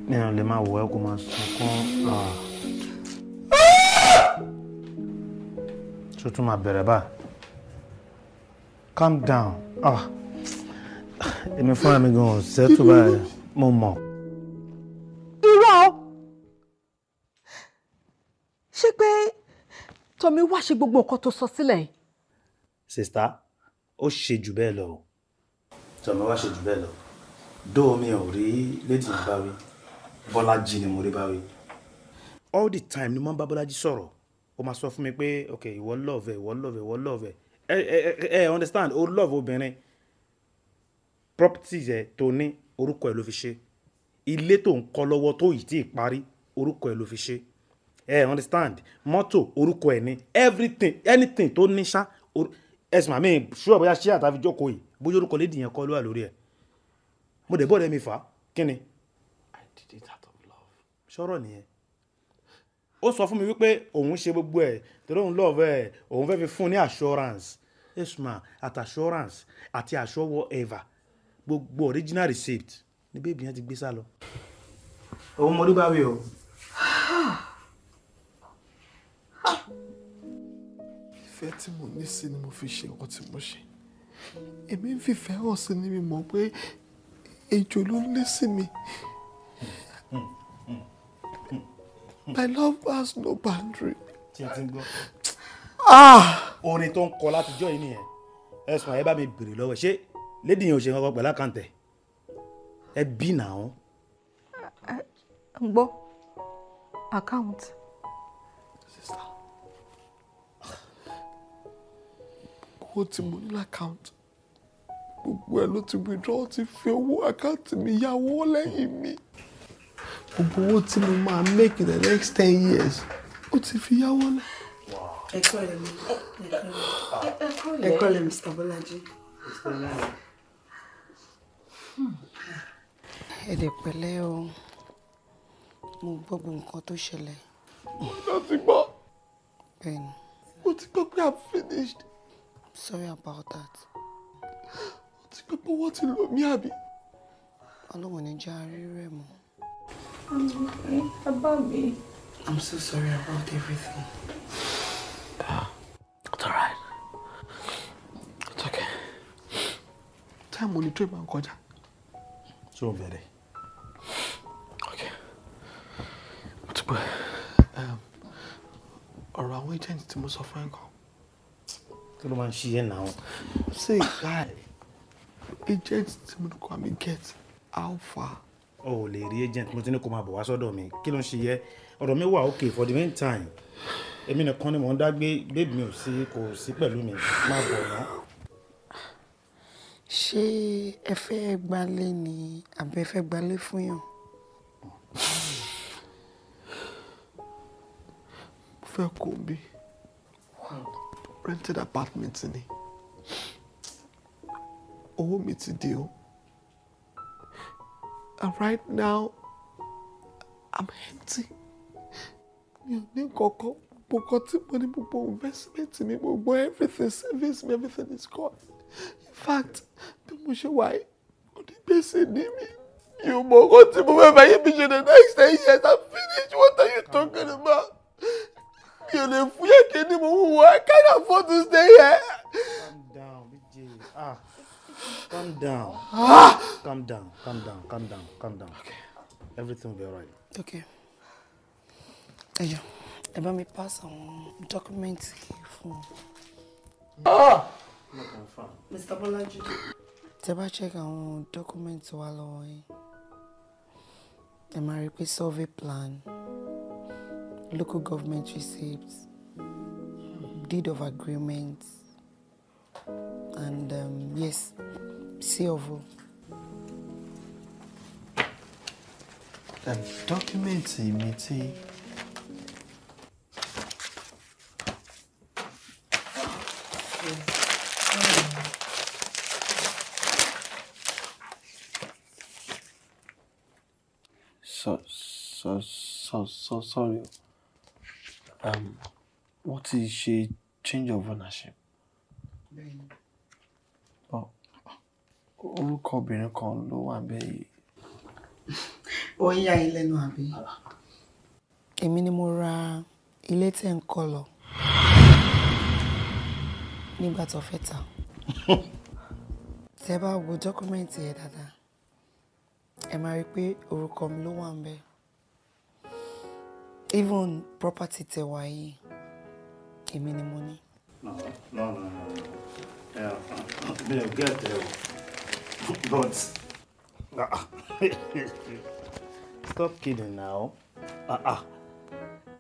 mi ò lè máa wọ ẹ kó máa sunkún ah. tuntun máa bẹ̀rẹ̀ bá calm down. Ah. èmi fúnra mi gan ọ̀sẹ̀ tó báyìí mo mọ̀. irọ́ ṣé pé Tọ́mi wá ṣe gbogbo nǹkan tó sọ sílẹ̀ sista ó ṣe jù bẹ́ẹ̀ lọ Tọ́mi wá ṣe jù bẹ́ẹ̀ lọ dóò mi ò rí lady ní báwí ni mo rí báwí. all the time ni mo ń bá Bọ́lájí sọ̀rọ̀ ó máa sọ fún mi pé ok ìwọ love ìwọ love ìwọ love ẹ ẹ ẹ understand ó love obìnrin properties ẹ̀ tó ní orúkọ ẹ̀ ló fi ṣe ilé tó ń kọ́ lọ́wọ́ tó yìí tí ì parí orúkọ ẹ̀ ló fi ṣe ẹ eh, understand mọ́tò orúkọ ẹ̀ ní everything anything tó ní ṣá ẹ̀sùn àmì ṣúwọ̀ bóyá ṣé àtàfi jókòó yìí bóyá orúkọ lédi yẹn kọ́ ló wà lórí ẹ̀ mo dẹ̀ bọ́ọ̀dẹ̀ mi fà á kí ni. I did it out of love. sọ̀rọ̀ nìyẹn ó sọ fún mi wípé òun ṣe gbogbo ẹ̀ torí òun love ẹ̀ òun fẹ́ fi fún ní assurance ẹ̀sùn àti assurance àti assurance ever gbogbo original receipt ni bébì yẹn ti gbé sá lọ. òun mo rí báwí o. ìfẹ́ tí mo ní sí ni mo fi ṣe nǹkan tí mo ṣe èmi ń fìfẹ́ hàn sí ni mi mọ̀ pé ejò ló ń lé sí mi. My love has no boundary. tí a ti ń gbọ́. Ah! orin tó ń kọ látijọ́ yìí nìyẹn ẹ̀sùn àyẹ́bá mi bèrè lọ́wọ́ ṣé lady yẹn ò ṣe kankan pẹ̀lú àkàǹtẹ̀ ẹ bí nà gbọ́ account. sista owó tí mo ní lákàǹtì gbogbo ẹ ló ti withdraw ti fi owó àkáǹtì mi yáwó lẹ́yìn mi gbogbo owó tí mo máa make in the next ten years ó ti fi yáwó lẹ́yìn ẹ̀kọ́ lẹ̀ mr bọ́lájí ẹ̀dẹ̀ pẹ̀lẹ́ o mo gbọ́ gbogbo nǹkan tó ṣẹlẹ̀. mo lọ ti gbọ́. bẹ́ẹ̀ni. mo ti gbọ́ pé i'm finished. sorry about that. mo ti gbọ́ pé wọ́n ti lò mí àbí. ọlọ́run ní já rí rẹ̀ mọ́. bàbá mi. i'm so sorry about everything. Ah, it's alright. It's okay. táìmù ni tó ìbá ń kọjá. So bẹ̀rẹ̀. mo ti ehm, pẹ́ ọ̀rọ̀ àwọn agent tí mo sọ fún ẹ kan. kí ló máa ń ṣiyẹ say guy agent tí mo ní kó àmì get alpha. Oh, o ò lè rí agent mo ti ní kó máa bọ̀ wá sọ́dọ̀ mi kí ló ń ṣiyẹ ọ̀rọ̀ mi okay for the meantime I mean, ni corner, ń dá gbé bébí mi ò sí kò sí pẹ̀lú my boy, bọ̀ ṣé ẹ fẹ́ gbalé ni àbẹ́ fẹ́ gbalé fún yàn. mo fẹ́ kó mi rented apartment ni owó mi ti dé o and right now i'm empty mi ò ní kankan gbogbo tí mo ní gbogbo investment mi gbogbo everything savings mi everything is gone fact bí mo ṣe wà yìí mo ní gbèsè ní mi mi ò mọ ọkọ tí mo fẹ́ fàyè mi ṣe the next ten years I'm finished what are you talking about mi ò lè fún yẹ kí ni mo wù I can't afford to stay here. calm down bj ah calm down ah calm down calm down calm down calm down okay. everything will be alright. okay ẹ jọ ẹ bá mi pass àwọn dọ́kúmẹ́ǹtì fún un. ah. Mr. Bolaji, Tẹ́ bá check àwọn dọ́kúmẹ́ǹtì wa lọ́wọ́ yín, ẹ máa rí pé survey plan, local government receipts, deed of agreement and um, yes, COVO. Um, dọ́kúmẹ́ǹtì mi ti. Meeting so sorry um, what is ṣe change of ownership. orúkọ obìnrin kan ló wà bẹ́ẹ̀ yìí. ó ń yà yín lẹ́nu àbí. èmi ni mo ra ilé tẹ̀ ń kọ́ lọ nígbà tó fẹ́ tà tẹ́ bá wo dọ́kúmẹ́ǹtì ẹ̀ dáadáa ẹ máa rí i pé orúkọ mi ló wà ń bẹ́ẹ̀ even property tẹ wá yìí èmi ni no, ní. mi ò get ẹ o <laughs> Ah, <laughs> stop kidding now Ah, ah.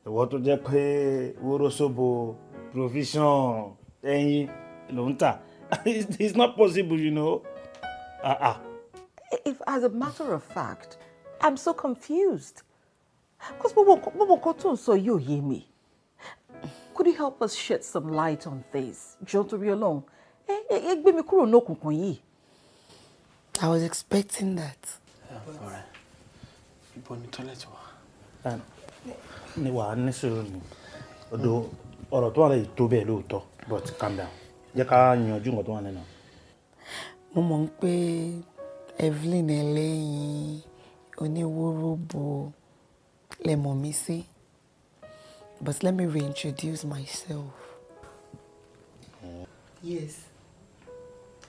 tó jẹ́ pé wóró sóbo provision ẹyin provision. Any tà <laughs> it's not possible you know. Ah, ah. If, as a matter of fact, I'm so confused. Because Momo Cotton sọ yìí ò yé mi. Could you help us shed some light on this? to Jọ̀ọ́ torí Ọlọ́run. Ẹ gbé mi kúrò ní òkùnkùn yìí. I was expecting that. Alright, ibo ni tọ́lẹ̀tì ah, wa? Ni wàá ní sùúrù ni. Odò ọ̀rọ̀ tó wà lẹ́yìn tó bẹ́ẹ̀ lóòótọ́ but calm down. Jẹ́ ká yanjú nǹkan tó wà nínú. Mo mọ̀ ń pé Evelyn ẹlẹ́yin oníwóróbo lẹ mọ̀ but let me reintroduce myself. Yes,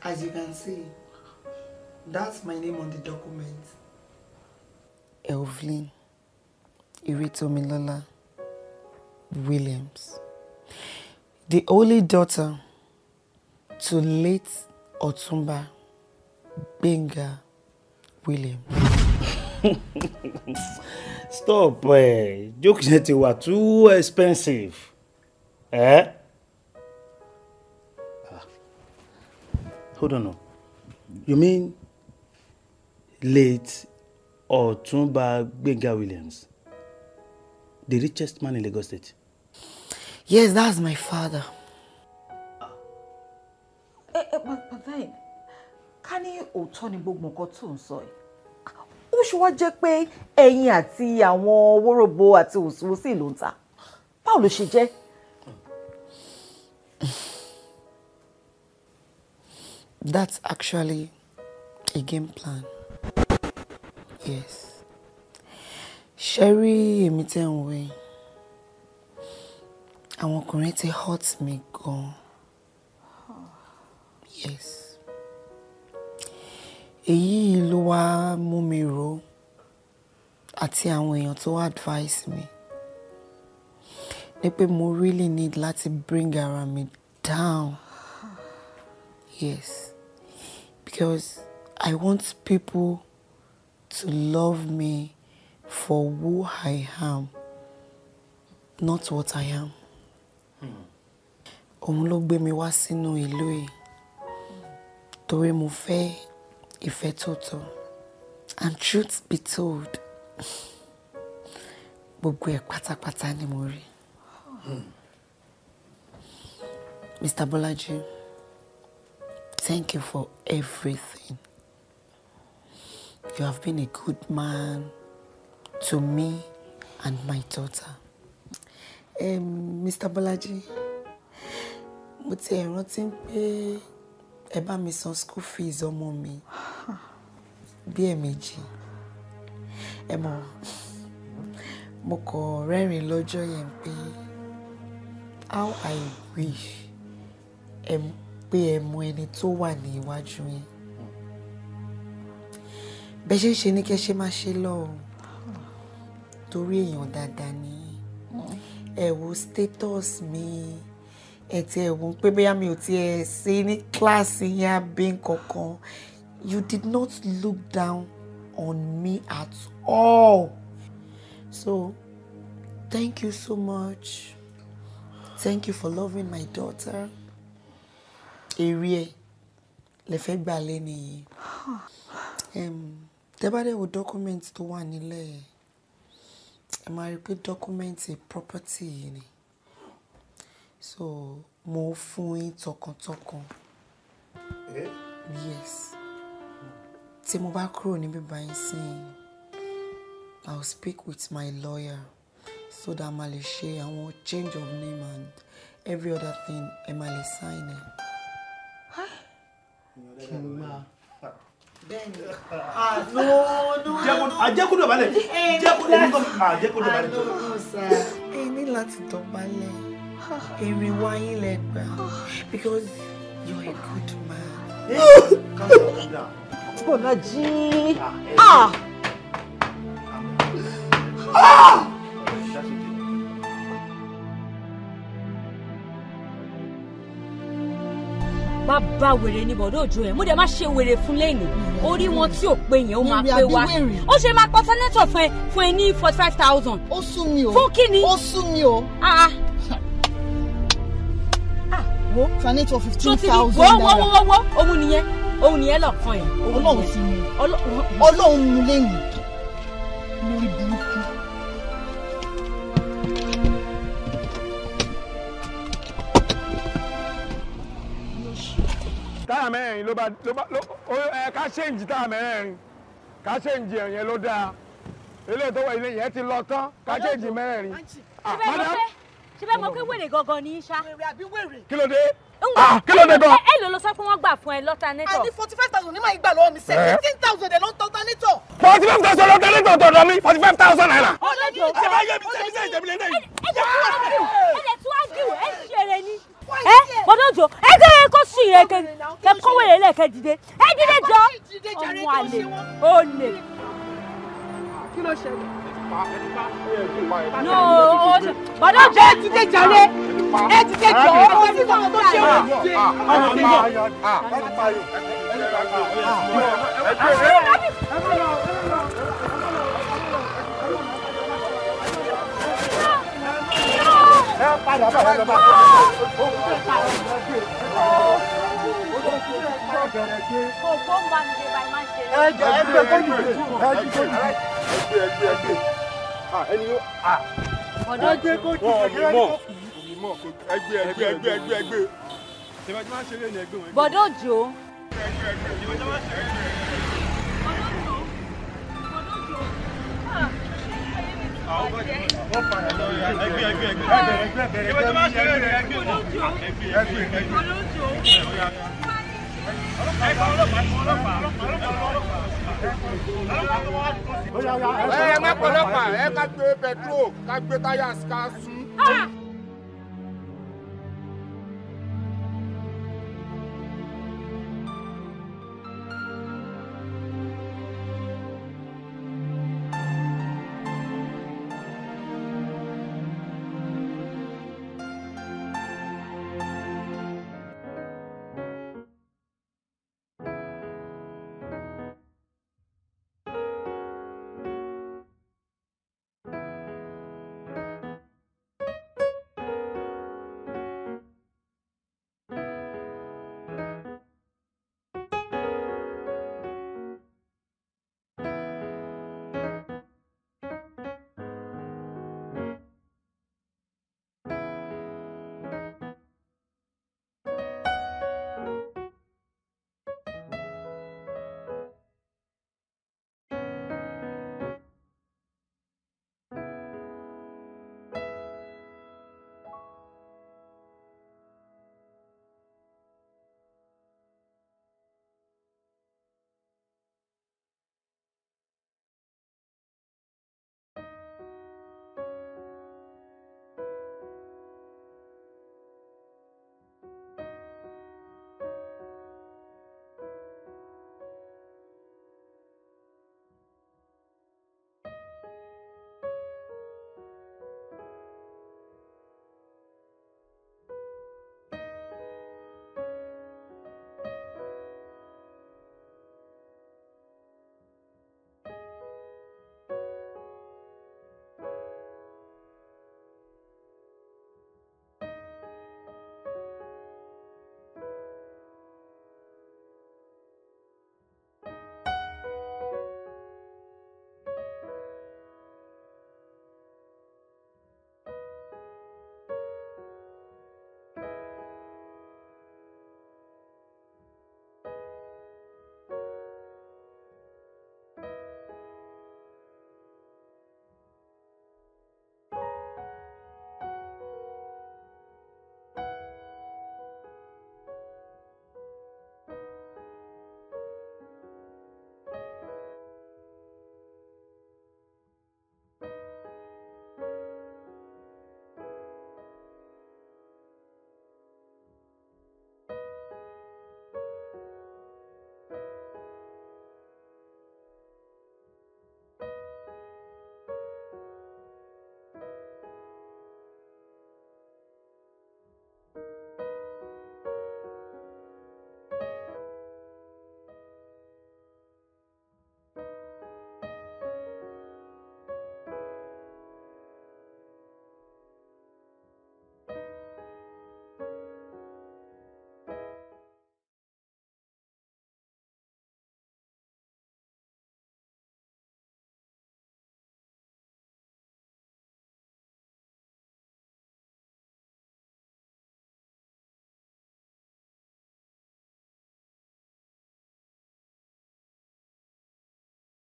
as you can see, that's my name on the document. Elvlyn Iritomilola Williams, the only daughter to late Otumba Benga Williams. <laughs> stop ẹ eh, joke yẹn ti wà too expensive eh? hold on you mean late Ọ̀túnba Gbénga Williams the richest man in Lagos State. yes that's my father. ẹ ẹ bàbá ẹ ká ní òótọ́ ni gbogbo nǹkan tó ó ṣe wá jẹ́ pé ẹyin àti àwọn wóróbo àti òsùwòsì ló ń ta báwo ló ṣe jẹ́. That's actually a game plan. Yes. Sherry èmi tẹ́ ń wẹ̀ àwọn ọkùnrin ti hurt me gan. Yes èyí ló wá mú mi rò àti àwọn èèyàn tó advice mi ni pé mo really need láti bring ara mi down yes because I want people to love me for who I am not what I am òun ló gbé mi wá sínú ìlú yìí torí mo fẹ́ ìfẹ́ tó and truth be told gbogbo ẹ̀ pátápátá ni mo rí. Mr. Bolaji, thank you for everything. You have been a good man to me and my daughter. Um, Mr. Bolaji, mo ti ẹ̀ rántí pé ẹ bá mi san school fees ọmọ mi <sighs> bí ẹ̀ẹ̀mejì ẹ mọ̀ mo kọ̀ rẹ́rìn lọ́jọ́ yẹn pé how I wish ẹ pé ẹ mọ ẹni tó wà ní iwájú yín bẹ́ẹ̀ ṣe ń ṣe ní kẹ́ ṣe máa ṣe lọ́ọ́ torí èèyàn dáadáa ni mm. ẹ wo status mi. Mm ẹ ti ẹ̀ wọ́n pé bóyá mi ò tiẹ̀ sí ní kíláàsì yẹn abẹ́ nǹkankan you did not look down on me at all so thank you so much thank you for loving my daughter èrè ẹ lè fẹ́ gbà lẹ́nu yìí tẹ́bàdé wo document tó wà nílẹ̀ ẹ̀ máa rí i pé document property yìí ni so mo fún yín tọkàntọkàn yes tí mo bá kúrò níbí báyìí sí i will speak with my lawyer so that ma lè ṣe àwọn change of name and every other thing ẹ ma lè sign ẹ. kí n máa bẹ́ẹ̀ni ah, no no no àjẹkùdọ̀ ah, balẹ̀ àjẹkùdọ̀ eh, balẹ̀ àjẹkùdọ̀ ah, balẹ̀. ẹ ní láti dọ̀bálẹ̀ èrè wáyé lẹ gbà because you're a good man. Bọ̀dájí. Ah! Ah! bá bá wèrè ní bọ̀dọ̀ òjò ẹ̀ mo dẹ̀ má ṣe wèrè fún lẹ́yìn orí wọn you ò pé yẹn ó máa pé wa ó ṣe máa pọ̀ sẹ́nẹ́tọ̀ fún ẹ fún five thousand. Oh, sú mi o fún kí Ah. ah. <laughs> wo fani tó fifteen thousand naira. wo wo wo ohun nìyẹn ohun nìyẹn lọ́kàn ẹ̀. ọlọ́run ti mú ọlọ́run mú lẹ́yìn lórí burúkú. táyà mẹ́rin ló bá ló bá ẹ ká ṣéǹjì táyà mẹ́rin ká ṣéǹjì ẹ̀yẹn ló dáa eléyìí tó wà ilé yẹn ti lọ tán ká ṣéǹjì mẹ́rin. Ah, madam ṣe fẹ́ mọ pé wèrè gangan ní í ṣá. wèrè àbí wèrè. kí ló dé. Ah, kí ló dé gan. ẹ ló lọ sọ pé wọ́n gbà fún ẹ lọ́tànétọ̀. àní forty five thousand ní màá gbà lọ́wọ́ mi eh? sẹ́ fifteen thousand ẹ̀ ló ń tọ́tànétọ̀. forty five thousand lọ́tànétọ̀ tọ̀dọ̀ mi forty five thousand naira. ọlọ́jọ́ ẹ jẹ́ ẹ bọdọjọ ẹ jẹ ẹ kó sí ẹ kẹ rẹ lẹkẹ ẹ dìde jọ ọmọ àlè olè. kí ló no bọ́dọ̀ jẹ́ ẹ ti tẹ̀jà rẹ ẹ ti tẹ̀jà ọ ọ sí sọ̀rọ̀ tó ṣe wọ́n ti tẹ̀. ẹ padà bàbá bàbá bẹ̀rẹ̀ dé. kò gbó ń bá mi ṣe báyìí má ṣe. ẹ jẹ ẹ gbé kó nìyẹn ẹ jí kó nìyẹn. ẹ gbé ẹ gbé ẹ gbé ẹni yóò. ọ̀dọ́ gbé kó jù kẹ́kẹ́ mọ́ ẹ gbé ẹ gbé ẹ gbé ẹ gbé ẹ gbé. ìbájú máa ń ṣe lé ní ẹgbẹ́ wọn. bọ̀dọ̀ jò. ìbájú máa ń ṣe lé ní ẹgbẹ́ wọn. bọ̀dọ̀ jò ẹ má pọlọpàá ẹ ká gbé pẹtrol ká gbé táyà ká sún. Ah!